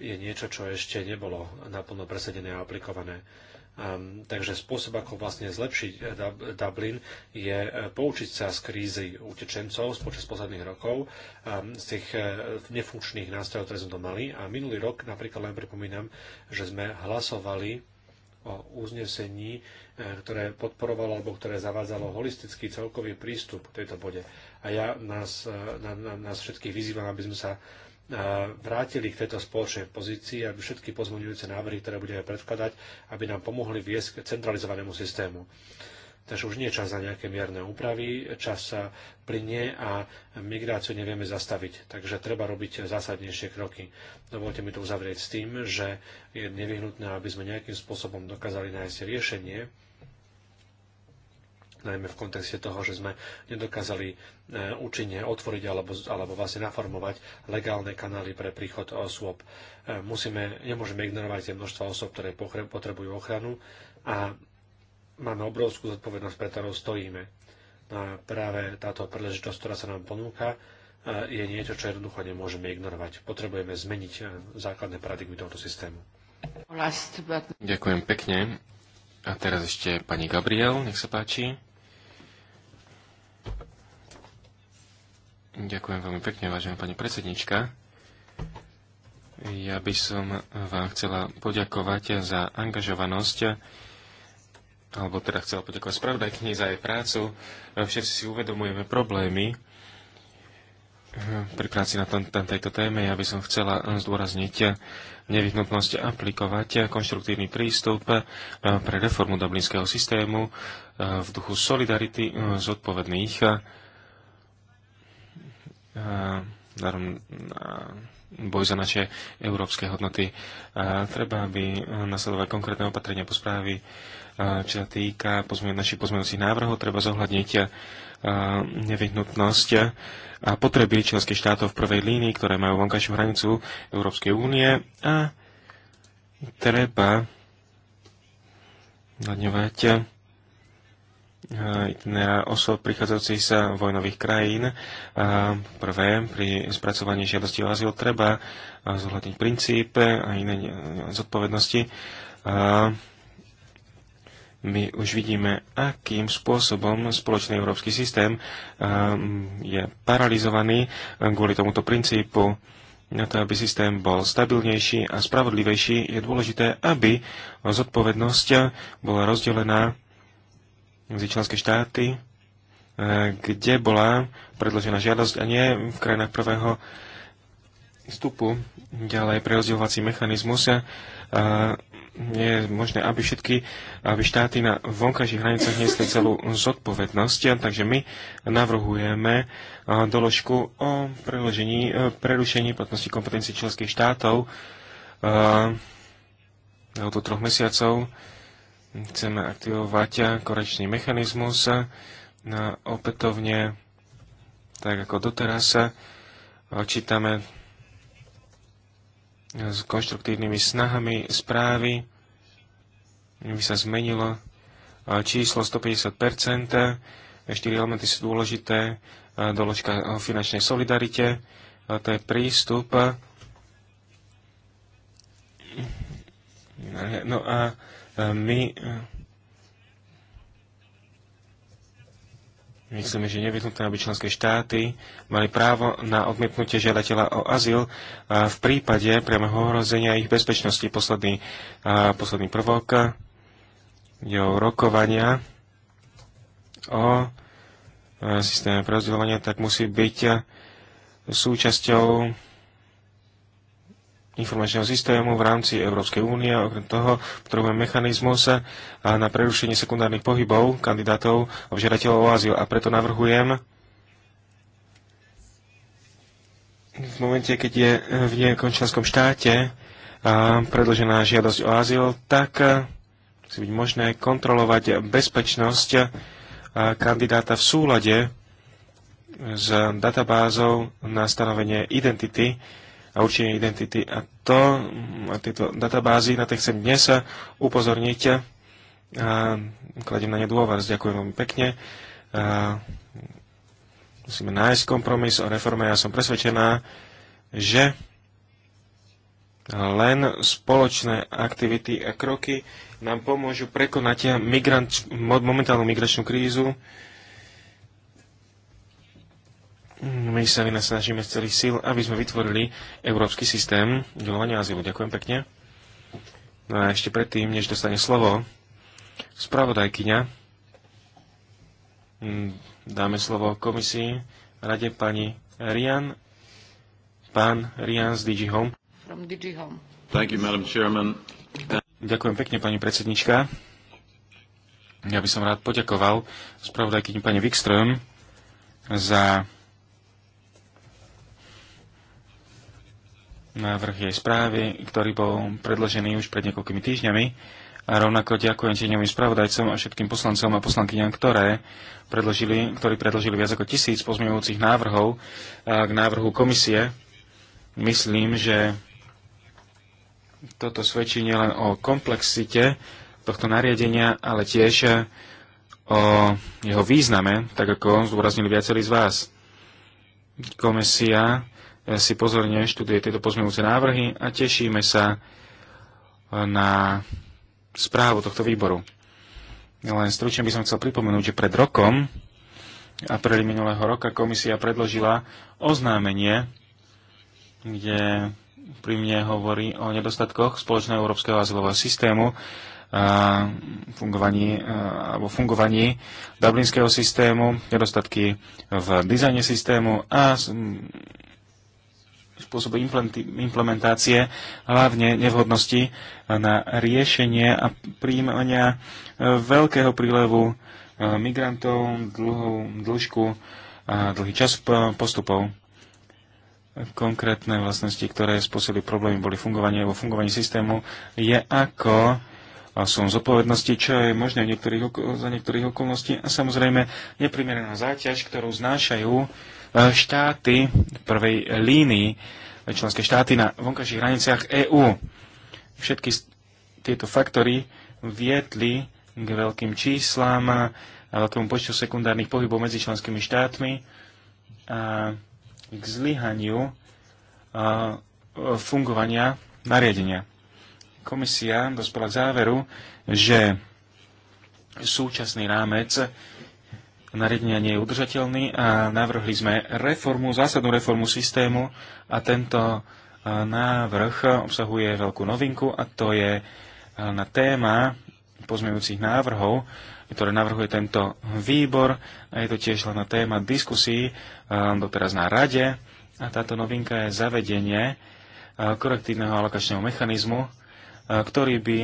je niečo, čo ešte nebolo naplno presedené a aplikované. Um, takže spôsob, ako vlastne zlepšiť Dublin, je e, poučiť sa z krízy utečencov počas posledných rokov, um, z tých uh, nefunkčných nástrojov, ktoré sme to mali. A minulý rok napríklad len pripomínam, že sme hlasovali o uznesení, e, ktoré podporovalo alebo ktoré zavádzalo holistický celkový prístup k tejto bode. A ja nás, e, na, na, nás všetkých vyzývam, aby sme sa e, vrátili k tejto spoločnej pozícii, aby všetky pozvoňujúce návrhy, ktoré budeme predkladať, aby nám pomohli viesť k centralizovanému systému. Takže už nie je čas na nejaké mierne úpravy, čas sa plinie a migráciu nevieme zastaviť. Takže treba robiť zásadnejšie kroky. Dovolte mi to uzavrieť s tým, že je nevyhnutné, aby sme nejakým spôsobom dokázali nájsť riešenie, najmä v kontexte toho, že sme nedokázali e, účinne otvoriť alebo, alebo vlastne naformovať legálne kanály pre príchod osôb. E, musíme, nemôžeme ignorovať tie množstva osôb, ktoré potrebujú ochranu a máme obrovskú zodpovednosť, pre ktorou stojíme. A práve táto príležitosť, ktorá sa nám ponúka, e, je niečo, čo jednoducho nemôžeme ignorovať. Potrebujeme zmeniť e, základné paradigmy tohoto systému. Ďakujem pekne. A teraz ešte pani Gabriel, nech sa páči. Ďakujem veľmi pekne, vážená pani predsednička. Ja by som vám chcela poďakovať za angažovanosť alebo teda chcel poďakovať spravodajkyni za jej prácu. E, Všetci si uvedomujeme problémy e, pri práci na, tom, na tejto téme. Ja by som chcela e, zdôrazniť nevyhnutnosť aplikovať konštruktívny prístup pre reformu dublinského systému v duchu solidarity zodpovedných boj za naše európske hodnoty. A treba, aby nasledovať konkrétne opatrenia po správy čo sa týka našich pozmenovacích návrhov, treba zohľadniť e, nevyhnutnosť a potreby členských štátov v prvej línii, ktoré majú vonkajšiu hranicu Európskej únie a treba hľadňovať e, osob prichádzajúcich sa vojnových krajín. E, prvé, pri spracovaní žiadosti o azyl treba zohľadniť princípe a iné zodpovednosti my už vidíme, akým spôsobom spoločný európsky systém um, je paralizovaný um, kvôli tomuto princípu. Na to, aby systém bol stabilnejší a spravodlivejší, je dôležité, aby zodpovednosť bola rozdelená medzi členské štáty, um, kde bola predložená žiadosť a nie v krajinách prvého vstupu. Ďalej prerozdeľovací mechanizmus nie je možné, aby všetky aby štáty na vonkajších hranicách niesli celú zodpovednosť, takže my navrhujeme doložku o preložení, e, prerušení platnosti kompetencií členských štátov to troch mesiacov. Chceme aktivovať korečný mechanizmus na opätovne, tak ako doteraz, čítame s konštruktívnymi snahami správy by sa zmenilo číslo 150 Štyri elementy sú dôležité. Doložka o finančnej solidarite, to je prístup. No a my Myslíme, že nevyhnutné, aby členské štáty mali právo na odmietnutie žiadateľa o azyl v prípade priamého ohrozenia ich bezpečnosti. Posledný, posledný prvok je o rokovania o e, systéme prerozdeľovania, tak musí byť súčasťou informačného systému v rámci Európskej únie. Okrem toho potrebujeme mechanizmus eh, na prerušenie sekundárnych pohybov kandidátov a žiadateľov o azyl. A preto navrhujem v momente, keď je eh, v nejakom členskom štáte eh, predložená žiadosť o azyl, tak musí byť možné kontrolovať bezpečnosť kandidáta v súlade s databázou na stanovenie identity a určenie identity. A to, a tieto databázy, na tie chcem dnes upozorniť a kladím na ne dôvar. Ďakujem veľmi pekne. A musíme nájsť kompromis o reforme. Ja som presvedčená, že len spoločné aktivity a kroky nám pomôžu prekonať migrant, momentálnu migračnú krízu, my sa vynasnažíme z celých síl, aby sme vytvorili európsky systém udelovania azylu. Ďakujem pekne. No a ešte predtým, než dostane slovo spravodajkyňa, hm, dáme slovo komisii, rade pani Rian, pán Rian z DG Home. From DG Home. Thank you, Madam Chairman. Ďakujem pekne, pani predsednička. Ja by som rád poďakoval spravodajkyni pani Wikström za návrh jej správy, ktorý bol predložený už pred niekoľkými týždňami. A rovnako ďakujem tieňovým spravodajcom a všetkým poslancom a poslankyňam, ktoré predložili, ktorí predložili viac ako tisíc pozmeňujúcich návrhov k návrhu komisie. Myslím, že toto svedčí nielen o komplexite tohto nariadenia, ale tiež o jeho význame, tak ako zdôraznili viacerí z vás. Komisia si pozorne študuje tieto pozmeňujúce návrhy a tešíme sa na správu tohto výboru. Len stručne by som chcel pripomenúť, že pred rokom, apríli minulého roka, komisia predložila oznámenie, kde pri mne hovorí o nedostatkoch spoločného európskeho azylového systému, a fungovaní, alebo fungovaní dublinského systému, nedostatky v dizajne systému a spôsobu implementácie, hlavne nevhodnosti na riešenie a príjmania e, veľkého prílevu e, migrantov, dlhú, dĺžku a dlhý čas postupov. Konkrétne vlastnosti, ktoré spôsobili problémy, boli fungovanie alebo fungovanie systému, je ako sú zodpovednosti, čo je možné niektorých, za niektorých okolností a samozrejme neprimeraná záťaž, ktorú znášajú E, štáty v prvej línii, e, členské štáty na vonkajších hraniciach EÚ. Všetky tieto faktory viedli k veľkým číslám a veľkému počtu sekundárnych pohybov medzi členskými štátmi a k zlyhaniu e, fungovania nariadenia. Komisia dospela k záveru, že súčasný rámec nariadenia nie je udržateľný a navrhli sme reformu, zásadnú reformu systému a tento e, návrh obsahuje veľkú novinku a to je e, na téma pozmeňujúcich návrhov, ktoré navrhuje tento výbor a je to tiež len na téma diskusí e, doteraz na rade a táto novinka je zavedenie korektívneho alokačného mechanizmu, ktorý by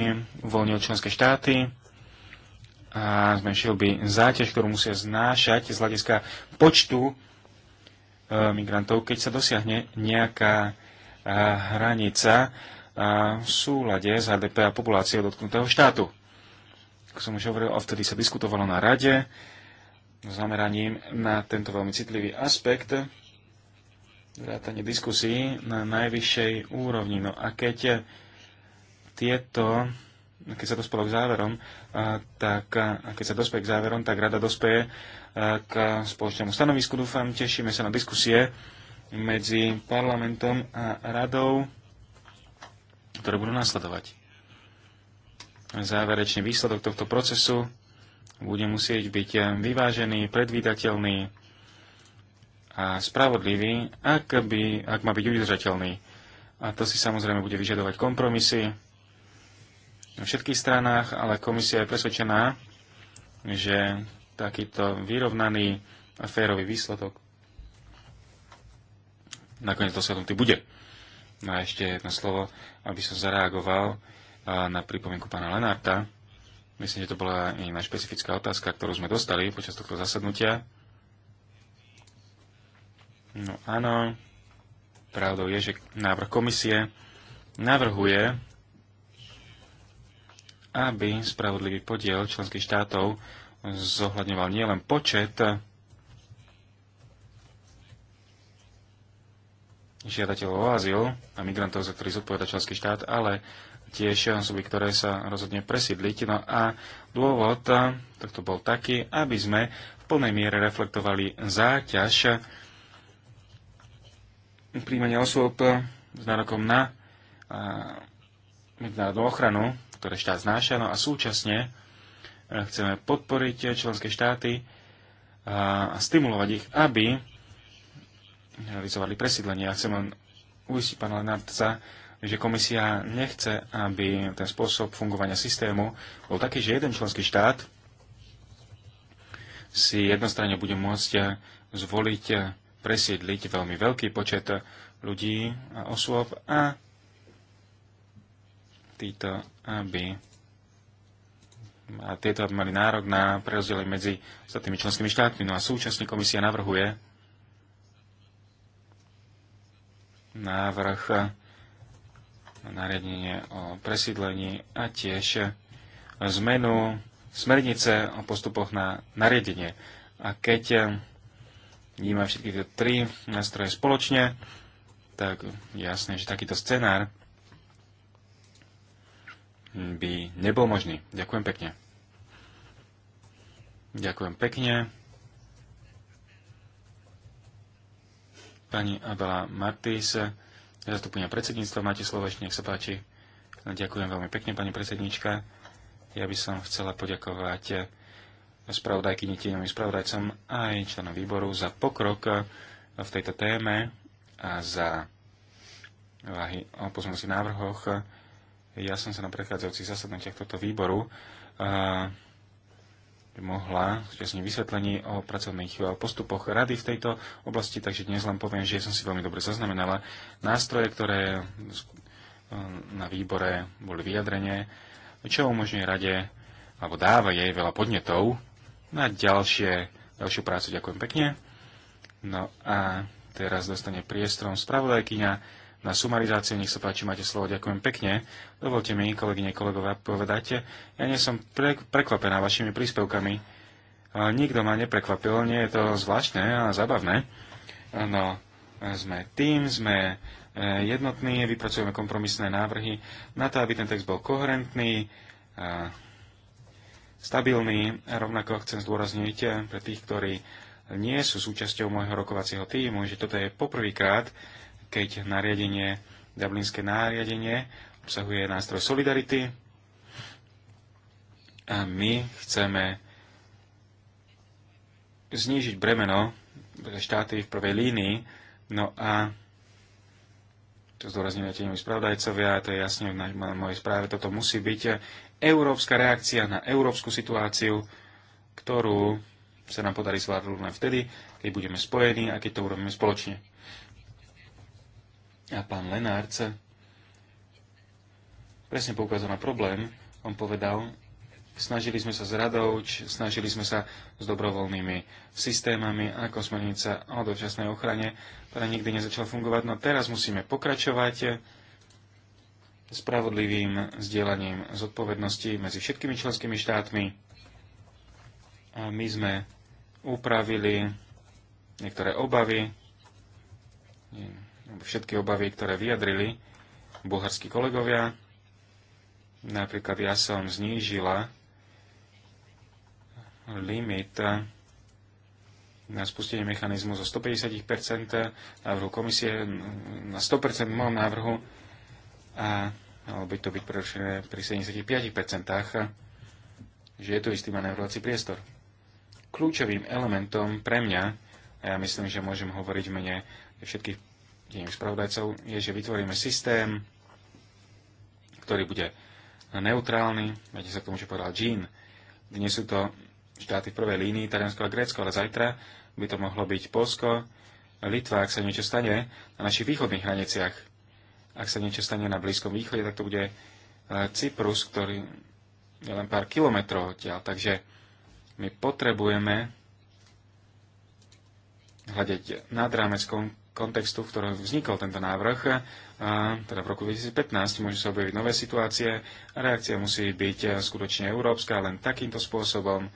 uvoľnil členské štáty a zmenšil by záťaž, ktorú musia znášať z hľadiska počtu e, migrantov, keď sa dosiahne nejaká e, hranica e, v súlade s HDP a populáciou dotknutého štátu. Ako som už hovoril, vtedy sa diskutovalo na rade s zameraním na tento veľmi citlivý aspekt vrátanie diskusí na najvyššej úrovni. No a keď tieto keď sa dospelo k záverom, tak, a keď sa dospeje k záverom, tak rada dospeje k spoločnému stanovisku. Dúfam, tešíme sa na diskusie medzi parlamentom a radou, ktoré budú následovať. Záverečný výsledok tohto procesu bude musieť byť vyvážený, predvídateľný a spravodlivý, ak, by, ak má byť udržateľný. A to si samozrejme bude vyžadovať kompromisy, na všetkých stranách, ale komisia je presvedčená, že takýto vyrovnaný a férový výsledok nakoniec dosiahnutý bude. No a ešte jedno slovo, aby som zareagoval na pripomienku pána Lenarta. Myslím, že to bola iná špecifická otázka, ktorú sme dostali počas tohto zasadnutia. No áno, pravdou je, že návrh komisie navrhuje aby spravodlivý podiel členských štátov zohľadňoval nielen počet žiadateľov o azyl a migrantov, za ktorých zodpoveda členský štát, ale tiež osoby, ktoré sa rozhodne presídliť. No a dôvod tohto bol taký, aby sme v plnej miere reflektovali záťaž príjmania osôb s nárokom na medzinárodnú ochranu ktoré štát znáša. No a súčasne e, chceme podporiť členské štáty e, a stimulovať ich, aby realizovali presídlenie. Ja chcem len uistiť pána Lenartca, že komisia nechce, aby ten spôsob fungovania systému bol taký, že jeden členský štát si jednostranne bude môcť zvoliť presiedliť veľmi veľký počet ľudí a osôb a títo, aby a tieto aby mali nárok na prerozdiely medzi ostatnými členskými štátmi. No a súčasne komisia navrhuje návrh nariadenie o presídlení a tiež zmenu smernice o postupoch na nariadenie. A keď vnímam všetky tie tri nástroje spoločne, tak jasné, že takýto scenár by nebol možný. Ďakujem pekne. Ďakujem pekne. Pani Abela Martis, zastupňa predsedníctva, máte slovo, nech sa páči. No, ďakujem veľmi pekne, pani predsednička. Ja by som chcela poďakovať spravodajky tieňovým spravodajcom aj členom výboru za pokrok v tejto téme a za váhy o pozmúcich návrhoch ja som sa na predchádzajúcich zasadnutiach tohto výboru uh, mohla súčasne vysvetlení o pracovných eh, postupoch rady v tejto oblasti, takže dnes len poviem, že som si veľmi dobre zaznamenala nástroje, ktoré eh, na výbore boli vyjadrené, čo umožňuje rade, alebo dáva jej veľa podnetov na ďalšie, ďalšiu prácu. Ďakujem pekne. No a teraz dostane priestrom spravodajkyňa na sumarizáciu. Nech sa páči, máte slovo. Ďakujem pekne. Dovolte mi, kolegyne, kolegovia, povedajte. ja nie som pre, prekvapená vašimi príspevkami. Nikto ma neprekvapil, nie je to zvláštne a zabavné. No, sme tým, sme e, jednotní, vypracujeme kompromisné návrhy na to, aby ten text bol koherentný, stabilný. Rovnako chcem zdôrazniť e, pre tých, ktorí nie sú súčasťou môjho rokovacieho týmu, že toto je poprvýkrát, keď nariadenie, dublinské nariadenie obsahuje nástroj solidarity a my chceme znížiť bremeno pre štáty v prvej línii, no a to zdôrazním ja tieňoví spravodajcovia, to je jasne v mojej správe, toto musí byť európska reakcia na európsku situáciu, ktorú sa nám podarí zvládnuť len vtedy, keď budeme spojení a keď to urobíme spoločne a pán Lenárc presne poukázal na problém. On povedal, snažili sme sa s radou, snažili sme sa s dobrovoľnými systémami, ako smernica o dočasnej ochrane, ktorá nikdy nezačala fungovať. No teraz musíme pokračovať spravodlivým zdieľaním zodpovednosti medzi všetkými členskými štátmi. A my sme upravili niektoré obavy, všetky obavy, ktoré vyjadrili bulharskí kolegovia. Napríklad ja som znížila limit na spustenie mechanizmu zo 150% návrhu komisie na 100% môjom návrhu a malo by to byť prerušené pri 75%, že je tu istý manévrovací priestor. Kľúčovým elementom pre mňa, a ja myslím, že môžem hovoriť v mene všetkých tieňových spravodajcov, je, že vytvoríme systém, ktorý bude neutrálny. Viete sa k tomu, že povedal Jean. Dnes sú to štáty v prvej línii, Taliansko a Grécko, ale zajtra by to mohlo byť Polsko, Litva, ak sa niečo stane na našich východných hraniciach. Ak sa niečo stane na Blízkom východe, tak to bude eh, Cyprus, ktorý je len pár kilometrov odtiaľ. Takže my potrebujeme hľadať nad rámec kontextu, v ktorom vznikol tento návrh, teda v roku 2015, môžu sa objaviť nové situácie a reakcia musí byť skutočne európska. Len takýmto spôsobom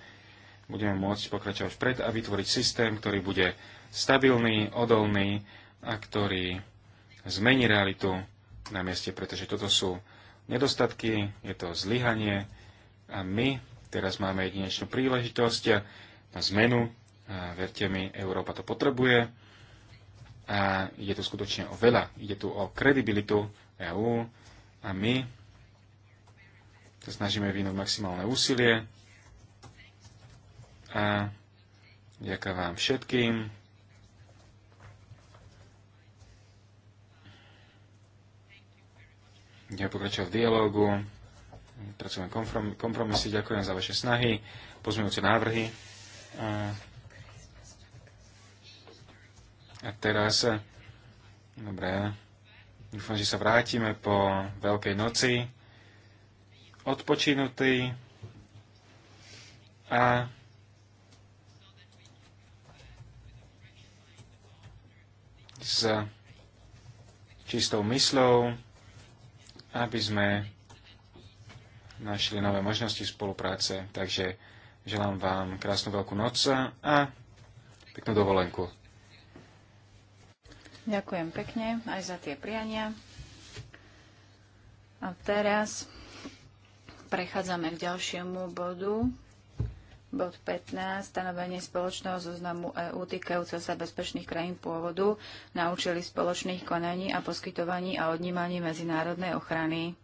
budeme môcť pokračovať vpred a vytvoriť systém, ktorý bude stabilný, odolný a ktorý zmení realitu na mieste, pretože toto sú nedostatky, je to zlyhanie a my teraz máme jedinečnú príležitosť na zmenu. verte mi, Európa to potrebuje a ide tu skutočne o veľa. Ide tu o kredibilitu EÚ a my sa snažíme vynúť maximálne úsilie. A ďakujem vám všetkým. Budeme pokračovať v dialógu, pracujem kompromisy, ďakujem za vaše snahy, pozmeňujúce návrhy. teraz. Dobre. Dúfam, že sa vrátime po Veľkej noci. Odpočinutý. A s čistou myslou, aby sme našli nové možnosti spolupráce. Takže želám vám krásnu veľkú noc a peknú dovolenku. Ďakujem pekne aj za tie priania. A teraz prechádzame k ďalšiemu bodu. Bod 15. Stanovenie spoločného zoznamu EÚ týkajúceho sa bezpečných krajín pôvodu na účely spoločných konaní a poskytovaní a odnímaní medzinárodnej ochrany.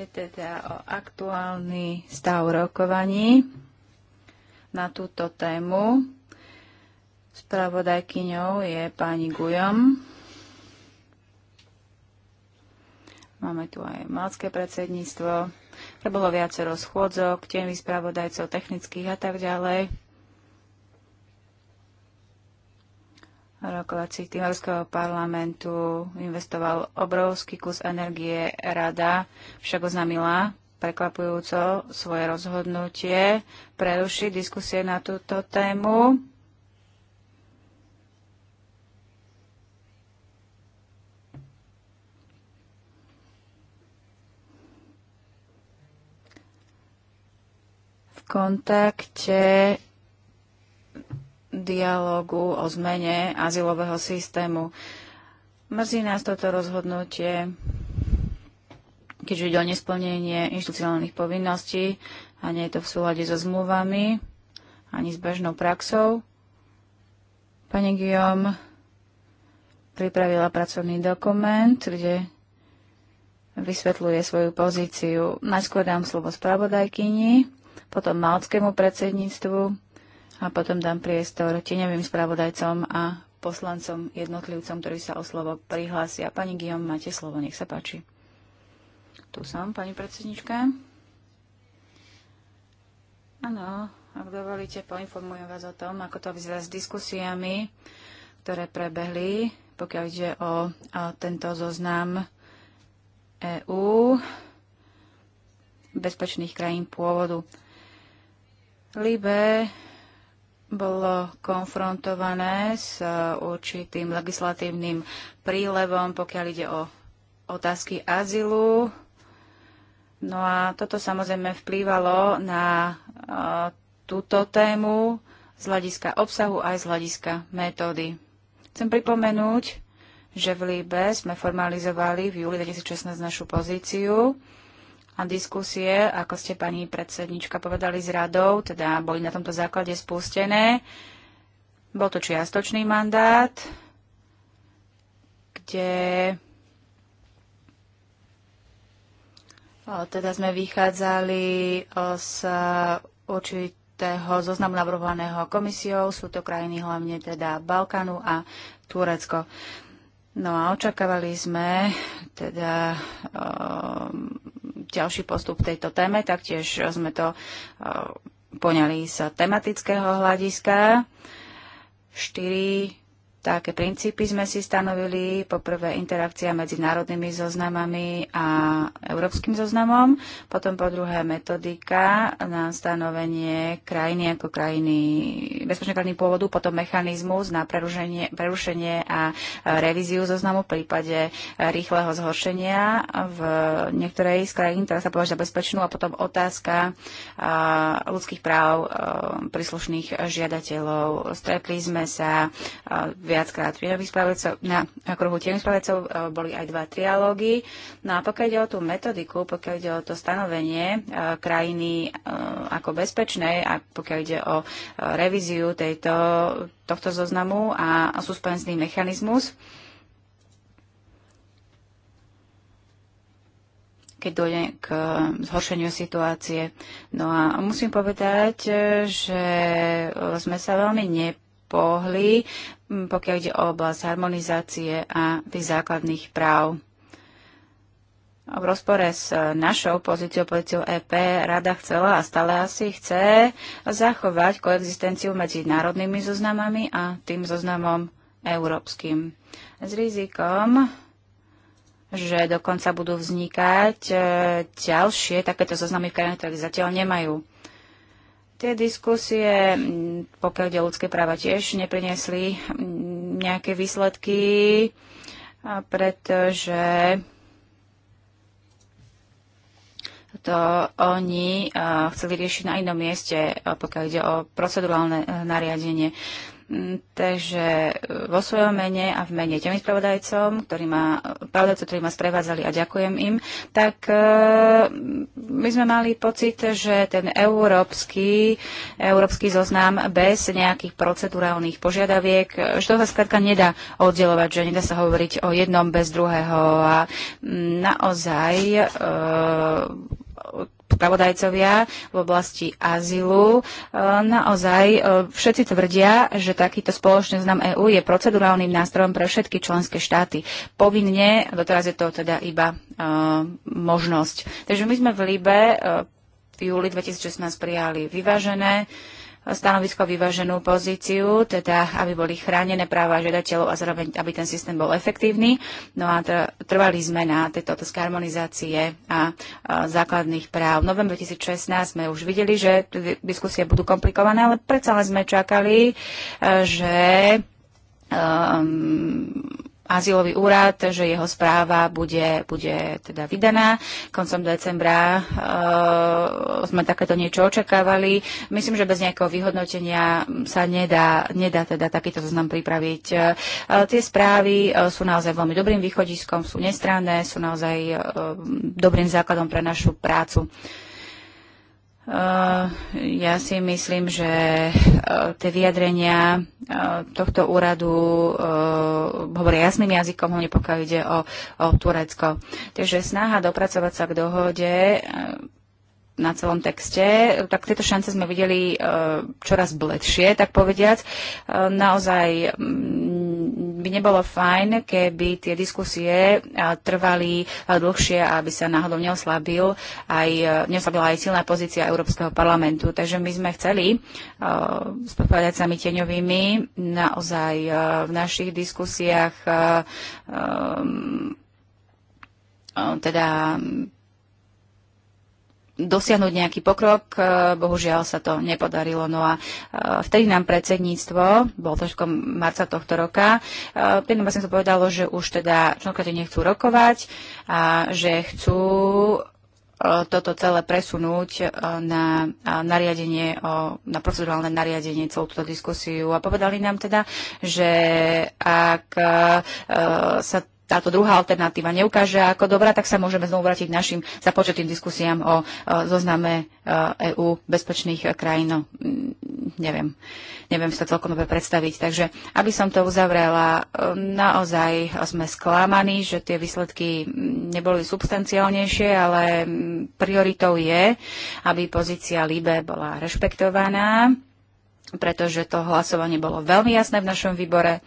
Ide teda o aktuálny stav rokovaní na túto tému. Spravodajkyňou je pani Gujom. Máme tu aj malské predsedníctvo. Prebolo viacero schôdzok, tiemy spravodajcov, technických a tak ďalej. rokovací tým Európskeho parlamentu investoval obrovský kus energie. Rada však oznámila prekvapujúco svoje rozhodnutie prerušiť diskusie na túto tému. V kontakte dialogu o zmene azylového systému. Mrzí nás toto rozhodnutie, keďže ide o nesplnenie inštitucionálnych povinností a nie je to v súlade so zmluvami ani s bežnou praxou. Pani Guillaume pripravila pracovný dokument, kde vysvetľuje svoju pozíciu. Najskôr dám slovo spravodajkyni, potom malckému predsedníctvu, a potom dám priestor tieňovým spravodajcom a poslancom jednotlivcom, ktorí sa o slovo prihlásia. Pani Guillaume, máte slovo, nech sa páči. Tu som, pani predsednička. Áno, ak dovolíte, poinformujem vás o tom, ako to vyzerá s diskusiami, ktoré prebehli, pokiaľ ide o, o tento zoznam EÚ bezpečných krajín pôvodu. Libe bolo konfrontované s eh, určitým legislatívnym prílevom, pokiaľ ide o otázky azylu. No a toto samozrejme vplývalo na eh, túto tému z hľadiska obsahu aj z hľadiska metódy. Chcem pripomenúť, že v Líbe sme formalizovali v júli 2016 našu pozíciu a diskusie, ako ste pani predsednička povedali s radou, teda boli na tomto základe spustené. Bol to čiastočný mandát, kde eh, teda sme vychádzali eh, z určitého zoznamu navrhovaného komisiou. Sú to krajiny hlavne teda Balkánu a Turecko. No a očakávali sme teda um, ďalší postup v tejto téme. Taktiež sme to e, poňali z tematického hľadiska. Štyri Také princípy sme si stanovili. Poprvé interakcia medzi národnými zoznamami a európskym zoznamom. Potom po druhé metodika na stanovenie krajiny ako krajiny, bezpečnej krajiny pôvodu. Potom mechanizmus na prerušenie, prerušenie a revíziu zoznamu v prípade rýchleho zhoršenia v niektorej z krajín, ktorá sa považuje za bezpečnú. A potom otázka ľudských práv príslušných žiadateľov. Stretli sme sa viackrát tieňových spravedcov, na kruhu tieňových spravedcov e, boli aj dva trialógy. No a pokiaľ ide o tú metodiku, pokiaľ ide o to stanovenie e, krajiny e, ako bezpečnej a pokiaľ ide o revíziu tejto, tohto zoznamu a suspenzný mechanizmus, keď dojde k zhoršeniu situácie. No a musím povedať, že sme sa veľmi ne pohli, pokiaľ ide o oblasť harmonizácie a tých základných práv. V rozpore s e, našou pozíciou, pozíciou EP, rada chcela a stále asi chce zachovať koexistenciu medzi národnými zoznamami a tým zoznamom európskym. S rizikom, že dokonca budú vznikať e, ďalšie takéto zoznamy v krajinách, ktoré zatiaľ nemajú. Tie diskusie, mm, pokiaľ ide ľudské práva, tiež neprinesli mm, nejaké výsledky, pretože to oni chceli riešiť na inom mieste, pokiaľ ide o procedurálne e, nariadenie. Mm, takže e, vo svojom mene a v mene tým spravodajcom, ktorí ma, spravodajcom, ktorí ma sprevádzali a ďakujem im, tak e, my sme mali pocit, že ten európsky, európsky zoznam bez nejakých procedurálnych požiadaviek, e, že to sa skrátka nedá oddelovať, že nedá sa hovoriť o jednom bez druhého a mm, naozaj e, spravodajcovia v oblasti azylu. E, naozaj e, všetci tvrdia, že takýto spoločný znam EÚ je procedurálnym nástrojom pre všetky členské štáty. Povinne, doteraz je to teda iba e, možnosť. Takže my sme v Líbe v júli 2016 prijali vyvážené stanovisko vyváženú pozíciu, teda aby boli chránené práva žiadateľov a zároveň, aby ten systém bol efektívny. No a trvali sme na tejto otázke harmonizácie a základných práv. V novembri 2016 sme už videli, že diskusie budú komplikované, ale predsa len sme čakali, e, že um, azylový úrad, že jeho správa bude, bude teda vydaná. Koncom decembra e, sme takéto niečo očakávali. Myslím, že bez nejakého vyhodnotenia sa nedá, nedá teda takýto zoznam pripraviť. E, tie správy eh, sú naozaj veľmi dobrým východiskom, sú nestranné, sú naozaj e, dobrým základom pre našu prácu. Eh, ja si myslím, že eh, tie vyjadrenia eh, tohto úradu hovoria jasným jazykom, hlavne pokiaľ ide o, o Turecko. Takže snaha dopracovať sa k dohode na celom texte, tak tieto šance sme videli čoraz bledšie, tak povediac. Naozaj mm, by nebolo fajn, keby tie diskusie trvali dlhšie, aby sa náhodou neoslabil aj, neoslabila aj silná pozícia Európskeho parlamentu. Takže my sme chceli uh, spolupracovať tieňovými naozaj uh, v našich diskusiách uh, teda dosiahnuť nejaký pokrok. E, bohužiaľ sa to nepodarilo. No a e, vtedy nám predsedníctvo, bolo to všetko marca tohto roka, vtedy nám vlastne to povedalo, že už teda členkáte nechcú rokovať a že chcú e, toto celé presunúť na nariadenie, na procedurálne nariadenie celú túto diskusiu. A povedali nám teda, že ak sa táto druhá alternatíva neukáže ako dobrá, tak sa môžeme znovu vrátiť k našim započetým diskusiám o zozname EÚ e bezpečných krajín. No, mm, neviem, neviem si to celkom dobre predstaviť. Takže aby som to uzavrela, e, naozaj sme sklamaní, že tie výsledky mm, neboli substanciálnejšie, ale mm, prioritou je, aby pozícia Libe bola rešpektovaná pretože to hlasovanie bolo veľmi jasné v našom výbore.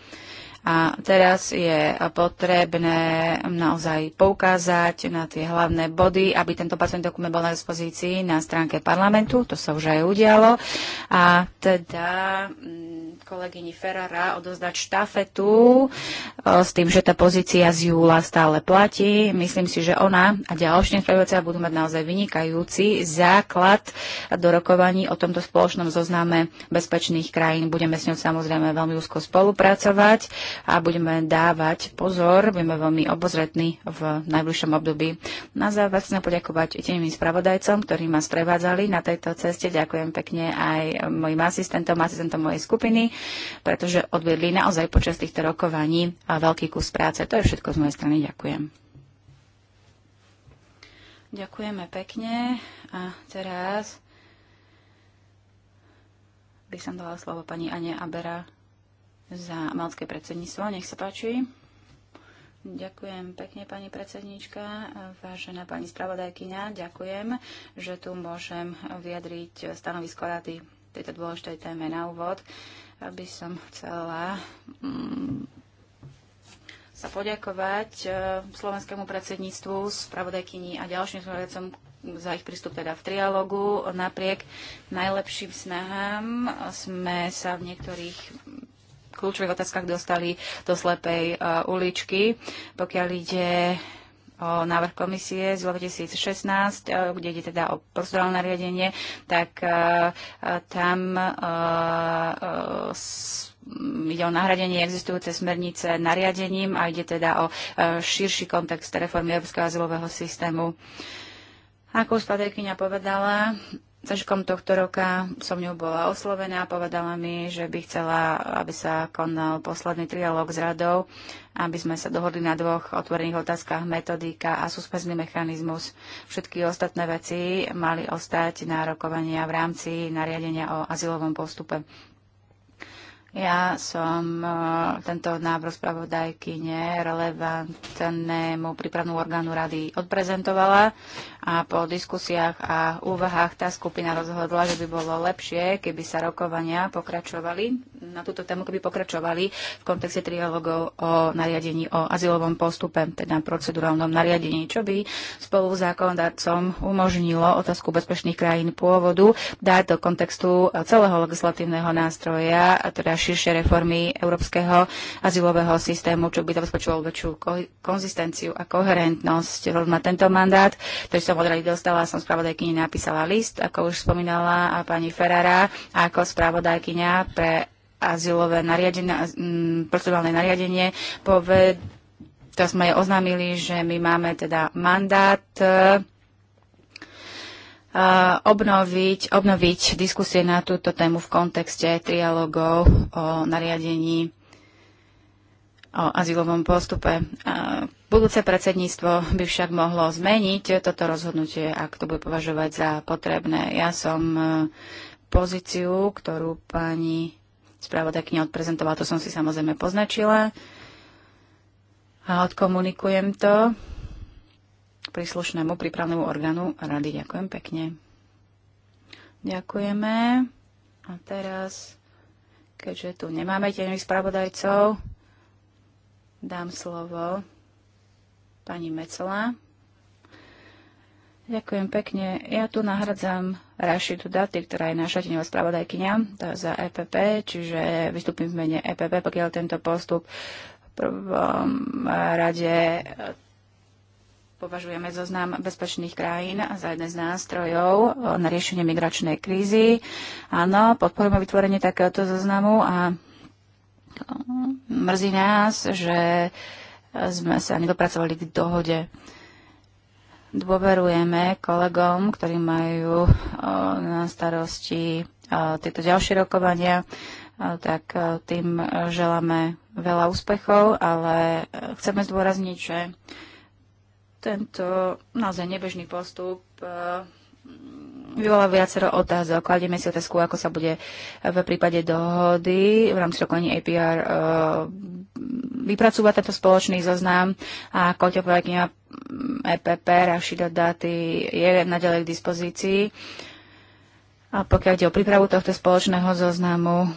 A teraz je potrebné naozaj poukázať na tie hlavné body, aby tento pracovný dokument bol na dispozícii na stránke parlamentu, to sa už aj udialo. A teda mm, kolegyni Ferrara odozdať štafetu e, s tým, že tá pozícia z júla stále platí. Myslím si, že ona a ďalšie spravodajcia budú mať naozaj vynikajúci základ do rokovaní o tomto spoločnom zozname bezpečných krajín. Budeme s ňou samozrejme veľmi úzko spolupracovať a budeme dávať pozor, budeme veľmi obozretní v najbližšom období. Na záver chcem poďakovať tým spravodajcom, ktorí ma sprevádzali na tejto ceste. Ďakujem pekne aj mojim asistentom, asistentom mojej skupiny pretože odvedli naozaj počas týchto rokovaní veľký kus práce. To je všetko z mojej strany. Ďakujem. Ďakujeme pekne. A teraz by som dala slovo pani Ane Abera za malské predsedníctvo. Nech sa páči. Ďakujem pekne, pani predsednička, vážená pani spravodajkyňa, ďakujem, že tu môžem vyjadriť stanovisko rady tejto dôležitej téme na úvod aby som chcela mm, sa poďakovať e, slovenskému predsedníctvu, spravodajkyni a ďalším spravodajcom za ich prístup teda v trialogu. Napriek najlepším snahám sme sa v niektorých kľúčových otázkach dostali do slepej e, uličky. Pokiaľ ide o návrh komisie z 2016, e, kde ide teda o procedurálne nariadenie, tak e, e, tam ide o nahradenie existujúce smernice nariadením a ide teda o širší kontext reformy Európskeho azylového systému. Ako už povedala, Začiatkom tohto roka som ňou bola oslovená a povedala mi, že by chcela, aby sa konal posledný trialog s radou, aby sme sa dohodli na dvoch otvorených otázkach metodika a suspenzný mechanizmus. Všetky ostatné veci mali ostať na rokovania v rámci nariadenia o azylovom postupe. Ja som e, tento návrh spravodajkyne relevantnému prípravnú orgánu rady odprezentovala a po diskusiách a úvahách tá skupina rozhodla, že by bolo lepšie, keby sa rokovania pokračovali na túto tému, keby pokračovali v kontexte trialogov o nariadení o azylovom postupe, teda procedurálnom nariadení, čo by spolu zákonodarcom umožnilo otázku bezpečných krajín pôvodu dať do kontextu celého legislatívneho nástroja, a teda širšie reformy európskeho azylového systému, čo by zabezpečovalo väčšiu ko konzistenciu a koherentnosť na tento mandát, ktorý sa som od rady dostala, som spravodajkyni napísala list, ako už spomínala a pani Ferrara, ako spravodajkyňa pre azylové nariadenie, mm, procedurálne nariadenie poved, to sme jej oznámili, že my máme teda mandát e, obnoviť, obnoviť diskusie na túto tému v kontexte trialogov o nariadení o azylovom postupe. E, Budúce predsedníctvo by však mohlo zmeniť toto rozhodnutie, ak to bude považovať za potrebné. Ja som e, pozíciu, ktorú pani spravodajkyňa odprezentovala, to som si samozrejme poznačila a odkomunikujem to príslušnému prípravnému orgánu rady. Ďakujem pekne. Ďakujeme. A teraz, keďže tu nemáme tieňových spravodajcov, dám slovo pani Mecela. Ďakujem pekne. Ja tu nahradzam Rašidu Daty, ktorá je naša tenová spravodajkynia za EPP, čiže vystúpim v mene EPP, pokiaľ tento postup v prvom rade e, považujeme zoznam bezpečných krajín za jeden z nástrojov e, na riešenie migračnej krízy. Áno, podporujeme vytvorenie takéhoto zoznamu a e, mrzí nás, že uh, sme sa nedopracovali k dohode. Dôverujeme kolegom, ktorí majú na starosti tieto ďalšie rokovania, tak tým želáme veľa úspechov, ale e, chceme zdôrazniť, že tento naozaj nebežný postup e, vyvolá viacero otázok. Kladieme si otázku, ako sa bude v prípade dohody v rámci rokovania APR e, vypracúvať tento spoločný zoznam a kniha mm, EPP Rašida Daty je naďalej k dispozícii. A pokiaľ ide o prípravu tohto spoločného zoznamu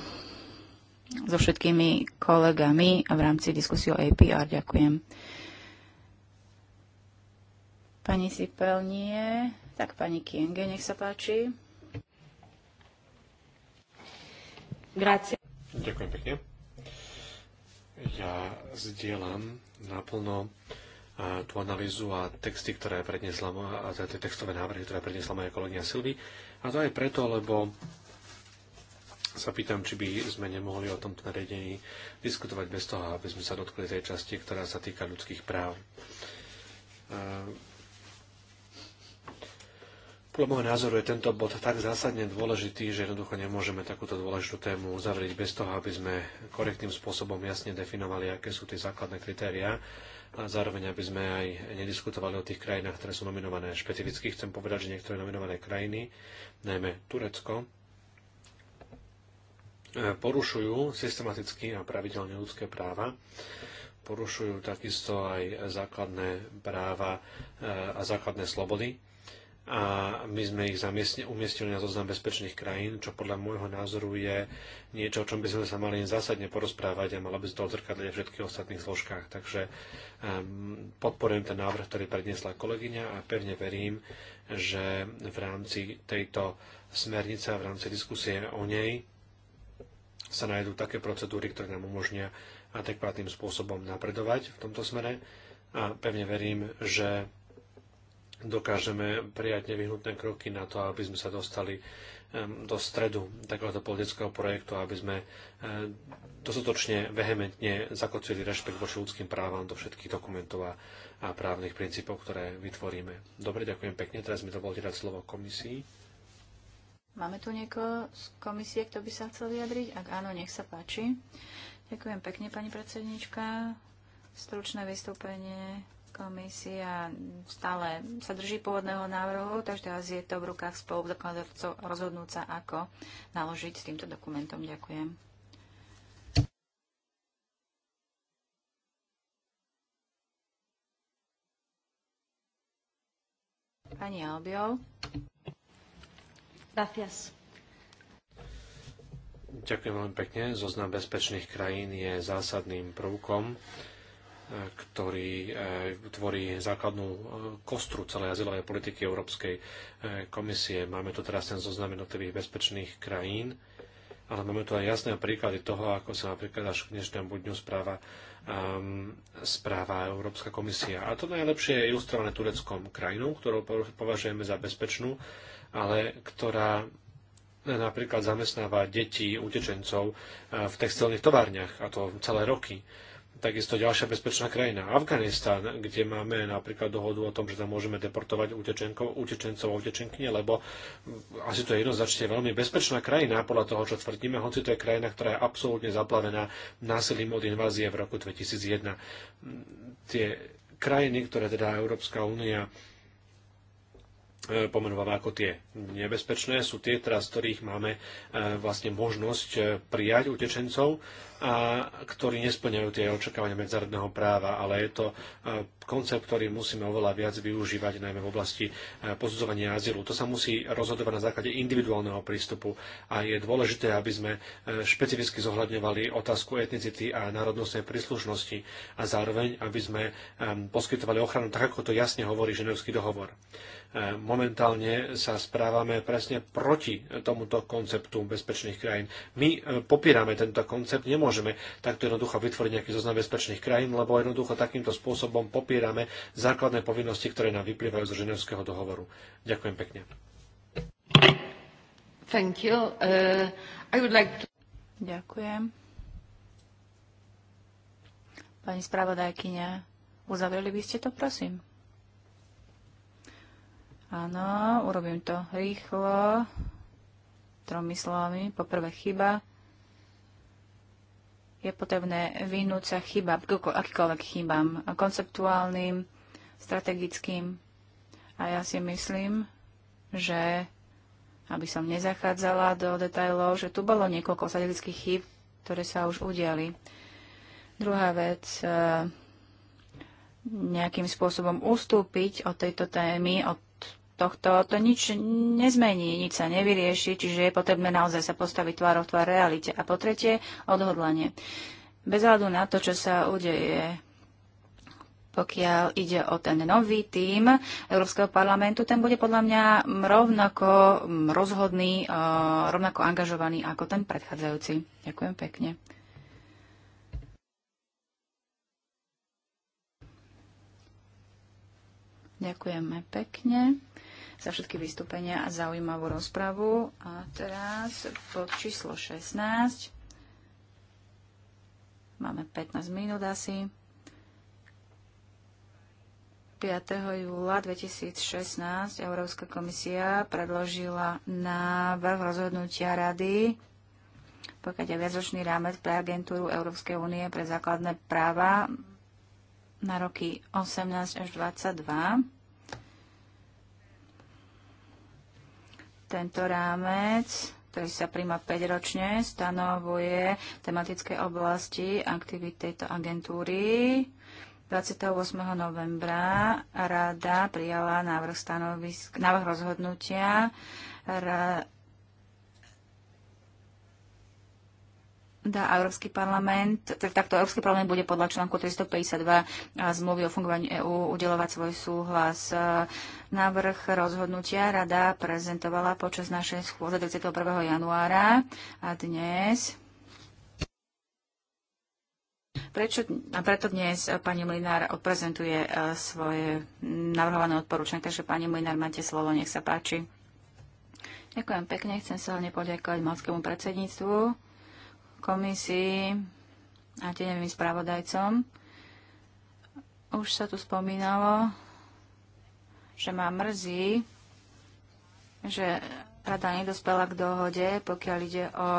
so všetkými kolegami a v rámci diskusie o APR, ďakujem. Pani Sipel nie. Tak pani Kienge, nech sa páči. Grazie. Ďakujem pekne. Ja zdieľam naplno tú analýzu a texty, ktoré predniesla, a teda tie textové návrhy, ktoré predniesla moja kolegyňa Silvi. A to aj preto, lebo sa pýtam, či by sme nemohli o tomto nariadení diskutovať bez toho, aby sme sa dotkli tej časti, ktorá sa týka ľudských práv. Podľa môjho názoru je tento bod tak zásadne dôležitý, že jednoducho nemôžeme takúto dôležitú tému uzavrieť bez toho, aby sme korektným spôsobom jasne definovali, aké sú tie základné kritériá a zároveň, aby sme aj nediskutovali o tých krajinách, ktoré sú nominované. Špecificky chcem povedať, že niektoré nominované krajiny, najmä Turecko, e, porušujú systematicky a pravidelne ľudské práva porušujú takisto aj základné práva e, a základné slobody a my sme ich zamiestne, umiestnili na zoznam bezpečných krajín, čo podľa môjho názoru je niečo, o čom by sme sa mali zásadne porozprávať a malo by sa to odzrkadliť aj všetkých ostatných zložkách. Takže um, podporujem ten návrh, ktorý predniesla kolegyňa a pevne verím, že v rámci tejto smernice a v rámci diskusie o nej sa nájdú také procedúry, ktoré nám umožnia adekvátnym spôsobom napredovať v tomto smere a pevne verím, že dokážeme prijať nevyhnutné kroky na to, aby sme sa dostali do stredu takéhoto politického projektu, aby sme dostatočne vehementne zakotvili rešpekt voči ľudským právam do všetkých dokumentov a, právnych princípov, ktoré vytvoríme. Dobre, ďakujem pekne. Teraz mi dovolte dať slovo komisii. Máme tu niekoho z komisie, kto by sa chcel vyjadriť? Ak áno, nech sa páči. Ďakujem pekne, pani predsednička. Stručné vystúpenie Komisia stále sa drží pôvodného návrhu, takže teraz je to v rukách spoludokladovcov rozhodnúť sa, ako naložiť s týmto dokumentom. Ďakujem. Pani Albiol. Gracias. Ďakujem veľmi pekne. Zoznam bezpečných krajín je zásadným prvkom ktorý e, tvorí základnú e, kostru celej azylovej politiky Európskej e, komisie. Máme tu teraz ten zoznam jednotlivých bezpečných krajín, ale máme tu aj jasné príklady toho, ako sa napríklad až k dnešnému dňu správa, um, správa Európska komisia. A to najlepšie je ilustrované Tureckom krajinou, ktorú považujeme za bezpečnú, ale ktorá napríklad zamestnáva deti utečencov v textilných továrniach, a to celé roky takisto ďalšia bezpečná krajina. Afganistan, kde máme napríklad dohodu o tom, že tam môžeme deportovať utečenkov, utečencov a utečenkyne, lebo asi to je jednoznačne veľmi bezpečná krajina podľa toho, čo tvrdíme, hoci to je krajina, ktorá je absolútne zaplavená násilím od invázie v roku 2001. Tie krajiny, ktoré teda Európska únia e, pomenováva ako tie nebezpečné, sú tie, teraz, z ktorých máme e, vlastne možnosť e, prijať utečencov a ktorí nesplňajú tie očakávania medzárodného práva, ale je to koncept, ktorý musíme oveľa viac využívať, najmä v oblasti posudzovania azylu. To sa musí rozhodovať na základe individuálneho prístupu a je dôležité, aby sme e, špecificky zohľadňovali otázku etnicity a národnostnej príslušnosti a zároveň, aby sme e, poskytovali ochranu tak, ako to jasne hovorí Ženevský dohovor. E, momentálne sa správame presne proti tomuto konceptu bezpečných krajín. My popierame tento koncept, nemôžeme nemôžeme takto jednoducho vytvoriť nejaký zoznam bezpečných krajín, lebo jednoducho takýmto spôsobom popierame základné povinnosti, ktoré nám vyplývajú z Ženevského dohovoru. Ďakujem pekne. Thank you. Uh, I would like to... Ďakujem. Pani spravodajkyňa, uzavreli by ste to, prosím? Áno, urobím to rýchlo, tromi slovami. Poprvé chyba, je potrebné vyhnúť sa chyba, akýkoľvek chybám, konceptuálnym, strategickým. A ja si myslím, že aby som nezachádzala do detajlov, že tu bolo niekoľko strategických chyb, ktoré sa už udiali. Druhá vec, eh, nejakým spôsobom ustúpiť od tejto témy, od tohto, to nič nezmení, nič sa nevyrieši, čiže je potrebné naozaj sa postaviť tvárov tvár realite. A po tretie, odhodlanie. Bez hľadu na to, čo sa udeje pokiaľ ide o ten nový tím Európskeho parlamentu, ten bude podľa mňa rovnako rozhodný, e, rovnako angažovaný ako ten predchádzajúci. Ďakujem pekne. Ďakujeme pekne za všetky vystúpenia a zaujímavú rozpravu. A teraz pod číslo 16. Máme 15 minút asi. 5. júla 2016 Európska komisia predložila návrh rozhodnutia rady pokiaľ je viacročný rámec pre agentúru Európskej únie pre základné práva na roky 18 až 22 Tento rámec, ktorý sa príjma 5 ročne, stanovuje tematické oblasti aktivít tejto agentúry. 28. novembra rada prijala návrh, stanovisk, návrh rozhodnutia dá Európsky parlament, teda takto Európsky parlament bude podľa článku 352 zmluvy o fungovaní EÚ udelovať svoj súhlas Návrh rozhodnutia rada prezentovala počas našej schôze 21. januára a dnes Prečo, a preto dnes eh, pani Mlinár odprezentuje eh, svoje navrhované odporúčanie. Takže pani Mlinár, máte slovo, nech sa páči. Ďakujem pekne, chcem sa hlavne poďakovať malskému predsedníctvu, komisii a tenevým spravodajcom. Už sa tu spomínalo, že ma mrzí, že rada nedospela k dohode, pokiaľ ide o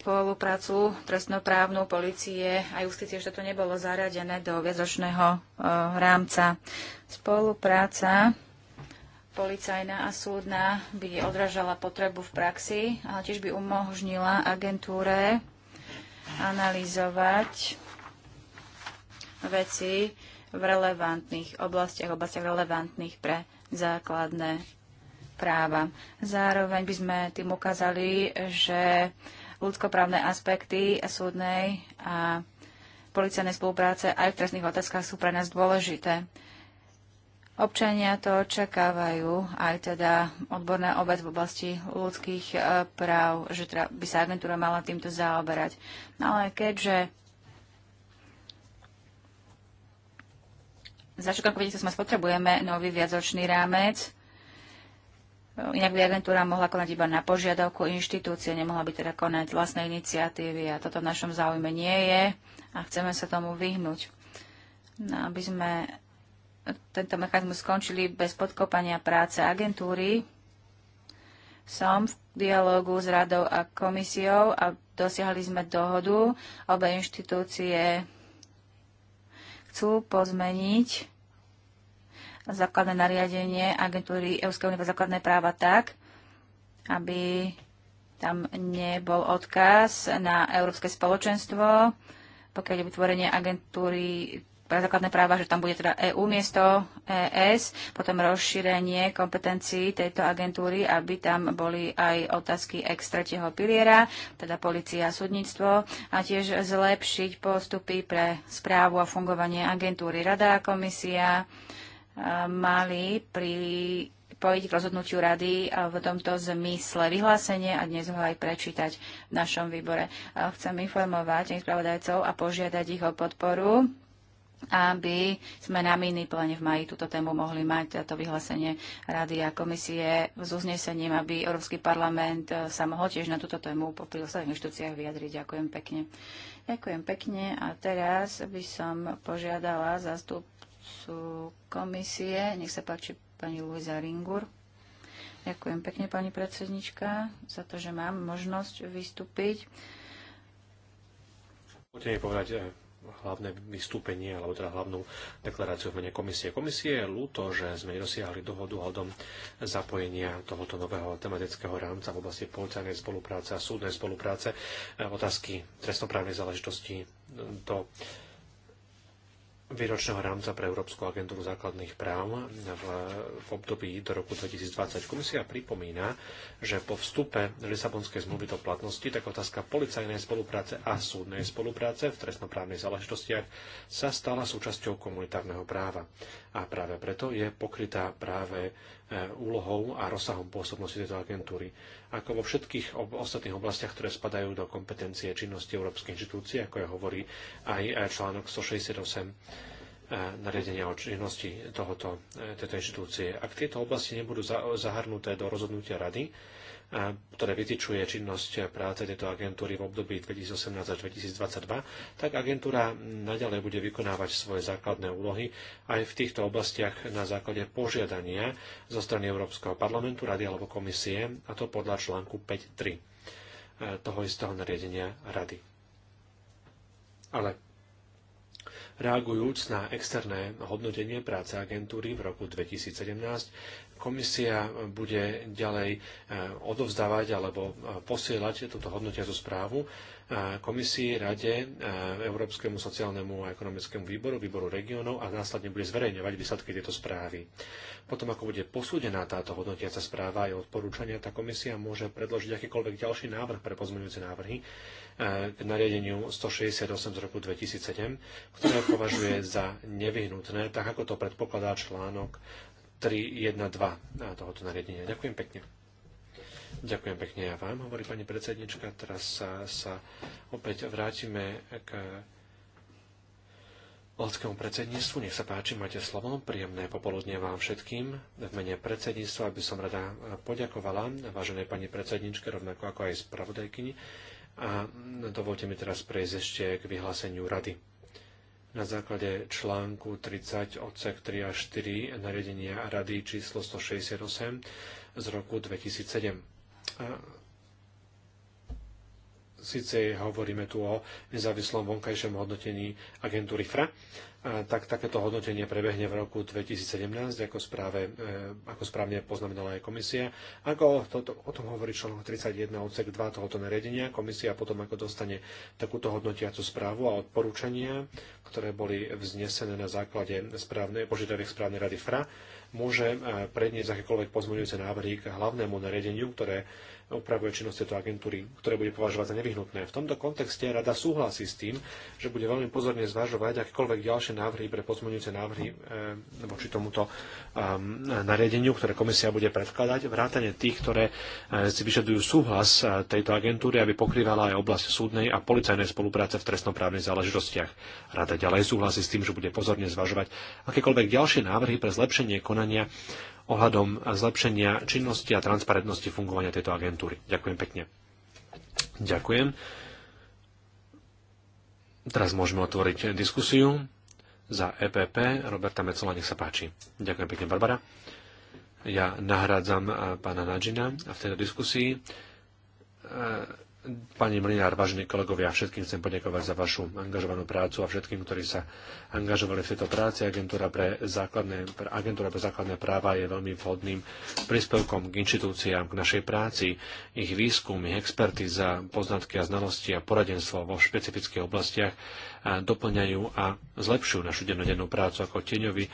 spoluprácu trestnoprávnu policie a justície, že to nebolo zaradené do viacročného e, rámca. Spolupráca policajná a súdna by odražala potrebu v praxi, ale tiež by umožnila agentúre analyzovať veci, v relevantných oblastiach, oblastiach relevantných pre základné práva. Zároveň by sme tým ukázali, že ľudskoprávne aspekty súdnej a policajnej spolupráce aj v trestných otázkach sú pre nás dôležité. Občania to očakávajú, aj teda odborná obec v oblasti ľudských eh, práv, že teda by sa agentúra mala týmto zaoberať. No ale keďže Za všetko sme spotrebujeme nový viacročný rámec. Inak by agentúra mohla konať iba na požiadavku inštitúcie, nemohla by teda konať vlastné iniciatívy a toto v našom záujme nie je a chceme sa tomu vyhnúť. No, aby sme tento mechanizmus skončili bez podkopania práce agentúry, som v dialogu s radou a komisiou a dosiahli sme dohodu. Obe inštitúcie chcú pozmeniť základné nariadenie agentúry Európskej únie pre základné práva tak, aby tam nebol odkaz na Európske spoločenstvo, pokiaľ je vytvorenie agentúry základné práva, že tam bude teda EU miesto ES, potom rozšírenie kompetencií tejto agentúry, aby tam boli aj otázky ex tretieho piliera, teda policia a súdnictvo, a tiež zlepšiť postupy pre správu a fungovanie agentúry. Rada a komisia mali pri pojiť k rozhodnutiu rady v tomto zmysle vyhlásenie a dnes ho aj prečítať v našom výbore. Chcem informovať spravodajcov a požiadať ich o podporu aby sme na mini plene v maji túto tému mohli mať to vyhlásenie Rady a komisie s uznesením, aby Európsky parlament e, sa mohol tiež na túto tému po ostatných inštitúciách vyjadriť. Ďakujem pekne. Ďakujem pekne a teraz by som požiadala zástupcu komisie. Nech sa páči pani Luisa Ringur. Ďakujem pekne, pani predsednička, za to, že mám možnosť vystúpiť. Poďte mi povedať, e, hlavné vystúpenie, alebo teda hlavnú deklaráciu v mene komisie. Komisie je ľúto, že sme nedosiahli dohodu hľadom zapojenia tohoto nového tematického rámca v oblasti policajnej spolupráce a súdnej spolupráce e, otázky trestnoprávnej záležitosti do výročného rámca pre Európsku agentúru základných práv v, v období do roku 2020. Komisia pripomína, že po vstupe Lisabonskej zmluvy do platnosti, tak otázka policajnej spolupráce a súdnej spolupráce v trestnoprávnych záležitostiach sa stala súčasťou komunitárneho práva. A práve preto je pokrytá práve Eh, úlohou a rozsahom pôsobnosti tejto agentúry. Ako vo všetkých ob- ostatných oblastiach, ktoré spadajú do kompetencie činnosti Európskej inštitúcie, ako je hovorí aj eh, článok 168 E, nariadenia o činnosti tohoto, e, tejto inštitúcie. Ak tieto oblasti nebudú zahrnuté do rozhodnutia rady, e, ktoré vytýčuje činnosť práce tejto agentúry v období 2018 až 2022, tak agentúra naďalej bude vykonávať svoje základné úlohy aj v týchto oblastiach na základe požiadania zo strany Európskeho parlamentu, rady alebo komisie, a to podľa článku 5.3 toho istého nariadenia rady. Ale reagujúc na externé hodnotenie práce agentúry v roku 2017 Komisia bude ďalej e, odovzdávať alebo e, posielať túto hodnotiacu správu e, komisii, rade, Európskemu sociálnemu a ekonomickému výboru, výboru regiónov a následne bude zverejňovať výsledky tejto správy. Potom, ako bude posúdená táto hodnotiaca správa a odporúčania, tá komisia môže predložiť akýkoľvek ďalší návrh pre pozmeňujúce návrhy k nariadeniu 168 z roku 2007, ktoré považuje za nevyhnutné, tak ako to predpokladá článok 3.1.2 tohoto nariadenia. Ďakujem pekne. Ďakujem pekne ja vám, hovorí pani predsednička. Teraz sa, sa opäť vrátime k Lodskému predsedníctvu. Nech sa páči, máte slovo. Príjemné popoludne vám všetkým. V mene predsedníctva by som rada poďakovala váženej pani predsedničke, rovnako ako aj spravodajkyni. A dovolte mi teraz prejsť ešte k vyhláseniu rady na základe článku 30 odsek 3 a 4 nariadenia Rady číslo 168 z roku 2007. A Sice hovoríme tu o nezávislom vonkajšom hodnotení agentúry FRA, E, tak takéto hodnotenie prebehne v roku 2017, ako, správe, e, ako správne poznamenala aj komisia. Ako to, to, o tom hovorí článok 31 odsek 2 tohoto nariadenia, komisia potom ako dostane takúto hodnotiacu správu a odporúčania, ktoré boli vznesené na základe správnej, požiadaviek správnej rady FRA, môže e, predniesť akékoľvek pozmeňujúce návrhy k hlavnému nariadeniu, ktoré upravuje činnosť tejto agentúry, ktoré bude považovať za nevyhnutné. V tomto kontexte rada súhlasí s tým, že bude veľmi pozorne zvažovať akékoľvek ďalšie návrhy pre pozmeňujúce návrhy e, voči tomuto e, nariadeniu, ktoré komisia bude predkladať, vrátane tých, ktoré e, si vyžadujú súhlas e, tejto agentúry, aby pokrývala aj oblasť súdnej a policajnej spolupráce v trestnoprávnych záležitostiach. Rada ďalej súhlasí s tým, že bude pozorne zvažovať akékoľvek ďalšie návrhy pre zlepšenie konania ohľadom zlepšenia činnosti a transparentnosti fungovania tejto agentúry. Ďakujem pekne. Ďakujem. Teraz môžeme otvoriť diskusiu za EPP. Roberta Mecola, nech sa páči. Ďakujem pekne, Barbara. Ja nahrádzam eh, pána Nadžina v tejto diskusii eh, Pani Mlinár, vážení kolegovia, všetkým chcem poďakovať za vašu angažovanú prácu a všetkým, ktorí sa angažovali v tejto práci. Agentúra pre základné, agentúra pre základné práva je veľmi vhodným príspevkom k inštitúciám, k našej práci. Ich výskum, ich expertíza, poznatky a znalosti a poradenstvo vo špecifických oblastiach doplňajú a zlepšujú našu dennodennú prácu. Ako tieňový e,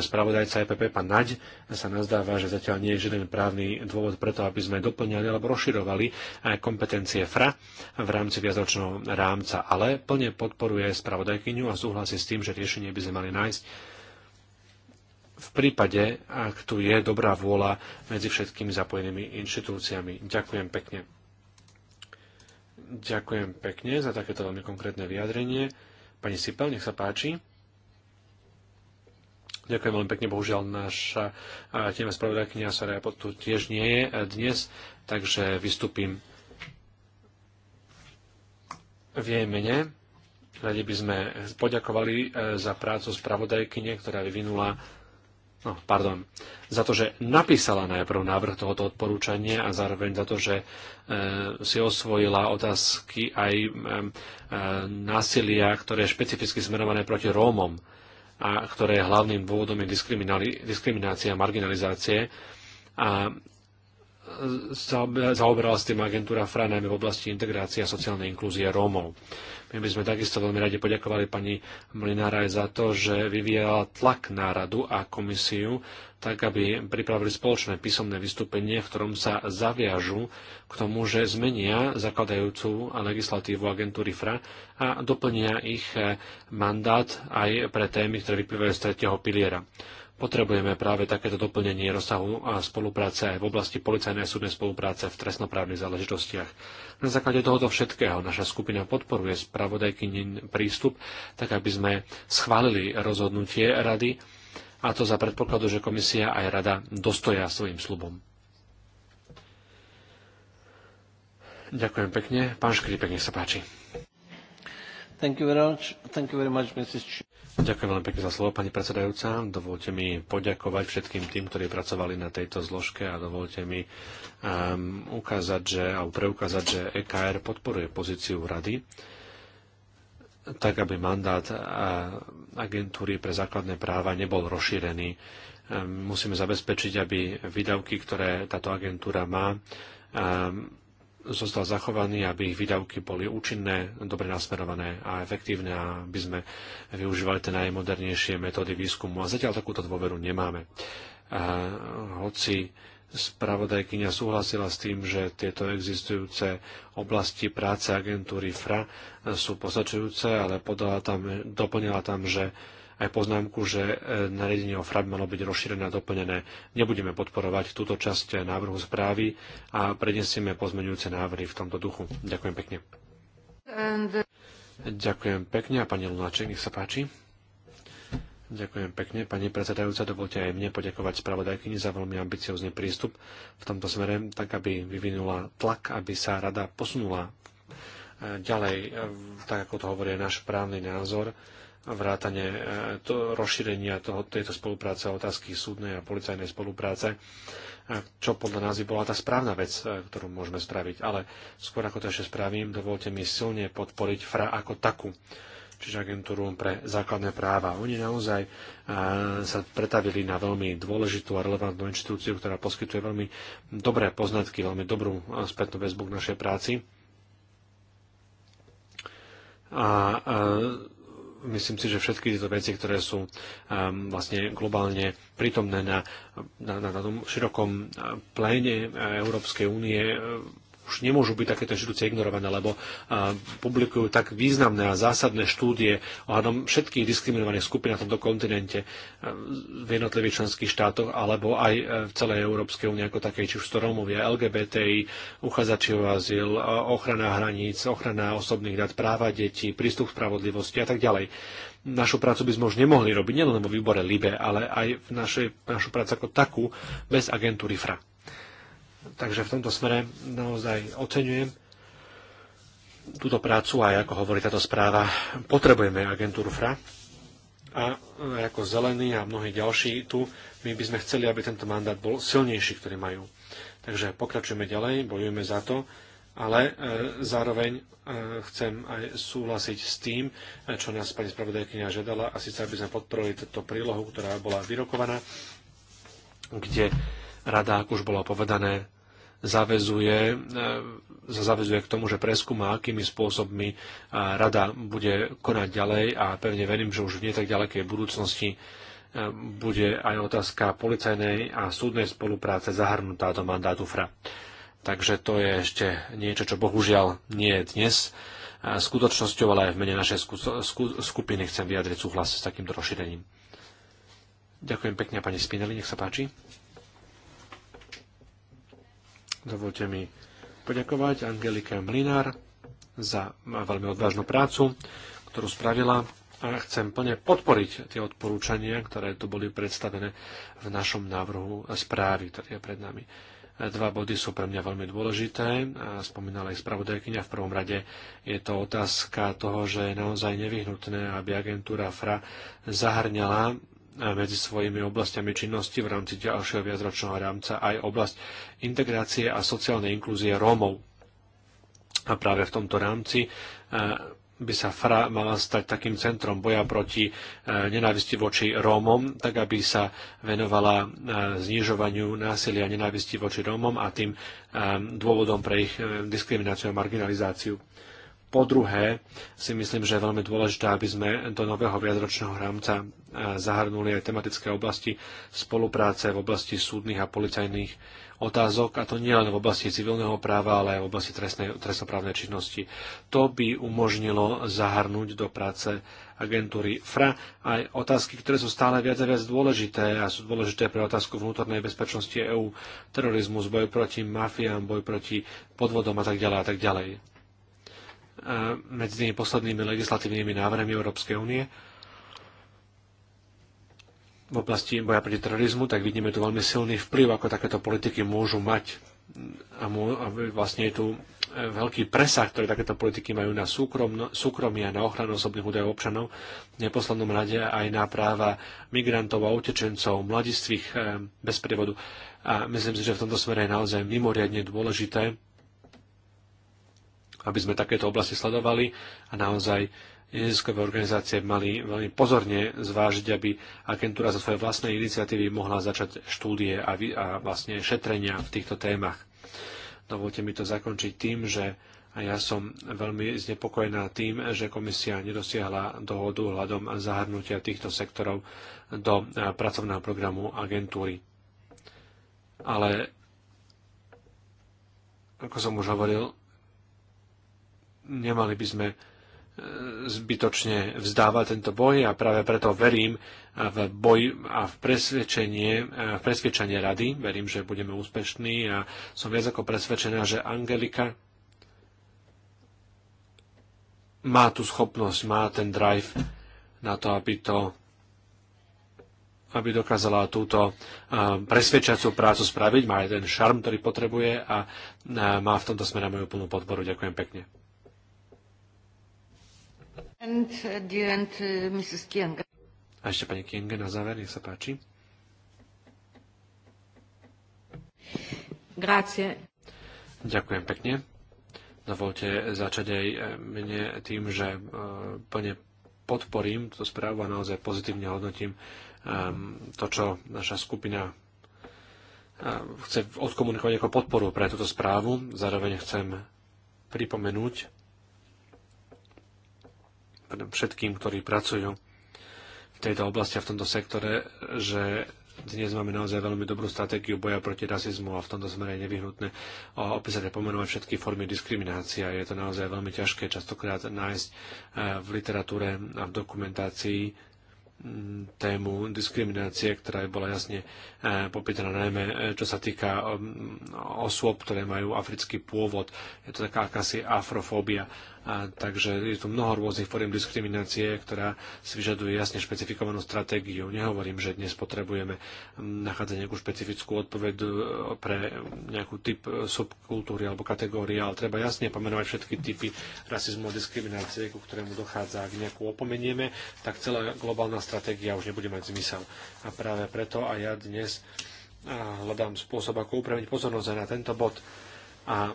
spravodajca EPP, pán Naď, sa nazdáva, že zatiaľ nie je žiaden právny dôvod preto, aby sme doplňali alebo rozširovali e, kompetencie FRA v rámci viacročného rámca, ale plne podporuje spravodajkyňu a súhlasí s tým, že riešenie by sme mali nájsť v prípade, ak tu je dobrá vôľa medzi všetkými zapojenými inštitúciami. Ďakujem pekne. Ďakujem pekne za takéto veľmi konkrétne vyjadrenie. Pani Sipel, nech sa páči. Ďakujem veľmi pekne, bohužiaľ naša téma spravodajkynia Sara tu tiež nie je e, dnes, takže vystúpim v jej mene. Radi by sme poďakovali e, za prácu spravodajkyne, ktorá vyvinula no, pardon, za to, že napísala najprv návrh tohoto odporúčania a zároveň za to, že e, si osvojila otázky aj e, e, násilia, ktoré je špecificky smerované proti Rómom a ktoré je hlavným dôvodom je diskriminácia a marginalizácie. A e, zaoberala s tým agentúra FRA najmä v oblasti integrácie a sociálnej inklúzie Rómov. My by sme takisto veľmi radi poďakovali pani Mlinára aj za to, že vyvíjala tlak na radu a komisiu, tak aby pripravili spoločné písomné vystúpenie, v ktorom sa zaviažu k tomu, že zmenia zakladajúcu legislatívu agentúry FRA a doplnia ich eh, mandát aj pre témy, ktoré vyplývajú z tretieho piliera. Potrebujeme práve takéto doplnenie rozsahu a spolupráce aj v oblasti policajnej a súdnej spolupráce v trestnoprávnych záležitostiach. Na základe tohoto všetkého naša skupina podporuje spravodajkyni prístup, tak aby sme schválili rozhodnutie rady, a to za predpokladu, že komisia aj rada dostoja svojim slubom. Ďakujem pekne. Pán Škripek, nech sa páči. Thank you very much, Thank you very much Mrs. Ďakujem veľmi pekne za slovo, pani predsedajúca. Dovolte mi poďakovať všetkým tým, ktorí pracovali na tejto zložke a dovolte mi um, ukázať, že, alebo preukázať, že EKR podporuje pozíciu rady tak, aby mandát uh, agentúry pre základné práva nebol rozšírený. Um, musíme zabezpečiť, aby výdavky, ktoré táto agentúra má, um, zostal zachovaný, aby ich výdavky boli účinné, dobre nasmerované a efektívne, aby sme využívali tie najmodernejšie metódy výskumu. A zatiaľ takúto dôveru nemáme. A hoci spravodajkynia súhlasila s tým, že tieto existujúce oblasti práce agentúry FRA sú postačujúce, ale podala tam, doplnila tam, že aj poznámku, že e, nariadenie o FRAB malo byť rozšírené a doplnené. Nebudeme podporovať túto časť e, návrhu správy a prednesieme pozmeňujúce návrhy v tomto duchu. Ďakujem pekne. And... Ďakujem pekne a pani Lunáček, nech sa páči. Ďakujem pekne. Pani predsedajúca, dovolte aj mne poďakovať spravodajkyni za veľmi ambiciózny prístup v tomto smere, tak aby vyvinula tlak, aby sa rada posunula e, ďalej, tak ako to hovorí náš právny názor vrátane e, to, rozšírenia toho, tejto spolupráce a otázky súdnej a policajnej spolupráce, e, čo podľa nás by bola tá správna vec, e, ktorú môžeme spraviť. Ale skôr ako to ešte spravím, dovolte mi silne podporiť FRA ako takú čiže agentúru pre základné práva. Oni naozaj sa pretavili na veľmi dôležitú a relevantnú inštitúciu, ktorá poskytuje veľmi dobré poznatky, veľmi dobrú spätnú väzbu k našej práci. A, a myslím si, že všetky tieto veci, ktoré sú um, vlastne globálne prítomné na, na, na, na tom širokom uh, pléne uh, Európskej únie, uh, už nemôžu byť takéto inštitúcie ignorované, lebo publikujú tak významné a zásadné štúdie ohľadom všetkých diskriminovaných skupín na tomto kontinente v jednotlivých členských štátoch alebo aj e, v celej Európskej únie ako takej, či už to Rómovia, LGBTI, uchádzači o azyl, ochrana hraníc, ochrana osobných dát, práva detí, prístup k spravodlivosti a tak ďalej našu prácu by sme už nemohli robiť, nielen vo výbore LIBE, ale aj v našej, našu prácu ako takú, bez agentúry FRA. Takže v tomto smere naozaj oceňujem túto prácu a ako hovorí táto správa, potrebujeme agentúru FRA a e, ako zelení a mnohí ďalší tu, my by sme chceli, aby tento mandát bol silnejší, ktorý majú. Takže pokračujeme ďalej, bojujeme za to, ale e, zároveň e, chcem aj súhlasiť s tým, e, čo nás pani spravodajkynia žiadala, a síce aby sme podporili túto prílohu, ktorá bola vyrokovaná, kde e, Rada, ako už bolo povedané, zavezuje, sa e, zavezuje k tomu, že preskúma, akými spôsobmi e, rada bude konať ďalej a pevne verím, že už v nie tak ďalekej budúcnosti e, bude aj otázka policajnej a súdnej spolupráce zahrnutá do mandátu FRA. Takže to je ešte niečo, čo bohužiaľ nie je dnes skutočnosťou, ale aj v mene našej skupiny chcem vyjadriť súhlas s takýmto rozšírením. Ďakujem pekne, pani Spinelli, nech sa páči. Dovolte mi poďakovať Angelike Mlinár za veľmi odvážnu prácu, ktorú spravila a chcem plne podporiť tie odporúčania, ktoré tu boli predstavené v našom návrhu správy, ktorý je pred nami. Dva body sú pre mňa veľmi dôležité. Spomínala aj spravodajkyňa. V prvom rade je to otázka toho, že je naozaj nevyhnutné, aby agentúra FRA zahrňala medzi svojimi oblastiami činnosti v rámci ďalšieho viacročného rámca aj oblasť integrácie a sociálnej inklúzie Rómov. A práve v tomto rámci e, by sa FRA mala stať takým centrom boja proti e, nenávisti voči Rómom, tak aby sa venovala e, znižovaniu násilia nenávisti voči Rómom a tým dôvodom pre ich diskrimináciu a marginalizáciu. Po druhé, si myslím, že je veľmi dôležité, aby sme do nového viacročného rámca e, zahrnuli aj tematické oblasti spolupráce v oblasti súdnych a policajných otázok, a to nielen v oblasti civilného práva, ale aj v oblasti trestnej, trestnoprávnej činnosti. To by umožnilo zahrnúť do práce agentúry FRA aj otázky, ktoré sú stále viac a viac dôležité a sú dôležité pre otázku vnútornej bezpečnosti EÚ, terorizmus, boj proti mafiám, boj proti podvodom a tak ďalej a tak ďalej. E, medzi tými poslednými legislatívnymi návrhmi Európskej únie v oblasti boja proti terorizmu, tak vidíme tu veľmi silný vplyv, ako takéto politiky môžu mať a, mô, a vlastne je tu e, veľký presah, ktorý takéto politiky majú na súkrom, súkromie a na ochranu osobných údajov občanov, v neposlednom rade aj na práva migrantov a utečencov, mladistvých e, bez prievodu. A myslím si, že v tomto smere je naozaj mimoriadne dôležité aby sme takéto oblasti sledovali a naozaj neziskové organizácie mali veľmi pozorne zvážiť, aby agentúra zo svojej vlastnej iniciatívy mohla začať štúdie a, vy, a vlastne šetrenia v týchto témach. Dovolte mi to zakončiť tým, že a ja som veľmi znepokojená tým, že komisia nedosiahla dohodu hľadom zahrnutia týchto sektorov do e, pracovného programu agentúry. Ale ako som už hovoril, Nemali by sme e, zbytočne vzdávať tento boj a práve preto verím v boj a v presvedčenie, e, v presvedčenie rady. Verím, že budeme úspešní a som viac ako presvedčená, že Angelika má tú schopnosť, má ten drive na to, aby to aby dokázala túto e, presvedčacú prácu spraviť. Má aj ten šarm, ktorý potrebuje a má v tomto smere moju plnú podporu. Ďakujem pekne. Uh, uh, a ešte pani Kienge na záver, nech sa páči. Grazie. Ďakujem pekne. Dovolte začať aj mne tým, že uh, plne podporím túto správu a naozaj pozitívne hodnotím um, to, čo naša skupina chce odkomunikovať ako podporu pre túto správu. Zároveň chcem pripomenúť, všetkým, ktorí pracujú v tejto oblasti a v tomto sektore, že dnes máme naozaj veľmi dobrú stratégiu boja proti rasizmu a v tomto smere je nevyhnutné opísať a pomenovať všetky formy diskriminácie. Je to naozaj veľmi ťažké častokrát nájsť eh, v literatúre a v dokumentácii mm, tému diskriminácie, ktorá bola jasne eh, popýtaná najmä eh, čo sa týka mm, osôb, ktoré majú africký pôvod. Je to taká akási afrofóbia a, takže je tu mnoho rôznych foriem diskriminácie, ktorá si vyžaduje jasne špecifikovanú stratégiu. Nehovorím, že dnes potrebujeme nachádzať nejakú špecifickú odpoveď e, pre nejakú typ e, subkultúry alebo kategórie, ale treba jasne pomenovať všetky typy rasizmu a diskriminácie, ku ktorému dochádza. Ak nejakú opomenieme, tak celá globálna stratégia už nebude mať zmysel. A práve preto aj ja dnes hľadám spôsob, ako upraviť pozornosť aj na tento bod. A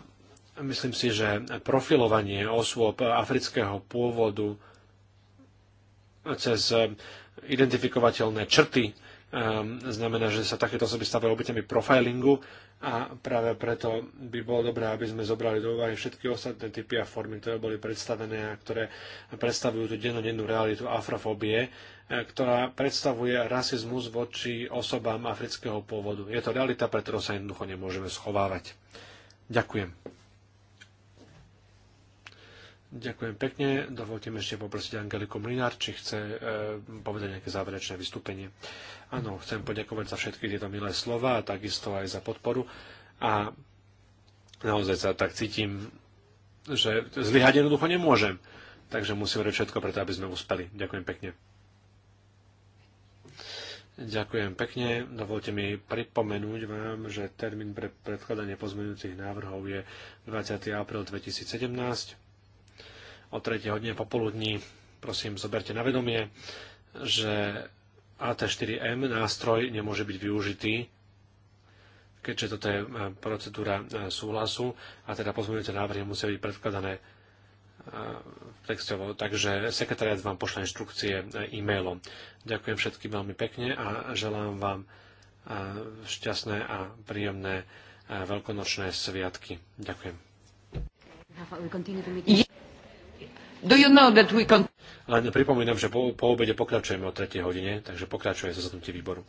Myslím si, že profilovanie osôb afrického pôvodu cez identifikovateľné črty ehm, znamená, že sa takéto osoby stavajú obeťami profilingu a práve preto by bolo dobré, aby sme zobrali do úvahy všetky ostatné typy a formy, ktoré boli predstavené a ktoré predstavujú tú dennodennú realitu afrofóbie, e, ktorá predstavuje rasizmus voči osobám afrického pôvodu. Je to realita, pre ktorú sa jednoducho nemôžeme schovávať. Ďakujem. Ďakujem pekne. Dovolte mi ešte poprosiť Angeliku Mlinár, či chce e, povedať nejaké záverečné vystúpenie. Áno, chcem poďakovať za všetky tieto milé slova a takisto aj za podporu. A naozaj sa tak cítim, že zlyhať jednoducho nemôžem. Takže musím robiť všetko preto, aby sme uspeli. Ďakujem pekne. Ďakujem pekne. Dovolte mi pripomenúť vám, že termín pre predkladanie pozmenujúcich návrhov je 20. apríl 2017 o 3. hodine popoludní. Prosím, zoberte na vedomie, že AT4M nástroj nemôže byť využitý, keďže toto je e, procedúra e, súhlasu a teda pozmeňujúce návrhy musia byť predkladané e, textovo. Takže sekretariat vám pošle inštrukcie e-mailom. Ďakujem všetkým veľmi pekne a želám vám šťastné a príjemné veľkonočné sviatky. Ďakujem. Do you know that we can... Len pripomínam, že po, po obede pokračujeme o 3. hodine, takže pokračuje zasadnutie výboru.